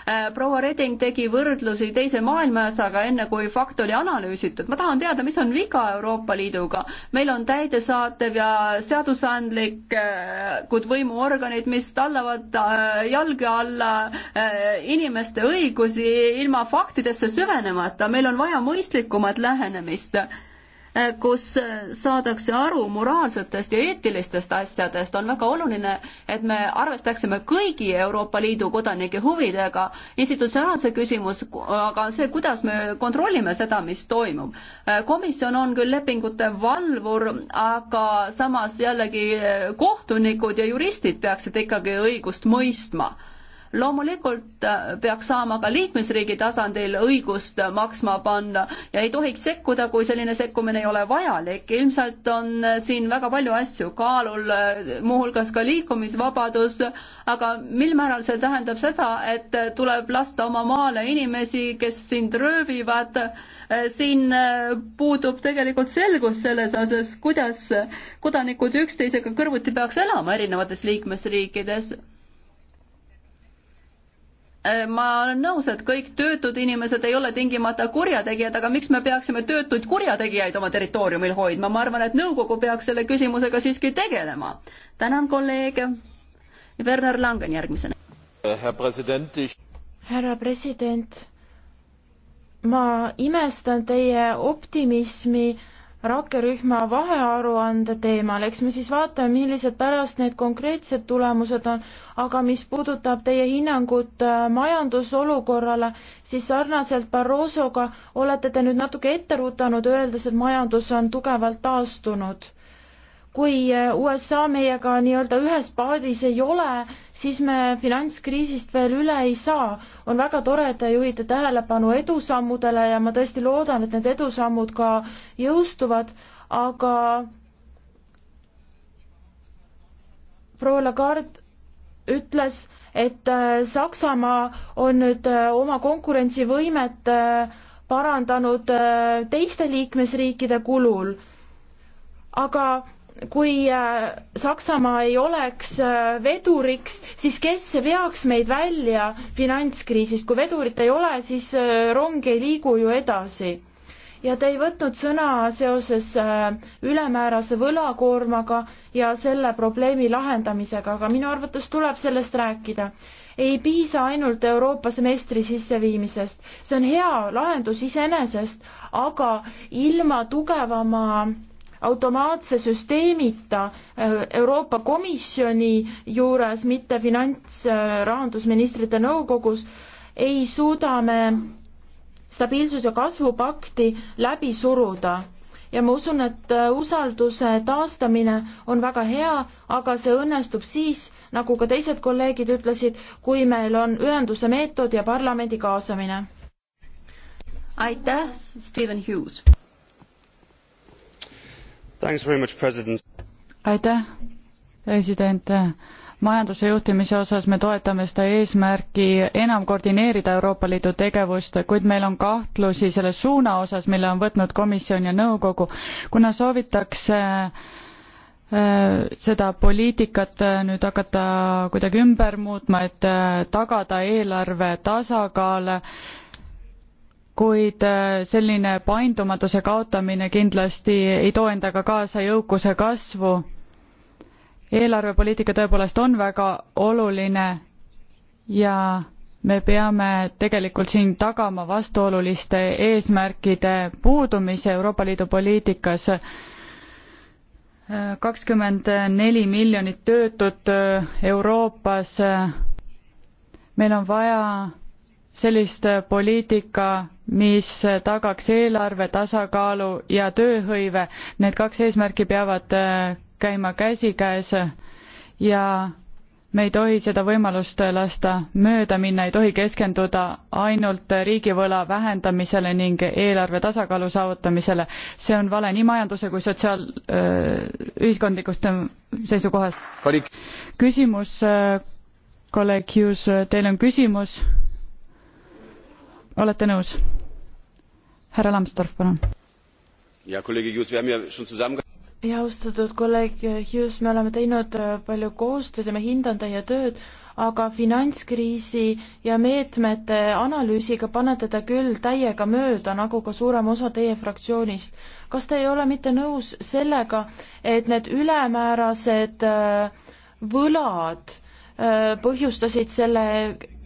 Äh, proua Reding tegi võrdlusi teise maailmasõjaga, enne kui fakt oli analüüsitud. ma tahan teada, mis on viga Euroopa Liiduga. meil on täidesaatev ja seadusandlikud äh, võimuorganid, mis tallavad äh, jalge alla inimeste õigusi ilma faktidesse süvenemata. meil on vaja mõistlikumat lähenemist kus saadakse aru moraalsetest ja eetilistest asjadest, on väga oluline, et me arvestaksime kõigi Euroopa Liidu kodanike huvidega. institutsionaalse küsimus aga on see, kuidas me kontrollime seda, mis toimub. komisjon on küll lepingute valvur, aga samas jällegi kohtunikud ja juristid peaksid ikkagi õigust mõistma loomulikult äh, peaks saama ka liikmesriigi tasandil õigust maksma panna ja ei tohiks sekkuda, kui selline sekkumine ei ole vajalik. ilmselt on äh, siin väga palju asju kaalul, äh, muuhulgas ka liikumisvabadus, aga mil määral see tähendab seda, et tuleb lasta oma maale inimesi, kes sind röövivad, siin puudub tegelikult selgus selles osas, kuidas kodanikud üksteisega kõrvuti peaks elama erinevates liikmesriikides Äh, ma olen nõus, et kõik töötud inimesed ei ole tingimata kurjategijad, aga miks me peaksime töötuid kurjategijaid oma territooriumil hoidma, ma arvan, et nõukogu peaks selle küsimusega siiski tegelema. tänan, kolleeg. Werner Langen järgmisena. Äh, härra president, ma imestan teie optimismi rakkerühma vahearuande teemal, eks me siis vaatame, millised pärast need konkreetsed tulemused on, aga mis puudutab teie hinnangut äh, majandusolukorrale, siis sarnaselt Barrosoga olete te nüüd natuke ette rutanud, öeldes, et majandus on tugevalt taastunud kui äh, USA meiega nii-öelda ühes paadis ei ole, siis me finantskriisist veel üle ei saa. on väga tore, et te juhite tähelepanu edusammudele ja ma tõesti loodan, et need edusammud ka jõustuvad, aga proua Lagarde ütles, et äh, Saksamaa on nüüd äh, oma konkurentsivõimet parandanud teiste liikmesriikide kulul. aga kui äh, Saksamaa ei oleks äh, veduriks, siis kes veaks meid välja finantskriisist, kui vedurit ei ole, siis äh, rong ei liigu ju edasi. ja te ei võtnud sõna seoses ülemäärase võlakoormaga ja selle probleemi lahendamisega, aga minu arvates tuleb sellest rääkida ei piisa ainult Euroopa semestri sisseviimisest, see on hea lahendus iseenesest, aga ilma tugevama automaatse süsteemita äh, Euroopa Komisjoni juures, mitte finants- äh, rahandusministrite nõukogus, ei suuda me stabiilsus- ja kasvupakti läbi suruda. ja ma usun, et äh, usalduse taastamine on väga hea, aga see õnnestub siis, nagu ka teised kolleegid ütlesid, kui meil on ühenduse meetod ja parlamendi kaasamine. aitäh, Steven Hughes aitäh, president. majanduse juhtimise osas me toetame seda eesmärki enam koordineerida Euroopa Liidu tegevust, kuid meil on kahtlusi selle suuna osas, mille on võtnud komisjon ja nõukogu, kuna soovitakse äh, seda poliitikat äh, nüüd hakata kuidagi ümber muutma, et äh, tagada eelarve tasakaal kuid äh, selline paindumatuse kaotamine kindlasti ei too endaga kaasa jõukuse kasvu. eelarvepoliitika tõepoolest on väga oluline ja me peame tegelikult siin tagama vastuoluliste eesmärkide puudumise Euroopa Liidu poliitikas. kakskümmend neli miljonit töötut äh, Euroopas. Äh, meil on vaja sellist äh, poliitika, mis äh, tagaks eelarve tasakaalu ja tööhõive. Need kaks eesmärki peavad äh, käima käsikäes ja me ei tohi seda võimalust lasta mööda minna, ei tohi keskenduda ainult riigivõla vähendamisele ning eelarve tasakaalu saavutamisele. see on vale nii majanduse kui sotsiaal, ühiskondlikust seisukohast. küsimus, kolleeg Hughes, teil on küsimus olete nõus? härra Lambsdorff, palun. ja kolleeg Jus, me oleme schon zusammen ja austatud kolleeg Hughes, me oleme teinud äh, palju koostööd ja ma hindan teie tööd, aga finantskriisi ja meetmete analüüsiga panete te küll täiega mööda, nagu ka suurem osa teie fraktsioonist. kas te ei ole mitte nõus sellega, et need ülemäärased äh, võlad äh, põhjustasid selle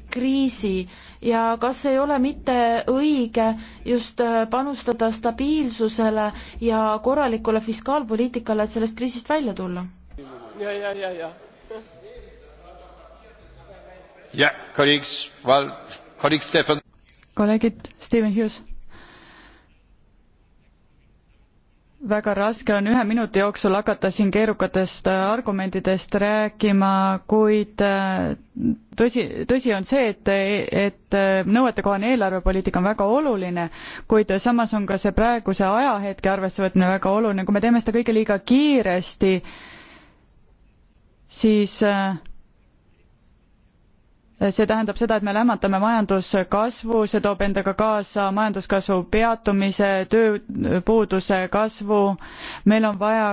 kriisi äh, ja kas ei ole mitte õige just äh, panustada stabiilsusele ja korralikule fiskaalpoliitikale, et sellest kriisist välja tulla? ja, ja, ja, ja. jah, kolleeg, kolleeg Stefan. kolleegid, Steven Hughes väga raske on ühe minuti jooksul hakata siin keerukatest äh, argumentidest rääkima, kuid äh, tõsi, tõsi on see, et, et äh, nõuetekohane eelarvepoliitika on väga oluline, kuid samas on ka see praeguse ajahetke arvessevõtmine väga oluline, kui me teeme seda kõike liiga kiiresti, siis äh, see tähendab seda, et me lämmatame majanduskasvu, see toob endaga kaasa majanduskasvu peatumise, tööpuuduse kasvu, meil on vaja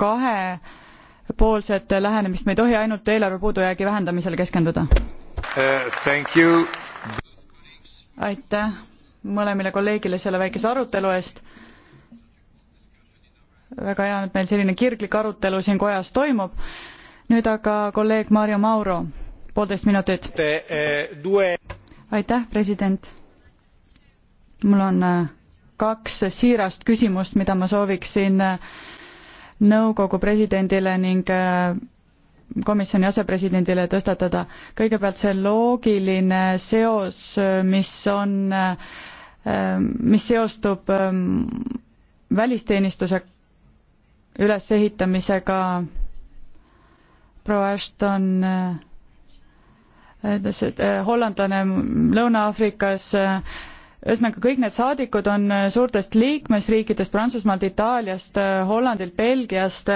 kahepoolset lähenemist, me ei tohi ainult eelarve puudujäägi vähendamisele keskenduda uh,. aitäh mõlemile kolleegile selle väikese arutelu eest väga hea, et meil selline kirglik arutelu siin kojas toimub. nüüd aga kolleeg Maarja Mauro poolteist minutit. Eh, aitäh, president. mul on eh, kaks siirast küsimust, mida ma sooviksin eh, nõukogu presidendile ning komisjoni asepresidendile tõstatada. kõigepealt see loogiline seos, mis on, mis seostub välisteenistuse ülesehitamisega, proua Ashton ütles, et äh, hollandlane ähm, Lõuna-Aafrikas äh, ühesõnaga, kõik need saadikud on äh, suurtest liikmesriikidest, Prantsusmaalt, Itaaliast, Hollandilt, Belgiast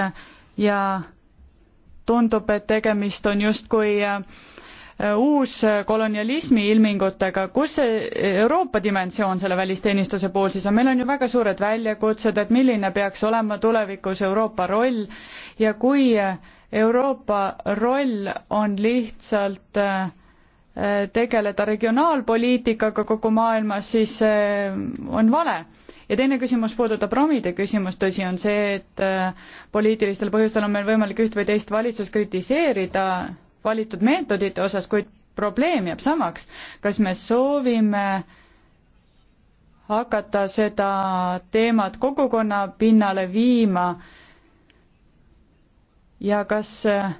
ja tundub, et tegemist on justkui uuskolonialismi ilmingutega, kus see Euroopa dimensioon selle välisteenistuse puhul siis on, meil on ju väga suured väljakutsed, et milline peaks olema tulevikus Euroopa roll ja kui Euroopa roll on lihtsalt äh, tegeleda regionaalpoliitikaga kogu maailmas, siis see on vale. ja teine küsimus puudutab romide küsimust, tõsi on see, et äh, poliitilistel põhjustel on meil võimalik üht või teist valitsust kritiseerida valitud meetodite osas, kuid probleem jääb samaks. kas me soovime hakata seda teemat kogukonna pinnale viima ja kas äh,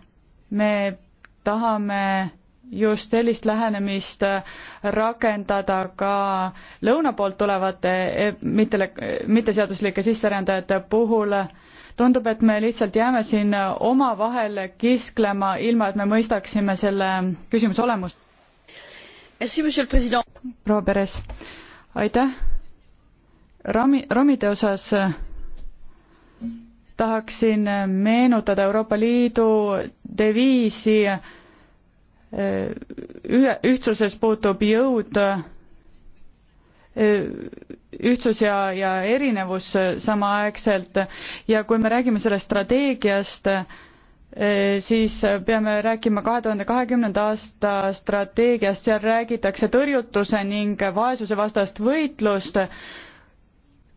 me tahame just sellist lähenemist äh, rakendada ka lõuna poolt tulevate eh, mitte, mitteseaduslike sisserändajate puhul. tundub, et me lihtsalt jääme siin äh, omavahel kisklema, ilma et me mõistaksime selle küsimuse olemust. proua Peres, aitäh. Rami, Romide osas tahaksin meenutada Euroopa Liidu deviisi eh, ühe, ühtsuses puutub jõud, eh, ühtsus ja, ja erinevus samaaegselt ja kui me räägime sellest strateegiast, eh, siis peame rääkima kahe tuhande kahekümnenda aasta strateegiast, seal räägitakse tõrjutuse ning vaesuse vastast võitlust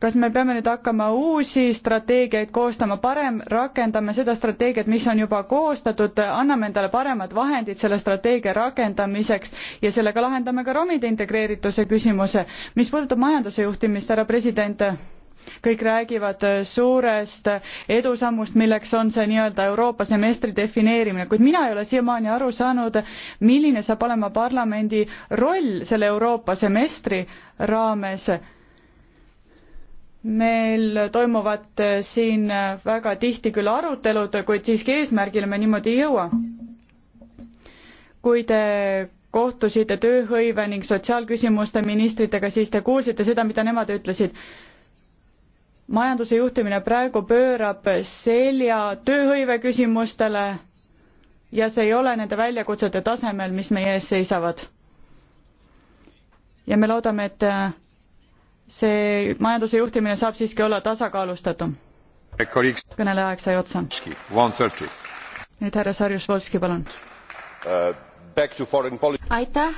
kas me peame nüüd hakkama uusi strateegiaid koostama, parem rakendame seda strateegiat, mis on juba koostatud, anname endale paremad vahendid selle strateegia rakendamiseks ja sellega lahendame ka romide integreerituse küsimuse. mis puudutab majanduse juhtimist, härra president, kõik räägivad suurest edusammust, milleks on see nii-öelda Euroopa semestri defineerimine, kuid mina ei ole siiamaani aru saanud, milline saab olema parlamendi roll selle Euroopa semestri raames meil toimuvad äh, siin äh, väga tihti küll arutelud, kuid siiski eesmärgile me niimoodi ei jõua. kui te kohtusite tööhõive ning sotsiaalküsimuste ministritega, siis te kuulsite seda, mida nemad ütlesid. majanduse juhtimine praegu pöörab selja tööhõive küsimustele ja see ei ole nende väljakutsete tasemel, mis meie ees seisavad. ja me loodame, et äh, see majanduse juhtimine saab siiski olla tasakaalustatum. kõneleaeg sai otsa. nüüd härra Sarjus Volski, palun uh,. aitäh uh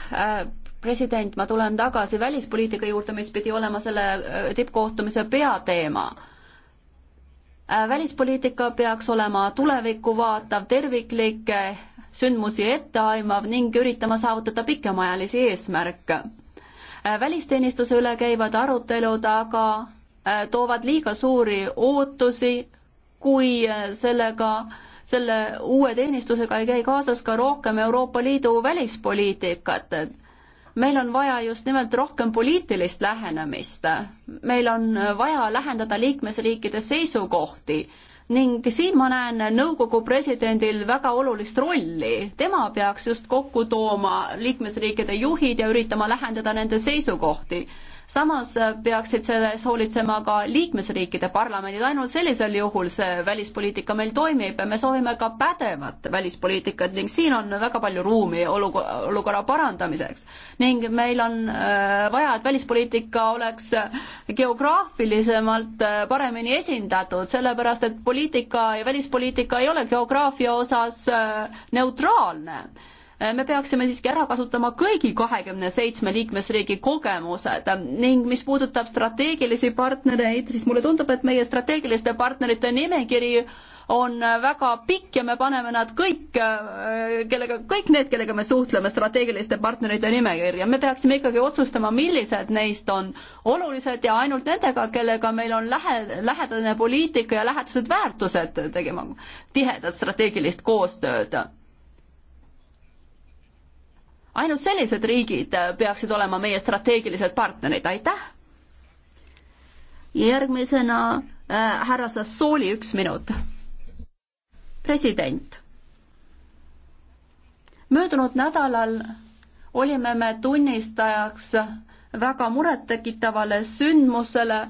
president, ma tulen tagasi välispoliitika juurde, mis pidi olema selle äh, tippkohtumise peateema. Äh, välispoliitika peaks olema tulevikku vaatav, terviklik, sündmusi ette aimav ning üritama saavutada pikemaajalisi eesmärke Äh, välisteenistuse üle käivad arutelud aga äh, toovad liiga suuri ootusi, kui äh, sellega, selle uue teenistusega ei käi kaasas ka rohkem Euroopa Liidu välispoliitikat. meil on vaja just nimelt rohkem poliitilist lähenemist. meil on vaja lähendada liikmesriikide seisukohti ning siin ma näen nõukogu presidendil väga olulist rolli. tema peaks just kokku tooma liikmesriikide juhid ja üritama lähendada nende seisukohti. samas peaksid selles hoolitsema ka liikmesriikide parlamendid, ainult sellisel juhul see välispoliitika meil toimib ja me soovime ka pädevat välispoliitikat ning siin on väga palju ruumi olukorra, olukorra parandamiseks. ning meil on äh, vaja, et välispoliitika oleks geograafilisemalt äh, paremini esindatud, sellepärast et poli-, poliitika ja välispoliitika ei ole geograafia osas äh, neutraalne. Äh, me peaksime siiski ära kasutama kõigi kahekümne seitsme liikmesriigi kogemused ning mis puudutab strateegilisi partnereid, siis mulle tundub, et meie strateegiliste partnerite nimekiri on väga pikk ja me paneme nad kõik, kellega, kõik need, kellega me suhtleme strateegiliste partnerite nimekirja. me peaksime ikkagi otsustama, millised neist on olulised ja ainult nendega, kellega meil on lähe, lähedane poliitika ja lähedased väärtused tegema tihedat strateegilist koostööd ainult sellised riigid peaksid olema meie strateegilised partnerid, aitäh! järgmisena äh, härra Sassooli üks minut president. möödunud nädalal olime me tunnistajaks väga murettekitavale sündmusele.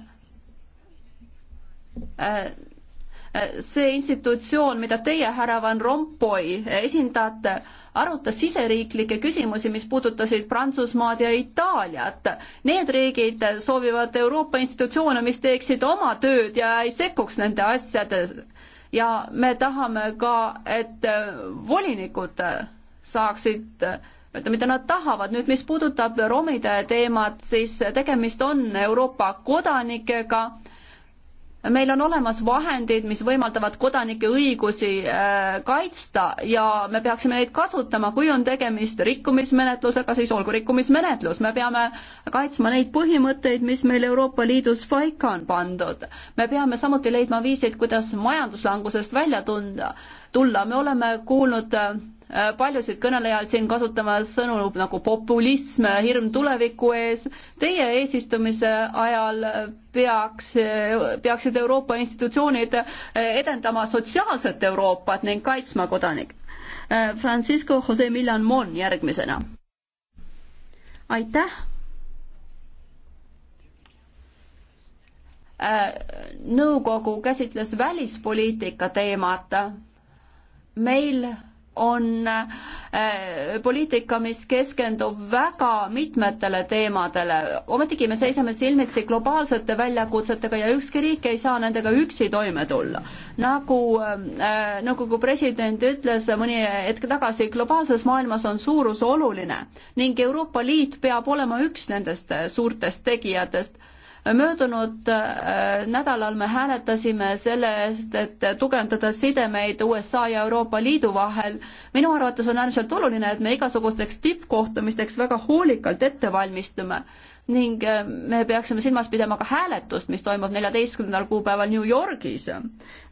see institutsioon, mida teie, härra Van Rompuy, esindate, arutas siseriiklikke küsimusi, mis puudutasid Prantsusmaad ja Itaaliat. Need riigid soovivad Euroopa institutsioone, mis teeksid oma tööd ja ei sekkuks nende asjade ja me tahame ka, et äh, volinikud saaksid öelda, äh, mida nad tahavad. nüüd, mis puudutab romide teemat, siis tegemist on Euroopa kodanikega meil on olemas vahendid, mis võimaldavad kodanike õigusi äh, kaitsta ja me peaksime neid kasutama, kui on tegemist rikkumismenetlusega, siis olgu rikkumismenetlus, me peame kaitsma neid põhimõtteid, mis meil Euroopa Liidus paika on pandud. me peame samuti leidma viiseid, kuidas majanduslangusest välja tunda, tulla, me oleme kuulnud äh, Äh, paljusid kõnelejaid siin kasutamas sõnu nagu populism, hirm tuleviku ees. Teie eesistumise ajal peaks, peaksid Euroopa institutsioonid äh, edendama sotsiaalset Euroopat ning kaitsma kodanikke. Äh, Francisco Jose Millan Mon järgmisena. aitäh nõukogu käsitles välispoliitika teemat. meil on äh, poliitika, mis keskendub väga mitmetele teemadele. ometigi me seisame silmitsi globaalsete väljakutsetega ja ükski riik ei saa nendega üksi toime tulla. nagu nõukogu äh, nagu president ütles mõni hetk tagasi, globaalses maailmas on suurus oluline ning Euroopa Liit peab olema üks nendest suurtest tegijatest möödunud äh, nädalal me hääletasime selle eest, et tugevdada sidemeid USA ja Euroopa Liidu vahel. minu arvates on äärmiselt oluline, et me igasugusteks tippkohtumisteks väga hoolikalt ette valmistume ning äh, me peaksime silmas pidama ka hääletust, mis toimub neljateistkümnendal kuupäeval New Yorgis.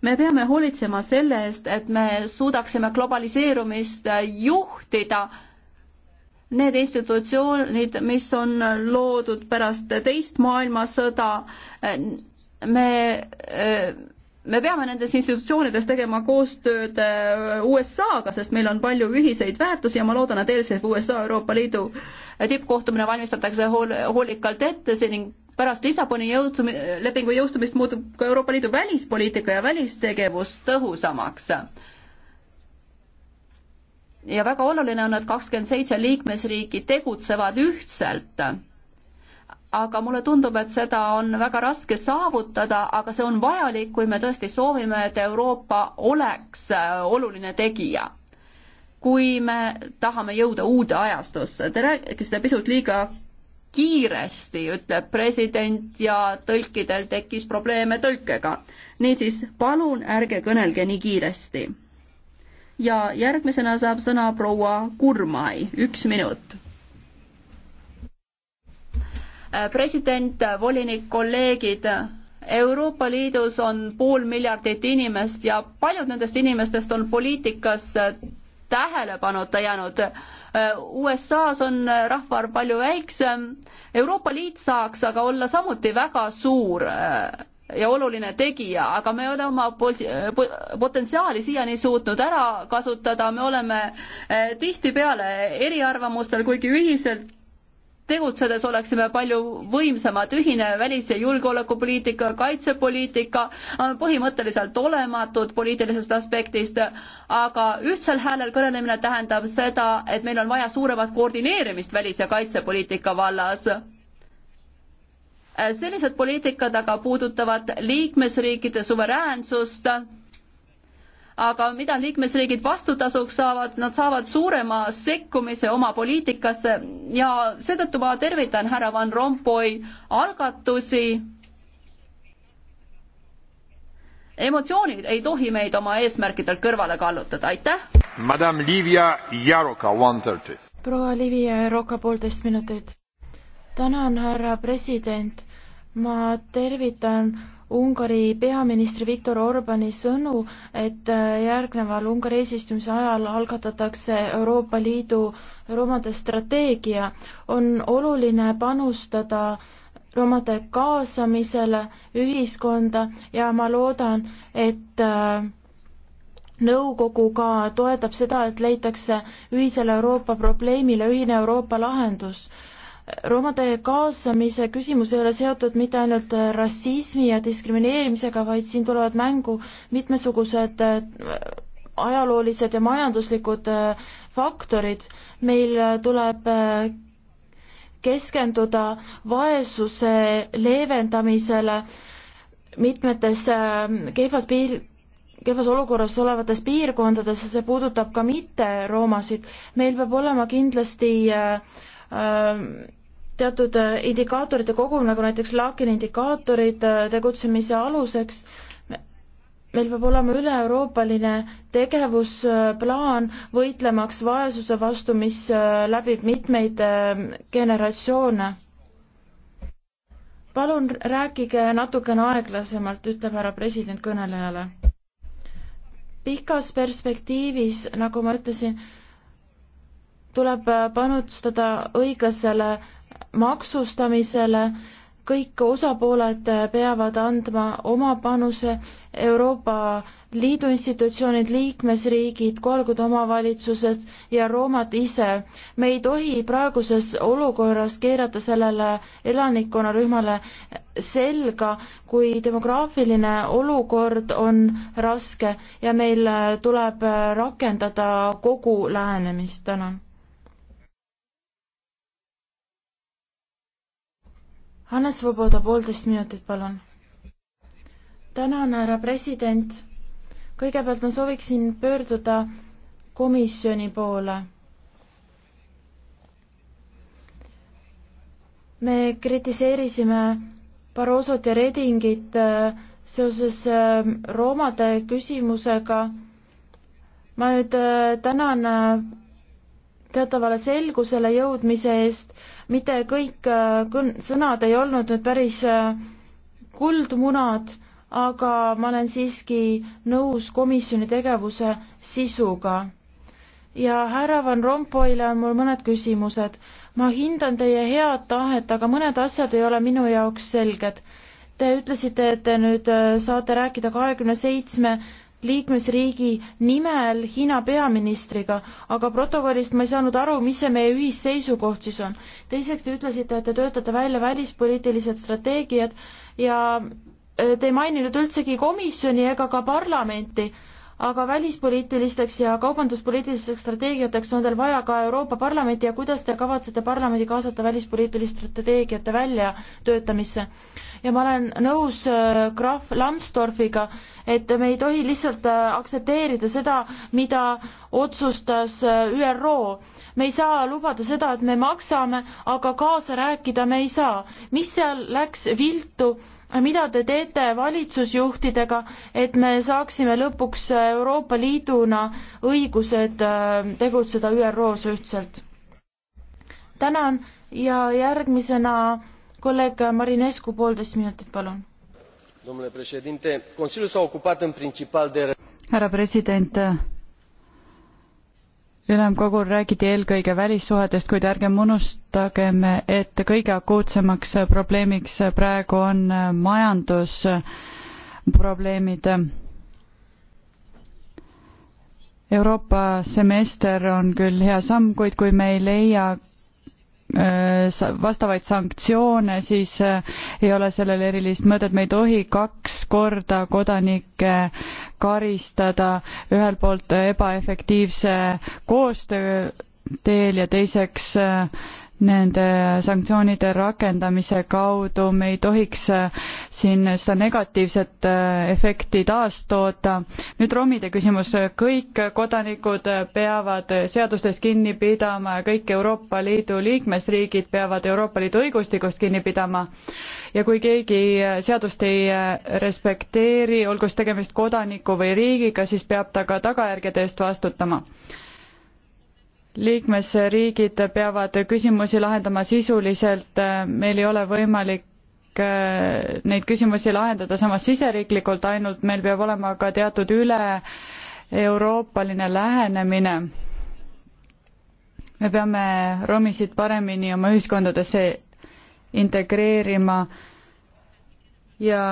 me peame hoolitsema selle eest, et me suudaksime globaliseerumist äh, juhtida need institutsioonid, mis on loodud pärast teist maailmasõda, me, me peame nendes institutsioonides tegema koostööd äh, USA-ga, sest meil on palju ühiseid väärtusi ja ma loodan, et eelseisev USA Euroopa Liidu tippkohtumine valmistatakse hool, hoolikalt ette ning pärast Lissaboni jõudumi, lepingu jõustumist muutub ka Euroopa Liidu välispoliitika ja välistegevus tõhusamaks ja väga oluline on, et kakskümmend seitse liikmesriiki tegutsevad ühtselt. aga mulle tundub, et seda on väga raske saavutada, aga see on vajalik, kui me tõesti soovime, et Euroopa oleks äh, oluline tegija. kui me tahame jõuda uude ajastusse, te rääkisite pisut liiga kiiresti, ütleb president ja tõlkidel tekkis probleeme tõlkega. niisiis, palun ärge kõnelge nii kiiresti ja järgmisena saab sõna proua Kurmai, üks minut. Äh, president, äh, volinik, kolleegid äh, Euroopa Liidus on pool miljardit inimest ja paljud nendest inimestest on poliitikas tähelepanuta jäänud. USA-s on rahvaarv palju väiksem, Euroopa Liit saaks aga olla samuti väga suur ja oluline tegija, aga me oleme oma potentsiaali siiani suutnud ära kasutada, me oleme eh, tihtipeale eriarvamustel, kuigi ühiselt tegutsedes oleksime palju võimsamad, ühine välis- ja julgeolekupoliitika, kaitsepoliitika on põhimõtteliselt olematud poliitilisest aspektist, aga ühtsel häälel kõnelemine tähendab seda, et meil on vaja suuremat koordineerimist välis- ja kaitsepoliitika vallas Äh, sellised poliitikad aga puudutavad liikmesriikide suveräänsust, aga mida liikmesriigid vastutasuks saavad, nad saavad suurema sekkumise oma poliitikasse ja seetõttu ma tervitan härra Van Rompuy algatusi. emotsioonid ei tohi meid oma eesmärkidel kõrvale kallutada, aitäh. Madame Livia Jaroka, one thirty. proua Livia Jaroka, poolteist minutit. tänan, härra president ma tervitan Ungari peaministri Viktor Orbani sõnu, et äh, järgneval Ungari eesistumise ajal algatatakse Euroopa Liidu romade strateegia. on oluline panustada romade kaasamisele ühiskonda ja ma loodan, et äh, nõukogu ka toetab seda, et leitakse ühisele Euroopa probleemile ühine Euroopa lahendus roomade kaasamise küsimus ei ole seotud mitte ainult rassismi ja diskrimineerimisega, vaid siin tulevad mängu mitmesugused äh, ajaloolised ja majanduslikud äh, faktorid. meil äh, tuleb keskenduda vaesuse leevendamisele mitmetes kehvas piir, kehvas olukorras olevates piirkondades ja see puudutab ka mitte roomasid. meil peab olema kindlasti äh, äh, teatud äh, indikaatorite kogum, nagu näiteks Laakini indikaatorid äh, tegutsemise aluseks, meil peab olema üle-euroopaline tegevusplaan võitlemaks vaesuse vastu, mis äh, läbib mitmeid generatsioone. palun rääkige natukene aeglasemalt, ütleb härra president kõnelejale. pikas perspektiivis, nagu ma ütlesin, tuleb panustada õiglasele maksustamisele, kõik osapooled peavad andma oma panuse, Euroopa Liidu institutsioonid, liikmesriigid, kohalikud omavalitsused ja Roomad ise. me ei tohi praeguses olukorras keerata sellele elanikkonnarühmale selga, kui demograafiline olukord on raske ja meil tuleb rakendada kogu lähenemist. tänan Hannes Voboda, poolteist minutit, palun. tänan, härra president. kõigepealt ma sooviksin pöörduda komisjoni poole. me kritiseerisime Barrosot ja Redingit äh, seoses äh, roomade küsimusega. ma nüüd äh, tänan teatavale selgusele jõudmise eest, mitte kõik äh, kõn-, sõnad ei olnud nüüd päris äh, kuldmunad, aga ma olen siiski nõus komisjoni tegevuse sisuga. ja härra Van Rompuyle on mul mõned küsimused. ma hindan teie head tahet, aga mõned asjad ei ole minu jaoks selged. Te ütlesite, et te nüüd äh, saate rääkida kahekümne seitsme liikmesriigi nimel Hiina peaministriga, aga protokollist ma ei saanud aru, mis see meie ühisseisukoht siis on. teiseks te ütlesite, et te töötate välja välispoliitilised strateegiad ja äh, te ei maininud üldsegi komisjoni ega ka parlamenti, aga välispoliitilisteks ja kaubanduspoliitilisteks strateegiateks on teil vaja ka Euroopa Parlamenti ja kuidas te kavatsete parlamendi kaasata välispoliitiliste strateegiate väljatöötamisse? ja ma olen nõus krahv äh, Lambsdorfiga, et me ei tohi lihtsalt äh, aktsepteerida seda, mida otsustas äh, ÜRO. me ei saa lubada seda, et me maksame, aga kaasa rääkida me ei saa. mis seal läks viltu? mida te teete valitsusjuhtidega, et me saaksime lõpuks Euroopa Liiduna õigused tegutseda ÜRO-s ühtselt? tänan ja järgmisena kolleeg Marinescu, poolteist minutit, palun. domnule președinte, Consiliul s-a ocupat în principal de härra president, ülemkogul räägiti eelkõige välissuhetest, kuid ärgem unustagem, et kõige akuutsemaks probleemiks praegu on majandusprobleemid. Euroopa semester on küll hea samm, kuid kui me ei leia Äh, vastavaid sanktsioone, siis äh, ei ole sellel erilist mõtet, me ei tohi kaks korda kodanikke karistada ühelt poolt ebaefektiivse koostöö teel ja teiseks äh, nende sanktsioonide rakendamise kaudu, me ei tohiks äh, siin seda negatiivset äh, efekti taastoota. nüüd romide küsimus, kõik kodanikud peavad seadustest kinni pidama ja kõik Euroopa Liidu liikmesriigid peavad Euroopa Liidu õigustikust kinni pidama. ja kui keegi äh, seadust ei respekteeri, olgu siis tegemist kodaniku või riigiga, siis peab ta ka tagajärgede eest vastutama liikmesriigid peavad küsimusi lahendama sisuliselt, meil ei ole võimalik äh, neid küsimusi lahendada samas siseriiklikult, ainult meil peab olema ka teatud üle-euroopaline lähenemine. me peame romisid paremini oma ühiskondadesse integreerima ja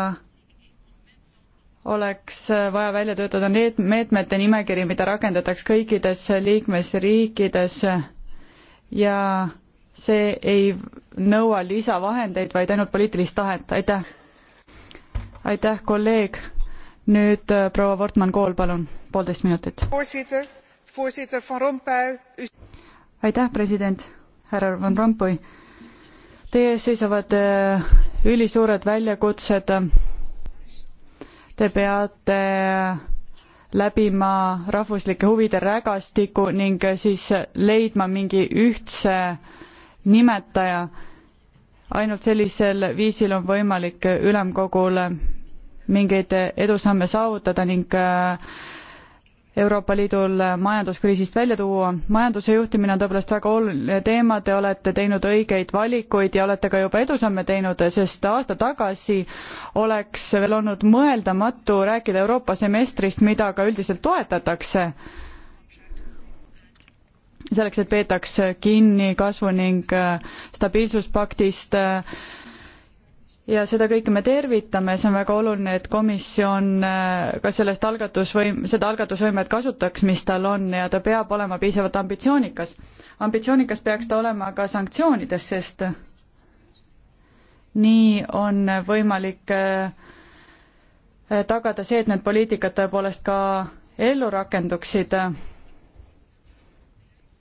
oleks vaja välja töötada need meetmete nimekiri, mida rakendatakse kõikides liikmesriikides ja see ei nõua lisavahendeid, vaid ainult poliitilist tahet, aitäh. aitäh, kolleeg. nüüd äh, proua Wortmann-Kool, palun, poolteist minutit. aitäh, president, härra Van Rompuy. Teie ees seisavad äh, ülisuured väljakutsed äh, te peate läbima rahvuslike huvide rägastiku ning siis leidma mingi ühtse nimetaja. ainult sellisel viisil on võimalik ülemkogul mingeid edusamme saavutada ning äh, Euroopa Liidul majanduskriisist välja tuua. majanduse juhtimine on tõepoolest väga oluline teema, te olete teinud õigeid valikuid ja olete ka juba edusamme teinud, sest aasta tagasi oleks veel olnud mõeldamatu rääkida Euroopa semestrist, mida ka üldiselt toetatakse selleks, et peetaks kinni kasvu- ning stabiilsuspaktist, ja seda kõike me tervitame, see on väga oluline, et komisjon äh, ka sellest algatusvõim-, seda algatusvõimet kasutaks, mis tal on ja ta peab olema piisavalt ambitsioonikas. ambitsioonikas peaks ta olema ka sanktsioonides, sest nii on võimalik äh, tagada see, et need poliitikad tõepoolest ka ellu rakenduksid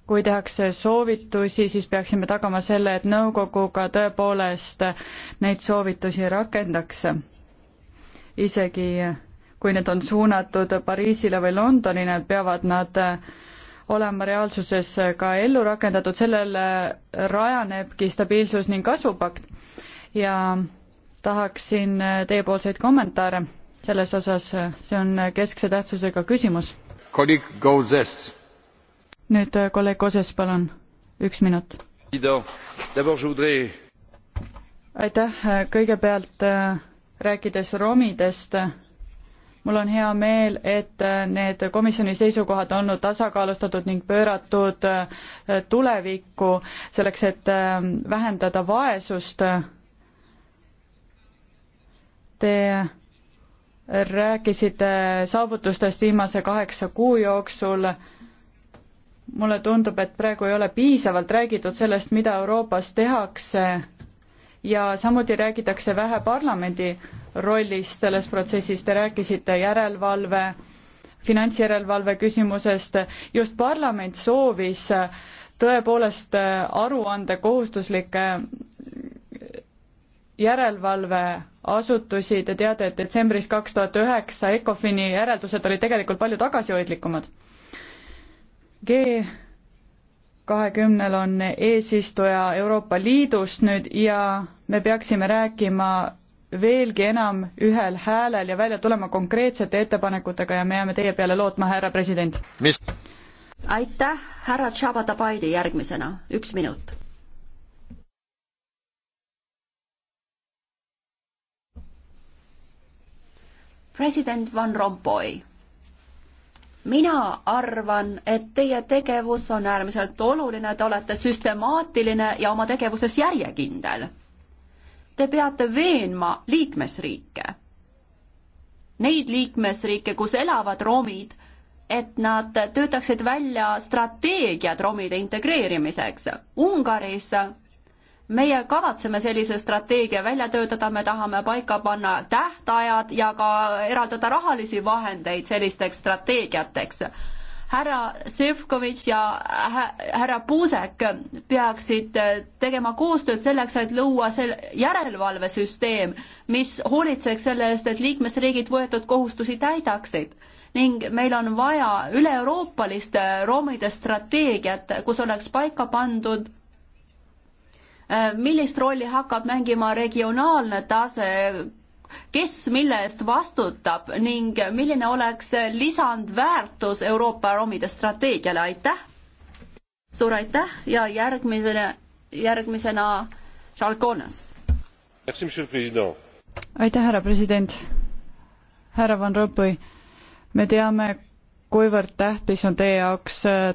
kui tehakse soovitusi, siis peaksime tagama selle, et nõukoguga tõepoolest neid soovitusi rakendaks. isegi kui need on suunatud Pariisile või Londonile, peavad nad olema reaalsuses ka ellu rakendatud, sellele rajanebki stabiilsus ning kasvupakt. ja tahaksin teiepoolseid kommentaare selles osas, see on keskse tähtsusega küsimus. kolleeg Gauzes nüüd äh, kolleeg Koses, palun, üks minut. aitäh, äh, kõigepealt äh, rääkides romidest, mul on hea meel, et need komisjoni seisukohad on olnud tasakaalustatud ning pööratud tulevikku selleks, et vähendada vaesust. Te rääkisite saavutustest viimase kaheksa kuu jooksul mulle tundub, et praegu ei ole piisavalt räägitud sellest, mida Euroopas tehakse ja samuti räägitakse vähe parlamendi rollist selles protsessis, te rääkisite järelevalve, finantsjärelevalve küsimusest, just parlament soovis tõepoolest aruande kohustuslikke järelevalveasutusi, te teate, et detsembris kaks tuhat üheksa ECOFIN-i järeldused olid tegelikult palju tagasihoidlikumad G kahekümnel on eesistuja Euroopa Liidust nüüd ja me peaksime rääkima veelgi enam ühel häälel ja välja tulema konkreetsete ettepanekutega ja me jääme teie peale lootma, härra president. aitäh, härra Tšabatabaidi järgmisena, üks minut. president Van Rompuy mina arvan, et teie tegevus on äärmiselt oluline, te olete süstemaatiline ja oma tegevuses järjekindel. Te peate veenma liikmesriike, neid liikmesriike, kus elavad romid, et nad töötaksid välja strateegiad romide integreerimiseks. Ungaris meie kavatseme sellise strateegia välja töötada, me tahame paika panna tähtajad ja ka eraldada rahalisi vahendeid sellisteks strateegiateks. härra Sefkovitš ja härra Puusek peaksid tegema koostööd selleks, et luua sel-, järelevalvesüsteem, mis hoolitseks selle eest, et liikmesriigid võetud kohustusi täidaksid ning meil on vaja üle-euroopalist roomide strateegiat, kus oleks paika pandud Äh, millist rolli hakkab mängima regionaalne tase, kes mille eest vastutab ning milline oleks lisandväärtus Euroopa romide strateegiale, aitäh! suur aitäh ja järgmine, järgmisena Charles Connas. aitäh, härra president! härra Van Rompuy, me teame, kuivõrd tähtis on teie jaoks äh,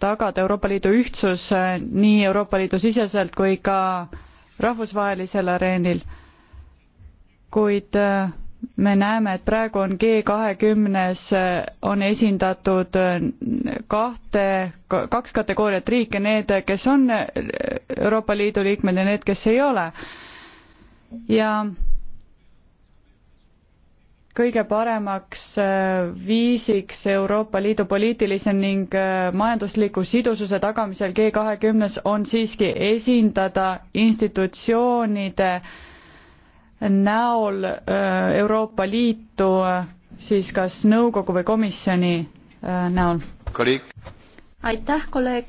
tagada Euroopa Liidu ühtsus eh, nii Euroopa Liidu siseselt kui ka rahvusvahelisel areenil. kuid eh, me näeme, et praegu on G kahekümnes, eh, on esindatud kahte, kaks kategooriat riike, need, kes on Euroopa Liidu liikmed ja need, kes ei ole. ja kõige paremaks äh, viisiks Euroopa Liidu poliitilise ning äh, majandusliku sidususe tagamisel G kahekümnes on siiski esindada institutsioonide näol äh, Euroopa Liitu siis kas nõukogu või komisjoni näol. aitäh, kolleeg.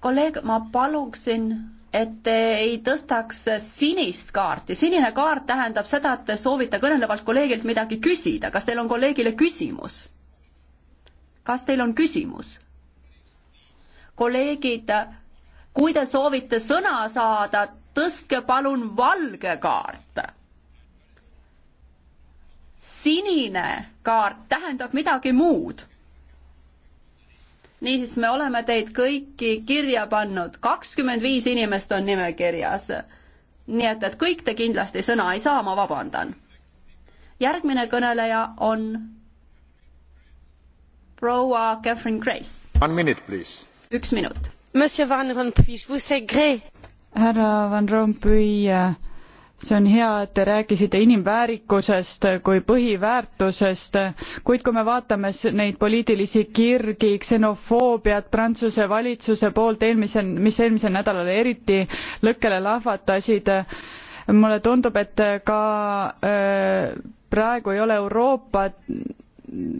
kolleeg, ma paluksin et te ei tõstaks sinist kaarti. sinine kaart tähendab seda, et te soovite kõnelevalt kolleegilt midagi küsida. kas teil on kolleegile küsimus? kas teil on küsimus? kolleegid, kui te soovite sõna saada, tõstke palun valge kaart. sinine kaart tähendab midagi muud niisiis, me oleme teid kõiki kirja pannud, kakskümmend viis inimest on nimekirjas. nii et, et kõik te kindlasti sõna ei saa, ma vabandan. järgmine kõneleja on proua Catherine Grace. One minute, please. üks minut. Monsieur Van Rompuy, je vous sais gré. härra Van Rompuy äh, see on hea, et te rääkisite inimväärikusest kui põhiväärtusest, kuid kui me vaatame neid poliitilisi kirgi, ksenofoobiat Prantsuse valitsuse poolt eelmisel, mis eelmisel nädalal eriti lõkkele lahvatasid, mulle tundub, et ka öö, praegu ei ole Euroopa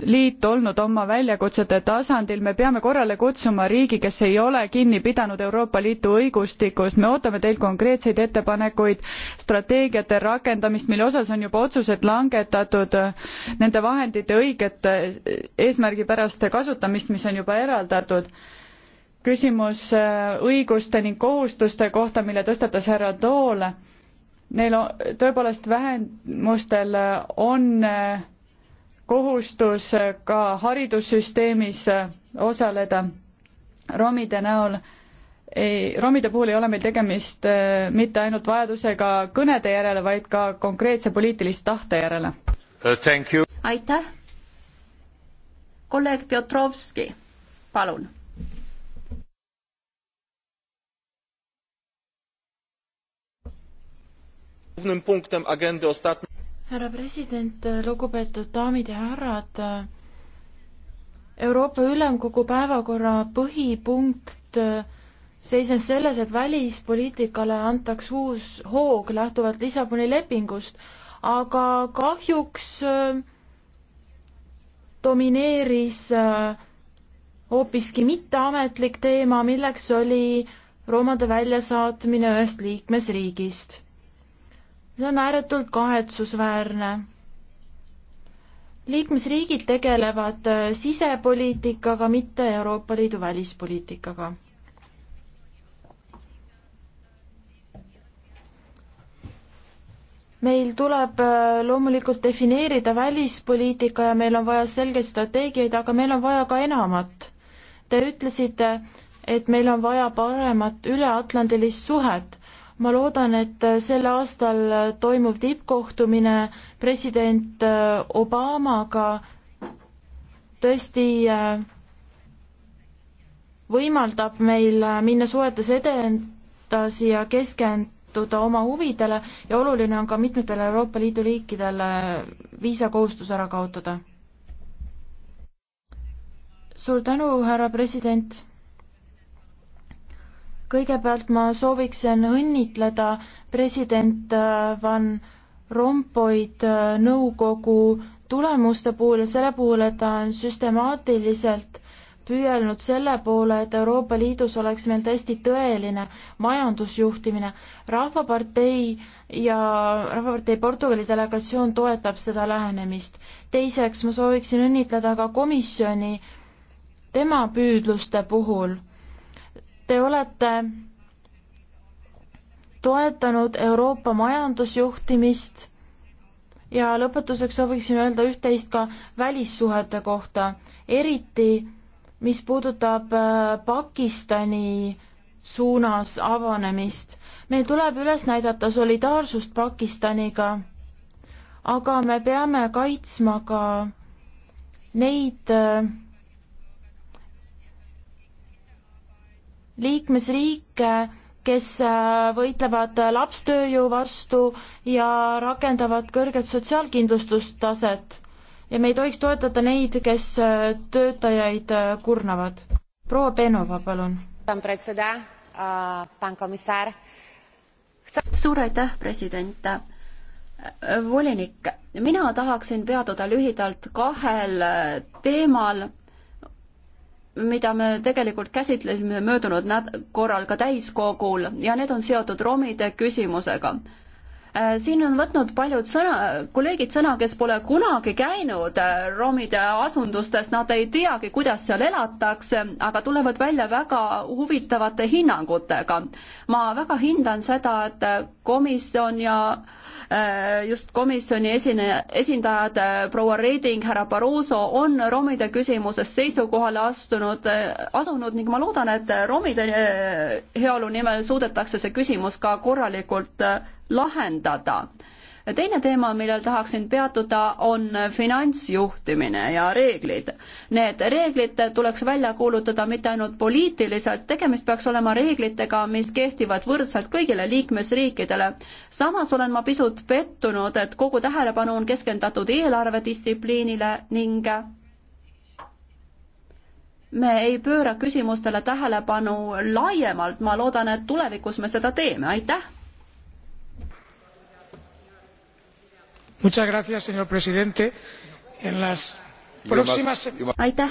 liit olnud oma väljakutsete tasandil, me peame korrale kutsuma riigi, kes ei ole kinni pidanud Euroopa Liidu õigustikust, me ootame teilt konkreetseid ettepanekuid, strateegiate rakendamist, mille osas on juba otsused langetatud, nende vahendite õiget eesmärgipärast kasutamist, mis on juba eraldatud küsimus äh, õiguste ning kohustuste kohta, mille tõstatas härra Tool. Neil on, tõepoolest vähemustel on äh, kohustus äh, ka haridussüsteemis äh, osaleda romide näol ei, romide puhul ei ole meil tegemist äh, mitte ainult vajadusega kõnede järele, vaid ka konkreetse poliitilise tahte järele uh,. aitäh. kolleeg Pjotrovski, palun. punktem agendy ostatni härra president, lugupeetud daamid ja härrad. Euroopa Ülemkogu päevakorra põhipunkt seisnes selles, et välispoliitikale antaks uus hoog lähtuvalt Lissaboni lepingust, aga kahjuks äh, domineeris äh, hoopiski mitteametlik teema, milleks oli roomade väljasaatmine ühest liikmesriigist see on ääretult kahetsusväärne. liikmesriigid tegelevad äh, sisepoliitikaga, mitte Euroopa Liidu välispoliitikaga. meil tuleb äh, loomulikult defineerida välispoliitika ja meil on vaja selgeid strateegiaid, aga meil on vaja ka enamat. Te ütlesite, et meil on vaja paremat üleatlandilist suhet ma loodan, et sel aastal toimuv tippkohtumine president äh, Obamaga tõesti äh, võimaldab meil äh, minna suhetes edasi ja keskenduda oma huvidele ja oluline on ka mitmetele Euroopa Liidu riikidele viisakohustus ära kaotada. suur tänu, härra president kõigepealt ma sooviksin õnnitleda president äh, Van Rompuyd äh, nõukogu tulemuste puhul ja selle puhul, et ta on süstemaatiliselt püüelnud selle poole, et Euroopa Liidus oleks meil tõesti tõeline majandusjuhtimine. rahvapartei ja Rahvapartei Portugali delegatsioon toetab seda lähenemist. teiseks ma sooviksin õnnitleda ka komisjoni tema püüdluste puhul Te olete toetanud Euroopa majandusjuhtimist ja lõpetuseks sooviksin öelda üht-teist ka välissuhete kohta, eriti mis puudutab äh, Pakistani suunas avanemist. meil tuleb üles näidata solidaarsust Pakistaniga, aga me peame kaitsma ka neid äh, liikmesriike, kes äh, võitlevad lapstööjõu vastu ja rakendavad kõrget sotsiaalkindlustustaset. ja me ei tohiks toetada neid, kes äh, töötajaid äh, kurnavad. proua Benova, palun. suur aitäh, president volinik, mina tahaksin peatuda lühidalt kahel teemal, mida me tegelikult käsitlesime möödunud näd-, korral ka täiskogul ja need on seotud romide küsimusega. Äh, siin on võtnud paljud sõna, kolleegid sõna, kes pole kunagi käinud äh, romide asundustes, nad ei teagi, kuidas seal elatakse, aga tulevad välja väga huvitavate hinnangutega. ma väga hindan seda, et äh, komisjon ja äh, Äh, just komisjoni esine, esindajad äh, proua Reding, härra Barroso on romide küsimuses seisukohale astunud, äh, asunud ning ma loodan, et romide heaolu nimel suudetakse see küsimus ka korralikult lahendada teine teema, millel tahaksin peatuda, on finantsjuhtimine ja reeglid. Need reeglid tuleks välja kuulutada mitte ainult poliitiliselt, tegemist peaks olema reeglitega, mis kehtivad võrdselt kõigile liikmesriikidele. samas olen ma pisut pettunud, et kogu tähelepanu on keskendatud eelarvedistsipliinile ning me ei pööra küsimustele tähelepanu laiemalt, ma loodan, et tulevikus me seda teeme, aitäh! señor presidente en las próximas. aitäh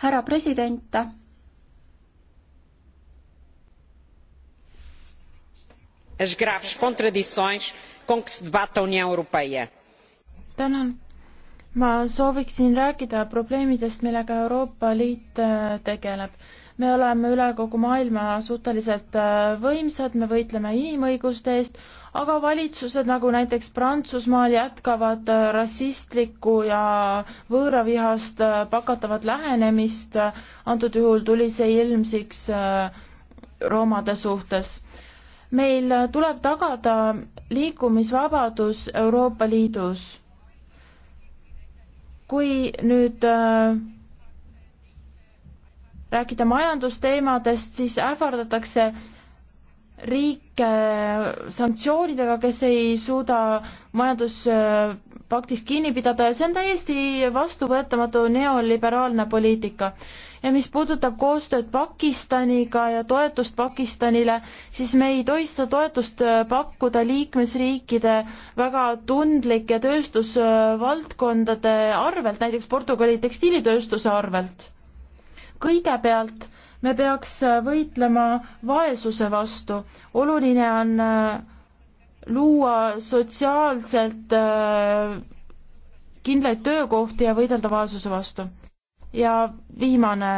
härra president as graves contradições com que se debate a União Europeia. Tänan. Ma sooviksin rääkida probleemidest, millega Euroopa Liit äh, tegeleb. Me oleme üle kogu maailma suhteliselt äh, võimsad, me võitleme inimõiguste eest, aga valitsused nagu näiteks Prantsusmaal jätkavad äh, rassistlikku ja võõravihast äh, pakatavat lähenemist, antud juhul tuli see ilmsiks äh, roomade suhtes. meil tuleb tagada liikumisvabadus Euroopa Liidus. kui nüüd rääkida majandusteemadest, siis ähvardatakse riike sanktsioonidega, kes ei suuda majanduspaktist kinni pidada ja see on täiesti vastuvõetamatu neoliberaalne poliitika. ja mis puudutab koostööd Pakistaniga ja toetust Pakistanile, siis me ei tohi seda toetust pakkuda liikmesriikide väga tundlike tööstusvaldkondade arvelt, näiteks Portugali tekstiilitööstuse arvelt. kõigepealt me peaks äh, võitlema vaesuse vastu. oluline on äh, luua sotsiaalselt äh, kindlaid töökohti ja võidelda vaesuse vastu. ja viimane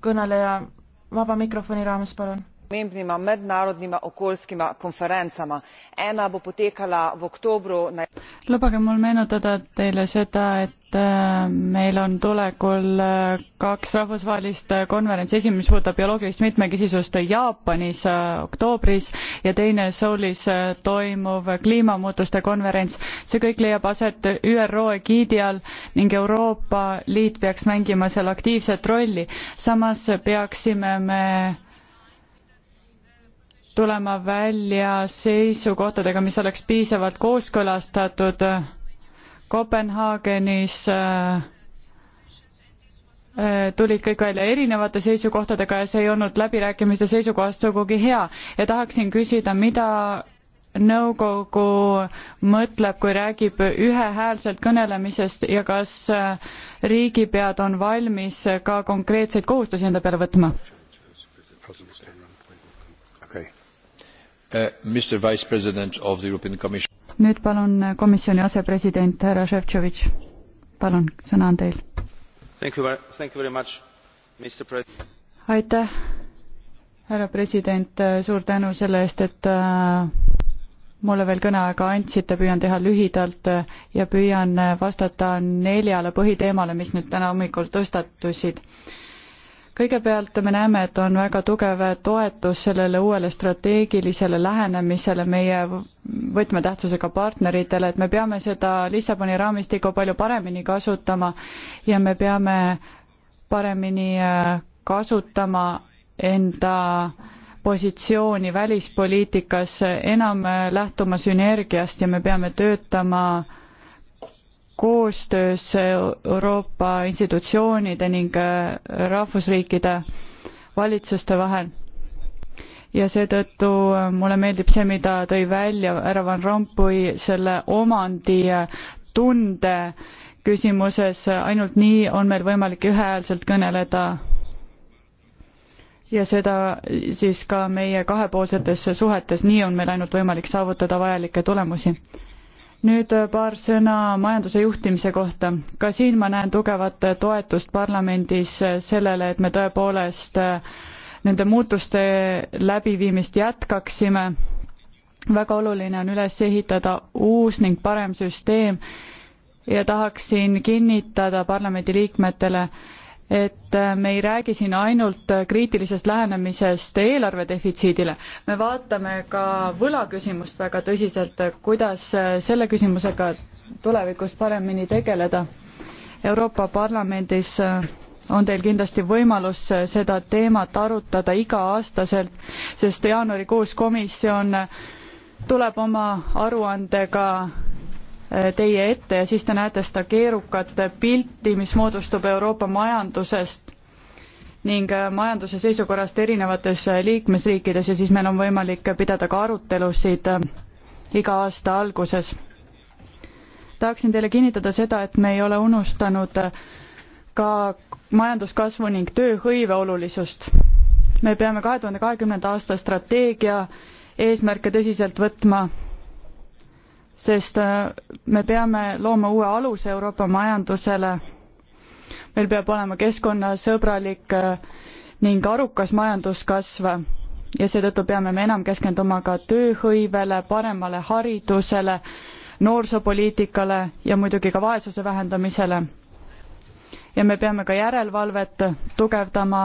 kõneleja vaba mikrofoni raames, palun pomembnima mednarodnima okoljskima konferencama. ena bo potekala v oktobru na. lubage mul meenutada teile seda et äh, meil on tulekul äh, kaks rahvusvahelist äh, konverentsi esimene mis puudutab bioloogilist mitmekesisust jaapanis oktoobris ja teine soulis toimuv kliimamuutuste konverents see kõik leiab aset üro egiidi all ning euroopa liit peaks mängima seal aktiivset rolli samas peaksime me tulema välja seisukohtadega, mis oleks piisavalt kooskõlastatud Kopenhaagenis äh, äh, tulid kõik välja erinevate seisukohtadega ja see ei olnud läbirääkimiste seisukohast sugugi hea ja tahaksin küsida, mida nõukogu mõtleb, kui räägib ühehäälselt kõnelemisest ja kas äh, riigipead on valmis ka konkreetseid kohustusi enda peale võtma? Uh, nüüd palun uh, komisjoni asepresident härra Šefčovitš, palun, sõna on teil. aitäh, härra president, uh, suur tänu selle eest, et mulle veel kõneaega andsite, püüan teha lühidalt ja püüan vastata neljale põhiteemale, mis nüüd täna hommikul tõstatusid kõigepealt me näeme, et on väga tugev toetus sellele uuele strateegilisele lähenemisele meie võtmetähtsusega partneritele, et me peame seda Lissaboni raamistikku palju paremini kasutama ja me peame paremini äh, kasutama enda positsiooni välispoliitikas, enam äh, lähtuma sünergiast ja me peame töötama koostöös Euroopa institutsioonide ning äh, rahvusriikide valitsuste vahel. ja seetõttu äh, mulle meeldib see, mida tõi välja härra Van Rompuy selle omanditunde äh, küsimuses, ainult nii on meil võimalik ühehäälselt kõneleda ja seda siis ka meie kahepoolsetes suhetes, nii on meil ainult võimalik saavutada vajalikke tulemusi nüüd äh, paar sõna majanduse juhtimise kohta. ka siin ma näen tugevat äh, toetust parlamendis äh, sellele, et me tõepoolest nende muutuste läbiviimist jätkaksime. väga oluline on üles ehitada uus ning parem süsteem ja tahaksin kinnitada parlamendiliikmetele, et me ei räägi siin ainult kriitilisest lähenemisest eelarve defitsiidile, me vaatame ka võlaküsimust väga tõsiselt, kuidas selle küsimusega tulevikus paremini tegeleda. Euroopa Parlamendis on teil kindlasti võimalus seda teemat arutada iga-aastaselt, sest jaanuarikuus komisjon tuleb oma aruandega Äh, teie ette ja siis te näete seda keerukat pilti, mis moodustub Euroopa majandusest ning äh, majanduse seisukorrast erinevates äh, liikmesriikides ja siis meil on võimalik pidada ka arutelusid iga aasta alguses. tahaksin teile kinnitada seda, et me ei ole unustanud ka majanduskasvu ning tööhõive olulisust. me peame kahe tuhande kahekümnenda aasta strateegia eesmärke tõsiselt võtma sest äh, me peame looma uue aluse Euroopa majandusele. meil peab olema keskkonnasõbralik äh, ning arukas majanduskasv ja seetõttu peame me enam keskenduma ka tööhõivele, paremale haridusele, noorsoopoliitikale ja muidugi ka vaesuse vähendamisele. ja me peame ka järelevalvet tugevdama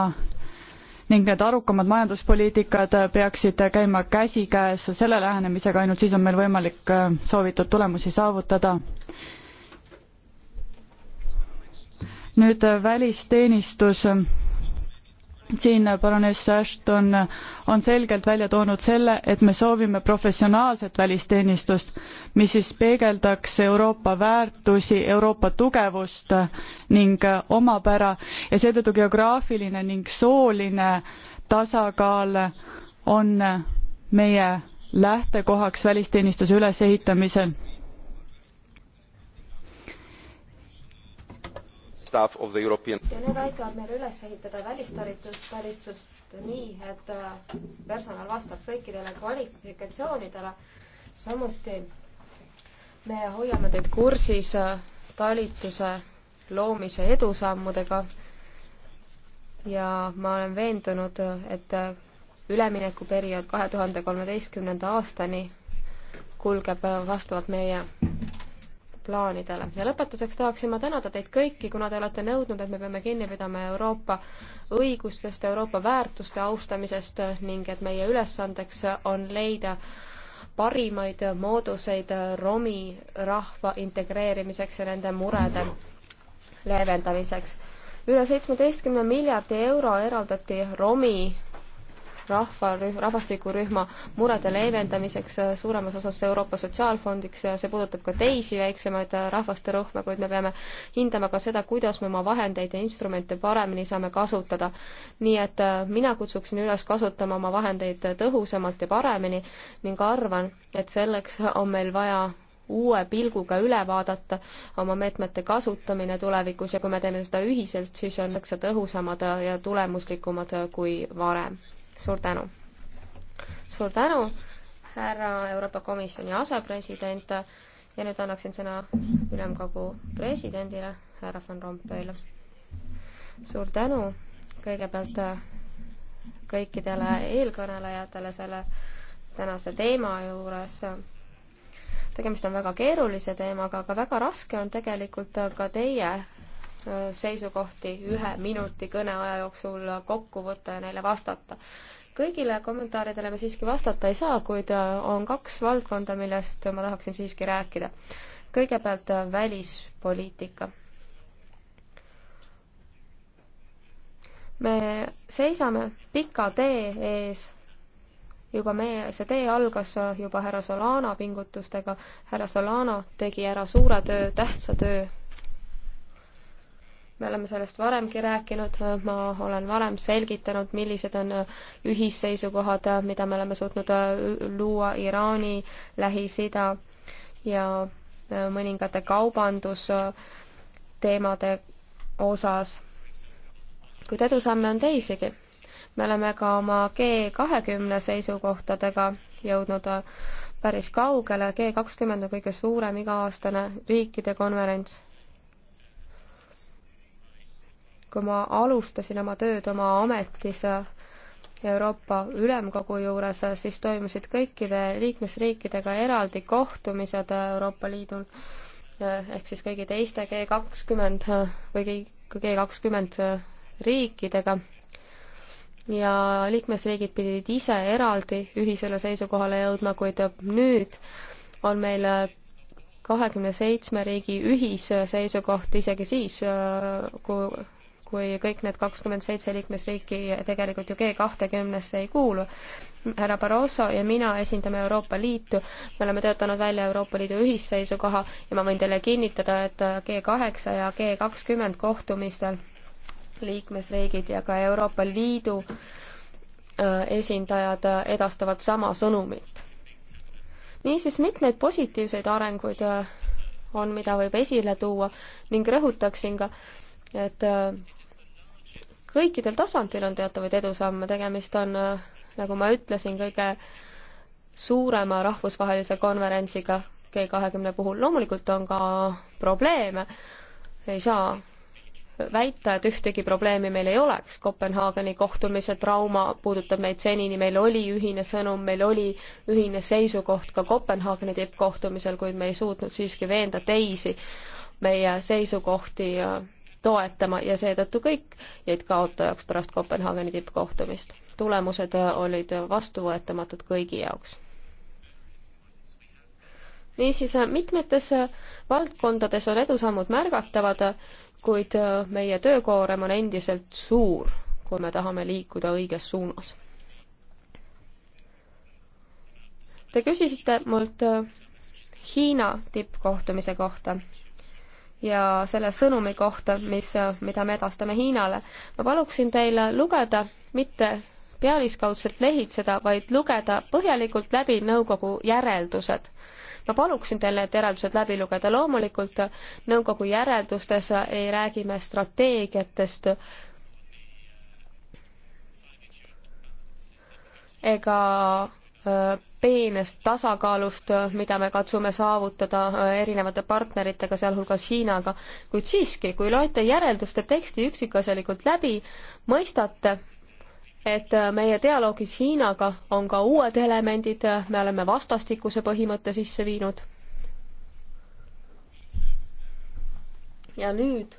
ning need arukamad majanduspoliitikad peaksid käima käsikäes selle lähenemisega, ainult siis on meil võimalik äh, soovitud tulemusi saavutada. nüüd välisteenistus siin baroness Ashton on selgelt välja toonud selle, et me soovime professionaalset välisteenistust, mis siis peegeldaks Euroopa väärtusi, Euroopa tugevust ning omapära ja seetõttu geograafiline ning sooline tasakaal on meie lähtekohaks välisteenistuse ülesehitamisel staff of the European ja need aitavad meil üles ehitada välistalistust nii, et äh, personal vastab kõikidele kvalifikatsioonidele. samuti me hoiame teid kursis äh, talituse loomise edusammudega ja ma olen veendunud, et äh, üleminekuperiood kahe tuhande kolmeteistkümnenda aastani kulgeb vastavalt meie plaanidele. ja lõpetuseks tahaksin ma tänada teid kõiki, kuna te olete nõudnud, et me peame kinni pidama Euroopa õigustest, Euroopa väärtuste austamisest ning et meie ülesandeks on leida parimaid mooduseid romi rahva integreerimiseks ja nende murede leevendamiseks. üle seitsmeteistkümne miljardi euro eraldati romi rahvarühm, rahvastikurühma murede leevendamiseks äh, suuremas osas Euroopa Sotsiaalfondiks ja see puudutab ka teisi väiksemaid äh, rahvasterühma, kuid me peame hindama ka seda, kuidas me oma vahendeid ja instrumente paremini saame kasutada. nii et äh, mina kutsuksin üles kasutama oma vahendeid tõhusamalt ja paremini ning arvan, et selleks on meil vaja uue pilguga üle vaadata oma meetmete kasutamine tulevikus ja kui me teeme seda ühiselt, siis on see tõhusamad ja tulemuslikumad kui varem suur tänu! suur tänu, härra Euroopa Komisjoni asepresident ja nüüd annaksin sõna ülemkogu presidendile, härra Van Rompuyle. suur tänu kõigepealt kõikidele eelkõnelejatele selle tänase teema juures. tegemist on väga keerulise teemaga, aga väga raske on tegelikult ka teie seisukohti ühe minuti kõneaja jooksul kokku võtta ja neile vastata. kõigile kommentaaridele me siiski vastata ei saa, kuid äh, on kaks valdkonda, millest ma tahaksin siiski rääkida. kõigepealt äh, välispoliitika. me seisame pika tee ees juba meie, see tee algas äh, juba härra Solana pingutustega, härra Solana tegi ära suure töö, tähtsa töö me oleme sellest varemgi rääkinud, ma olen varem selgitanud, millised on ühisseisukohad, mida me oleme suutnud luua Iraani, Lähis-Ida ja mõningate kaubandusteemade osas. kuid edusamme on teisigi. me oleme ka oma G kahekümne seisukohtadega jõudnud päris kaugele, G kakskümmend on kõige suurem iga-aastane riikide konverents kui ma alustasin oma tööd oma ametis äh, Euroopa Ülemkogu juures, äh, siis toimusid kõikide liikmesriikidega eraldi kohtumised äh, Euroopa Liidul ehk siis kõigi teiste G kakskümmend või ka G kakskümmend riikidega. ja liikmesriigid pidid ise eraldi ühisele seisukohale jõudma, kuid nüüd on meil kahekümne seitsme riigi ühisseisukoht isegi siis, kui kui kõik need kakskümmend seitse liikmesriiki tegelikult ju G kahtekümnesse ei kuulu. härra Barroso ja mina esindame Euroopa Liitu, me oleme töötanud välja Euroopa Liidu ühisseisukoha ja ma võin teile kinnitada, et G kaheksa ja G kakskümmend kohtumistel liikmesriigid ja ka Euroopa Liidu äh, esindajad edastavad sama sõnumit. niisiis, mitmeid positiivseid arenguid äh, on, mida võib esile tuua ning rõhutaksin ka, et äh, kõikidel tasandil on teatavaid edusamme, tegemist on, äh, nagu ma ütlesin, kõige suurema rahvusvahelise konverentsiga G kahekümne puhul. loomulikult on ka probleeme, ei saa väita, et ühtegi probleemi meil ei oleks. Kopenhaageni kohtumise trauma puudutab meid senini, meil oli ühine sõnum, meil oli ühine seisukoht ka Kopenhaageni tippkohtumisel, kuid me ei suutnud siiski veenda teisi meie seisukohti äh, toetama ja seetõttu kõik jäid kaotajaks pärast Kopenhaageni tippkohtumist. tulemused äh, olid vastuvõetamatud kõigi jaoks. niisiis, äh, mitmetes äh, valdkondades on edusammud märgatavad, kuid meie töökoorem on endiselt suur, kui me tahame liikuda õiges suunas. Te küsisite mult Hiina tippkohtumise kohta ja selle sõnumi kohta, mis, mida me edastame Hiinale. ma paluksin teil lugeda, mitte pealiskaudselt lehitseda, vaid lugeda põhjalikult läbi nõukogu järeldused. ma paluksin teil need järeldused läbi lugeda, loomulikult nõukogu järeldustes ei räägi me strateegiatest ega peenest tasakaalust, mida me katsume saavutada äh, erinevate partneritega, sealhulgas Hiinaga, kuid siiski, kui loete järelduste teksti üksikasjalikult läbi, mõistate, et äh, meie dialoogis Hiinaga on ka uued elemendid, äh, me oleme vastastikuse põhimõtte sisse viinud. ja nüüd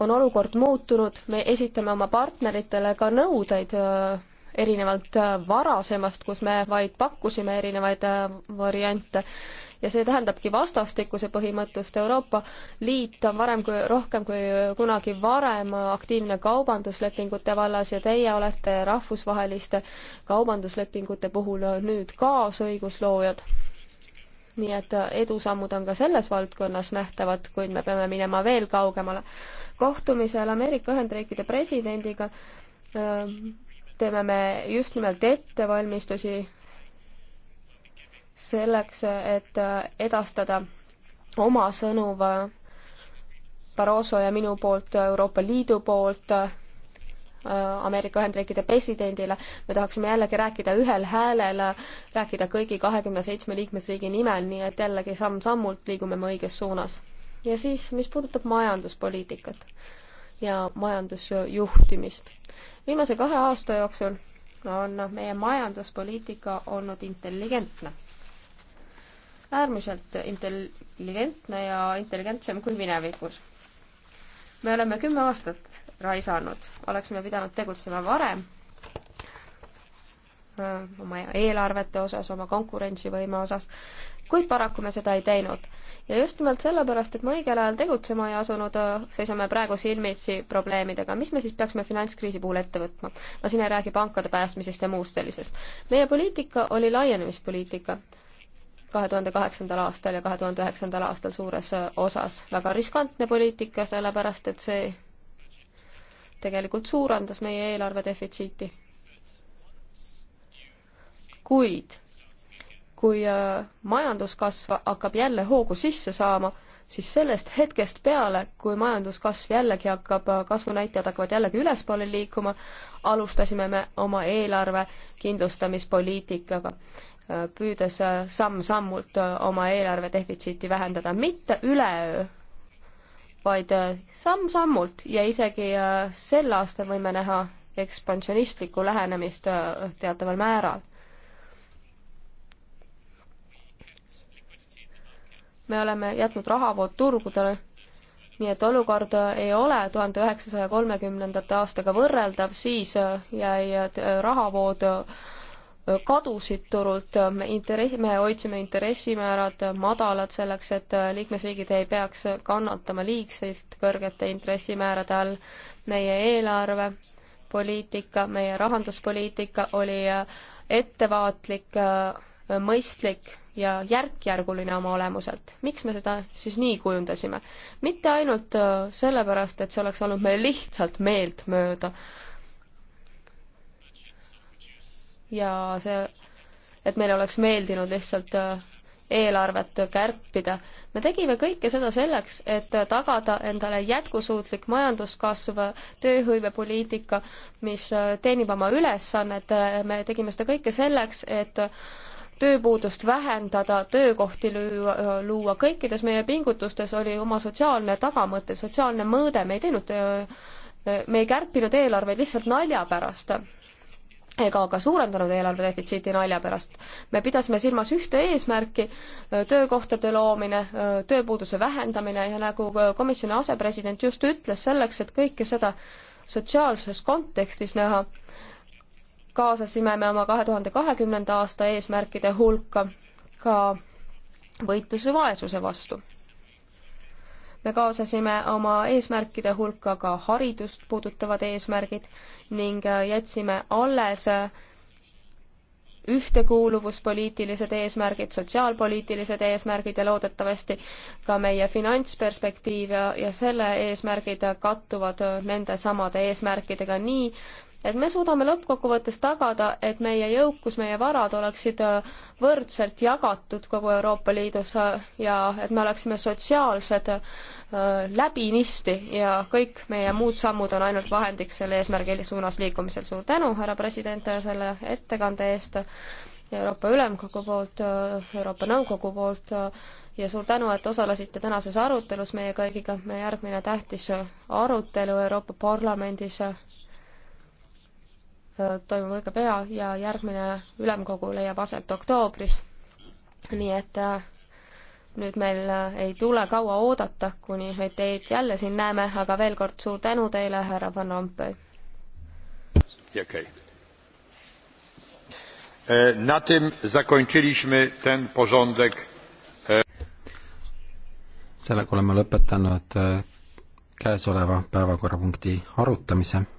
on olukord muutunud, me esitame oma partneritele ka nõudeid öö, erinevalt äh, varasemast, kus me vaid pakkusime erinevaid äh, variante. ja see tähendabki vastastikuse põhimõttest. Euroopa Liit on varem kui, rohkem kui kunagi varem aktiivne kaubanduslepingute vallas ja teie olete rahvusvaheliste kaubanduslepingute puhul nüüd kaasõigusloojad nii et äh, edusammud on ka selles valdkonnas nähtavad, kuid me peame minema veel kaugemale. kohtumisel Ameerika Ühendriikide presidendiga teeme me just nimelt ettevalmistusi selleks, et edastada oma sõnu Barroso ja minu poolt, Euroopa Liidu poolt, äh, Ameerika Ühendriikide presidendile, me tahaksime jällegi rääkida ühel häälel, rääkida kõigi kahekümne seitsme liikmesriigi nimel, nii et jällegi samm-sammult liigume me õiges suunas. ja siis, mis puudutab majanduspoliitikat ja majandusjuhtimist, viimase kahe aasta jooksul on meie majanduspoliitika olnud intelligentne. äärmiselt intelligentne ja intelligentsem kui minevikus. me oleme kümme aastat raisanud, oleksime pidanud tegutsema varem Äh, oma eelarvete osas, oma konkurentsivõime osas, kuid paraku me seda ei teinud. ja just nimelt sellepärast, et me õigel ajal tegutsema ei asunud, äh, seisame praegu silmitsi probleemidega. mis me siis peaksime finantskriisi puhul ette võtma? ma siin ei räägi pankade päästmisest ja muust sellisest. meie poliitika oli laienemispoliitika kahe tuhande kaheksandal aastal ja kahe tuhande üheksandal aastal suures äh, osas. väga riskantne poliitika, sellepärast et see tegelikult suurendas meie eelarve defitsiiti kuid kui äh, majanduskasv hakkab jälle hoogu sisse saama, siis sellest hetkest peale, kui majanduskasv jällegi hakkab, äh, kasvunäitajad hakkavad jällegi ülespoole liikuma, alustasime me oma eelarve kindlustamispoliitikaga, äh, püüdes samm-sammult oma eelarve defitsiiti vähendada, mitte üleöö, vaid samm-sammult ja isegi sel aastal võime näha ekspansionistlikku lähenemist teataval määral me oleme jätnud rahavood turgudele, nii et olukord ei ole tuhande üheksasaja kolmekümnendate aastaga võrreldav, siis jäid rahavood kadusid turult, me interess, me hoidsime intressimäärad madalad selleks, et liikmesriigid ei peaks kannatama liigselt kõrgete intressimäärade all. meie eelarvepoliitika, meie rahanduspoliitika oli ettevaatlik, mõistlik ja järk-järguline oma olemuselt. miks me seda siis nii kujundasime? mitte ainult äh, sellepärast, et see oleks olnud meile lihtsalt meeltmööda ja see, et meile oleks meeldinud lihtsalt äh, eelarvet kärpida. me tegime kõike seda selleks, et äh, tagada endale jätkusuutlik majanduskasv, tööhõivepoliitika, mis teenib oma ülesannet, me tegime seda kõike selleks, et tööpuudust vähendada, töökohti lüüa, luua, kõikides meie pingutustes oli oma sotsiaalne tagamõte, sotsiaalne mõõde, me ei teinud, me ei kärpinud eelarveid lihtsalt nalja pärast ega ka suurendanud eelarve defitsiiti nalja pärast. me pidasime silmas ühte eesmärki, töökohtade loomine, tööpuuduse vähendamine ja nagu komisjoni asepresident just ütles, selleks, et kõike seda sotsiaalses kontekstis näha, kaasasime me oma kahe tuhande kahekümnenda aasta eesmärkide hulka ka võitluse vaesuse vastu. me kaasasime oma eesmärkide hulka ka haridust puudutavad eesmärgid ning jätsime alles ühtekuuluvuspoliitilised eesmärgid, sotsiaalpoliitilised eesmärgid ja loodetavasti ka meie finantsperspektiiv ja, ja selle eesmärgid kattuvad nende samade eesmärkidega nii, et me suudame lõppkokkuvõttes tagada, et meie jõukus, meie varad oleksid äh, võrdselt jagatud kogu Euroopa Liidus äh, ja et me oleksime sotsiaalsed äh, läbinisti ja kõik meie muud sammud on ainult vahendiks selle eesmärgi suunas liikumisel. suur tänu, härra president, selle ettekande eest Euroopa Ülemkogu poolt, Euroopa Nõukogu poolt ja suur tänu, et osalesite tänases arutelus meie kõigiga. meie järgmine tähtis arutelu Euroopa Parlamendis Äh, toimub õige pea ja järgmine ülemkogu leiab aset oktoobris. nii et äh, nüüd meil äh, ei tule kaua oodata, kuni meid teid jälle siin näeme, aga veel kord suur tänu teile, härra Van Rompuy. okei. E, na tym zakończyliśmy ten porządek. E. sellega oleme lõpetanud e, käesoleva päevakorrapunkti arutamise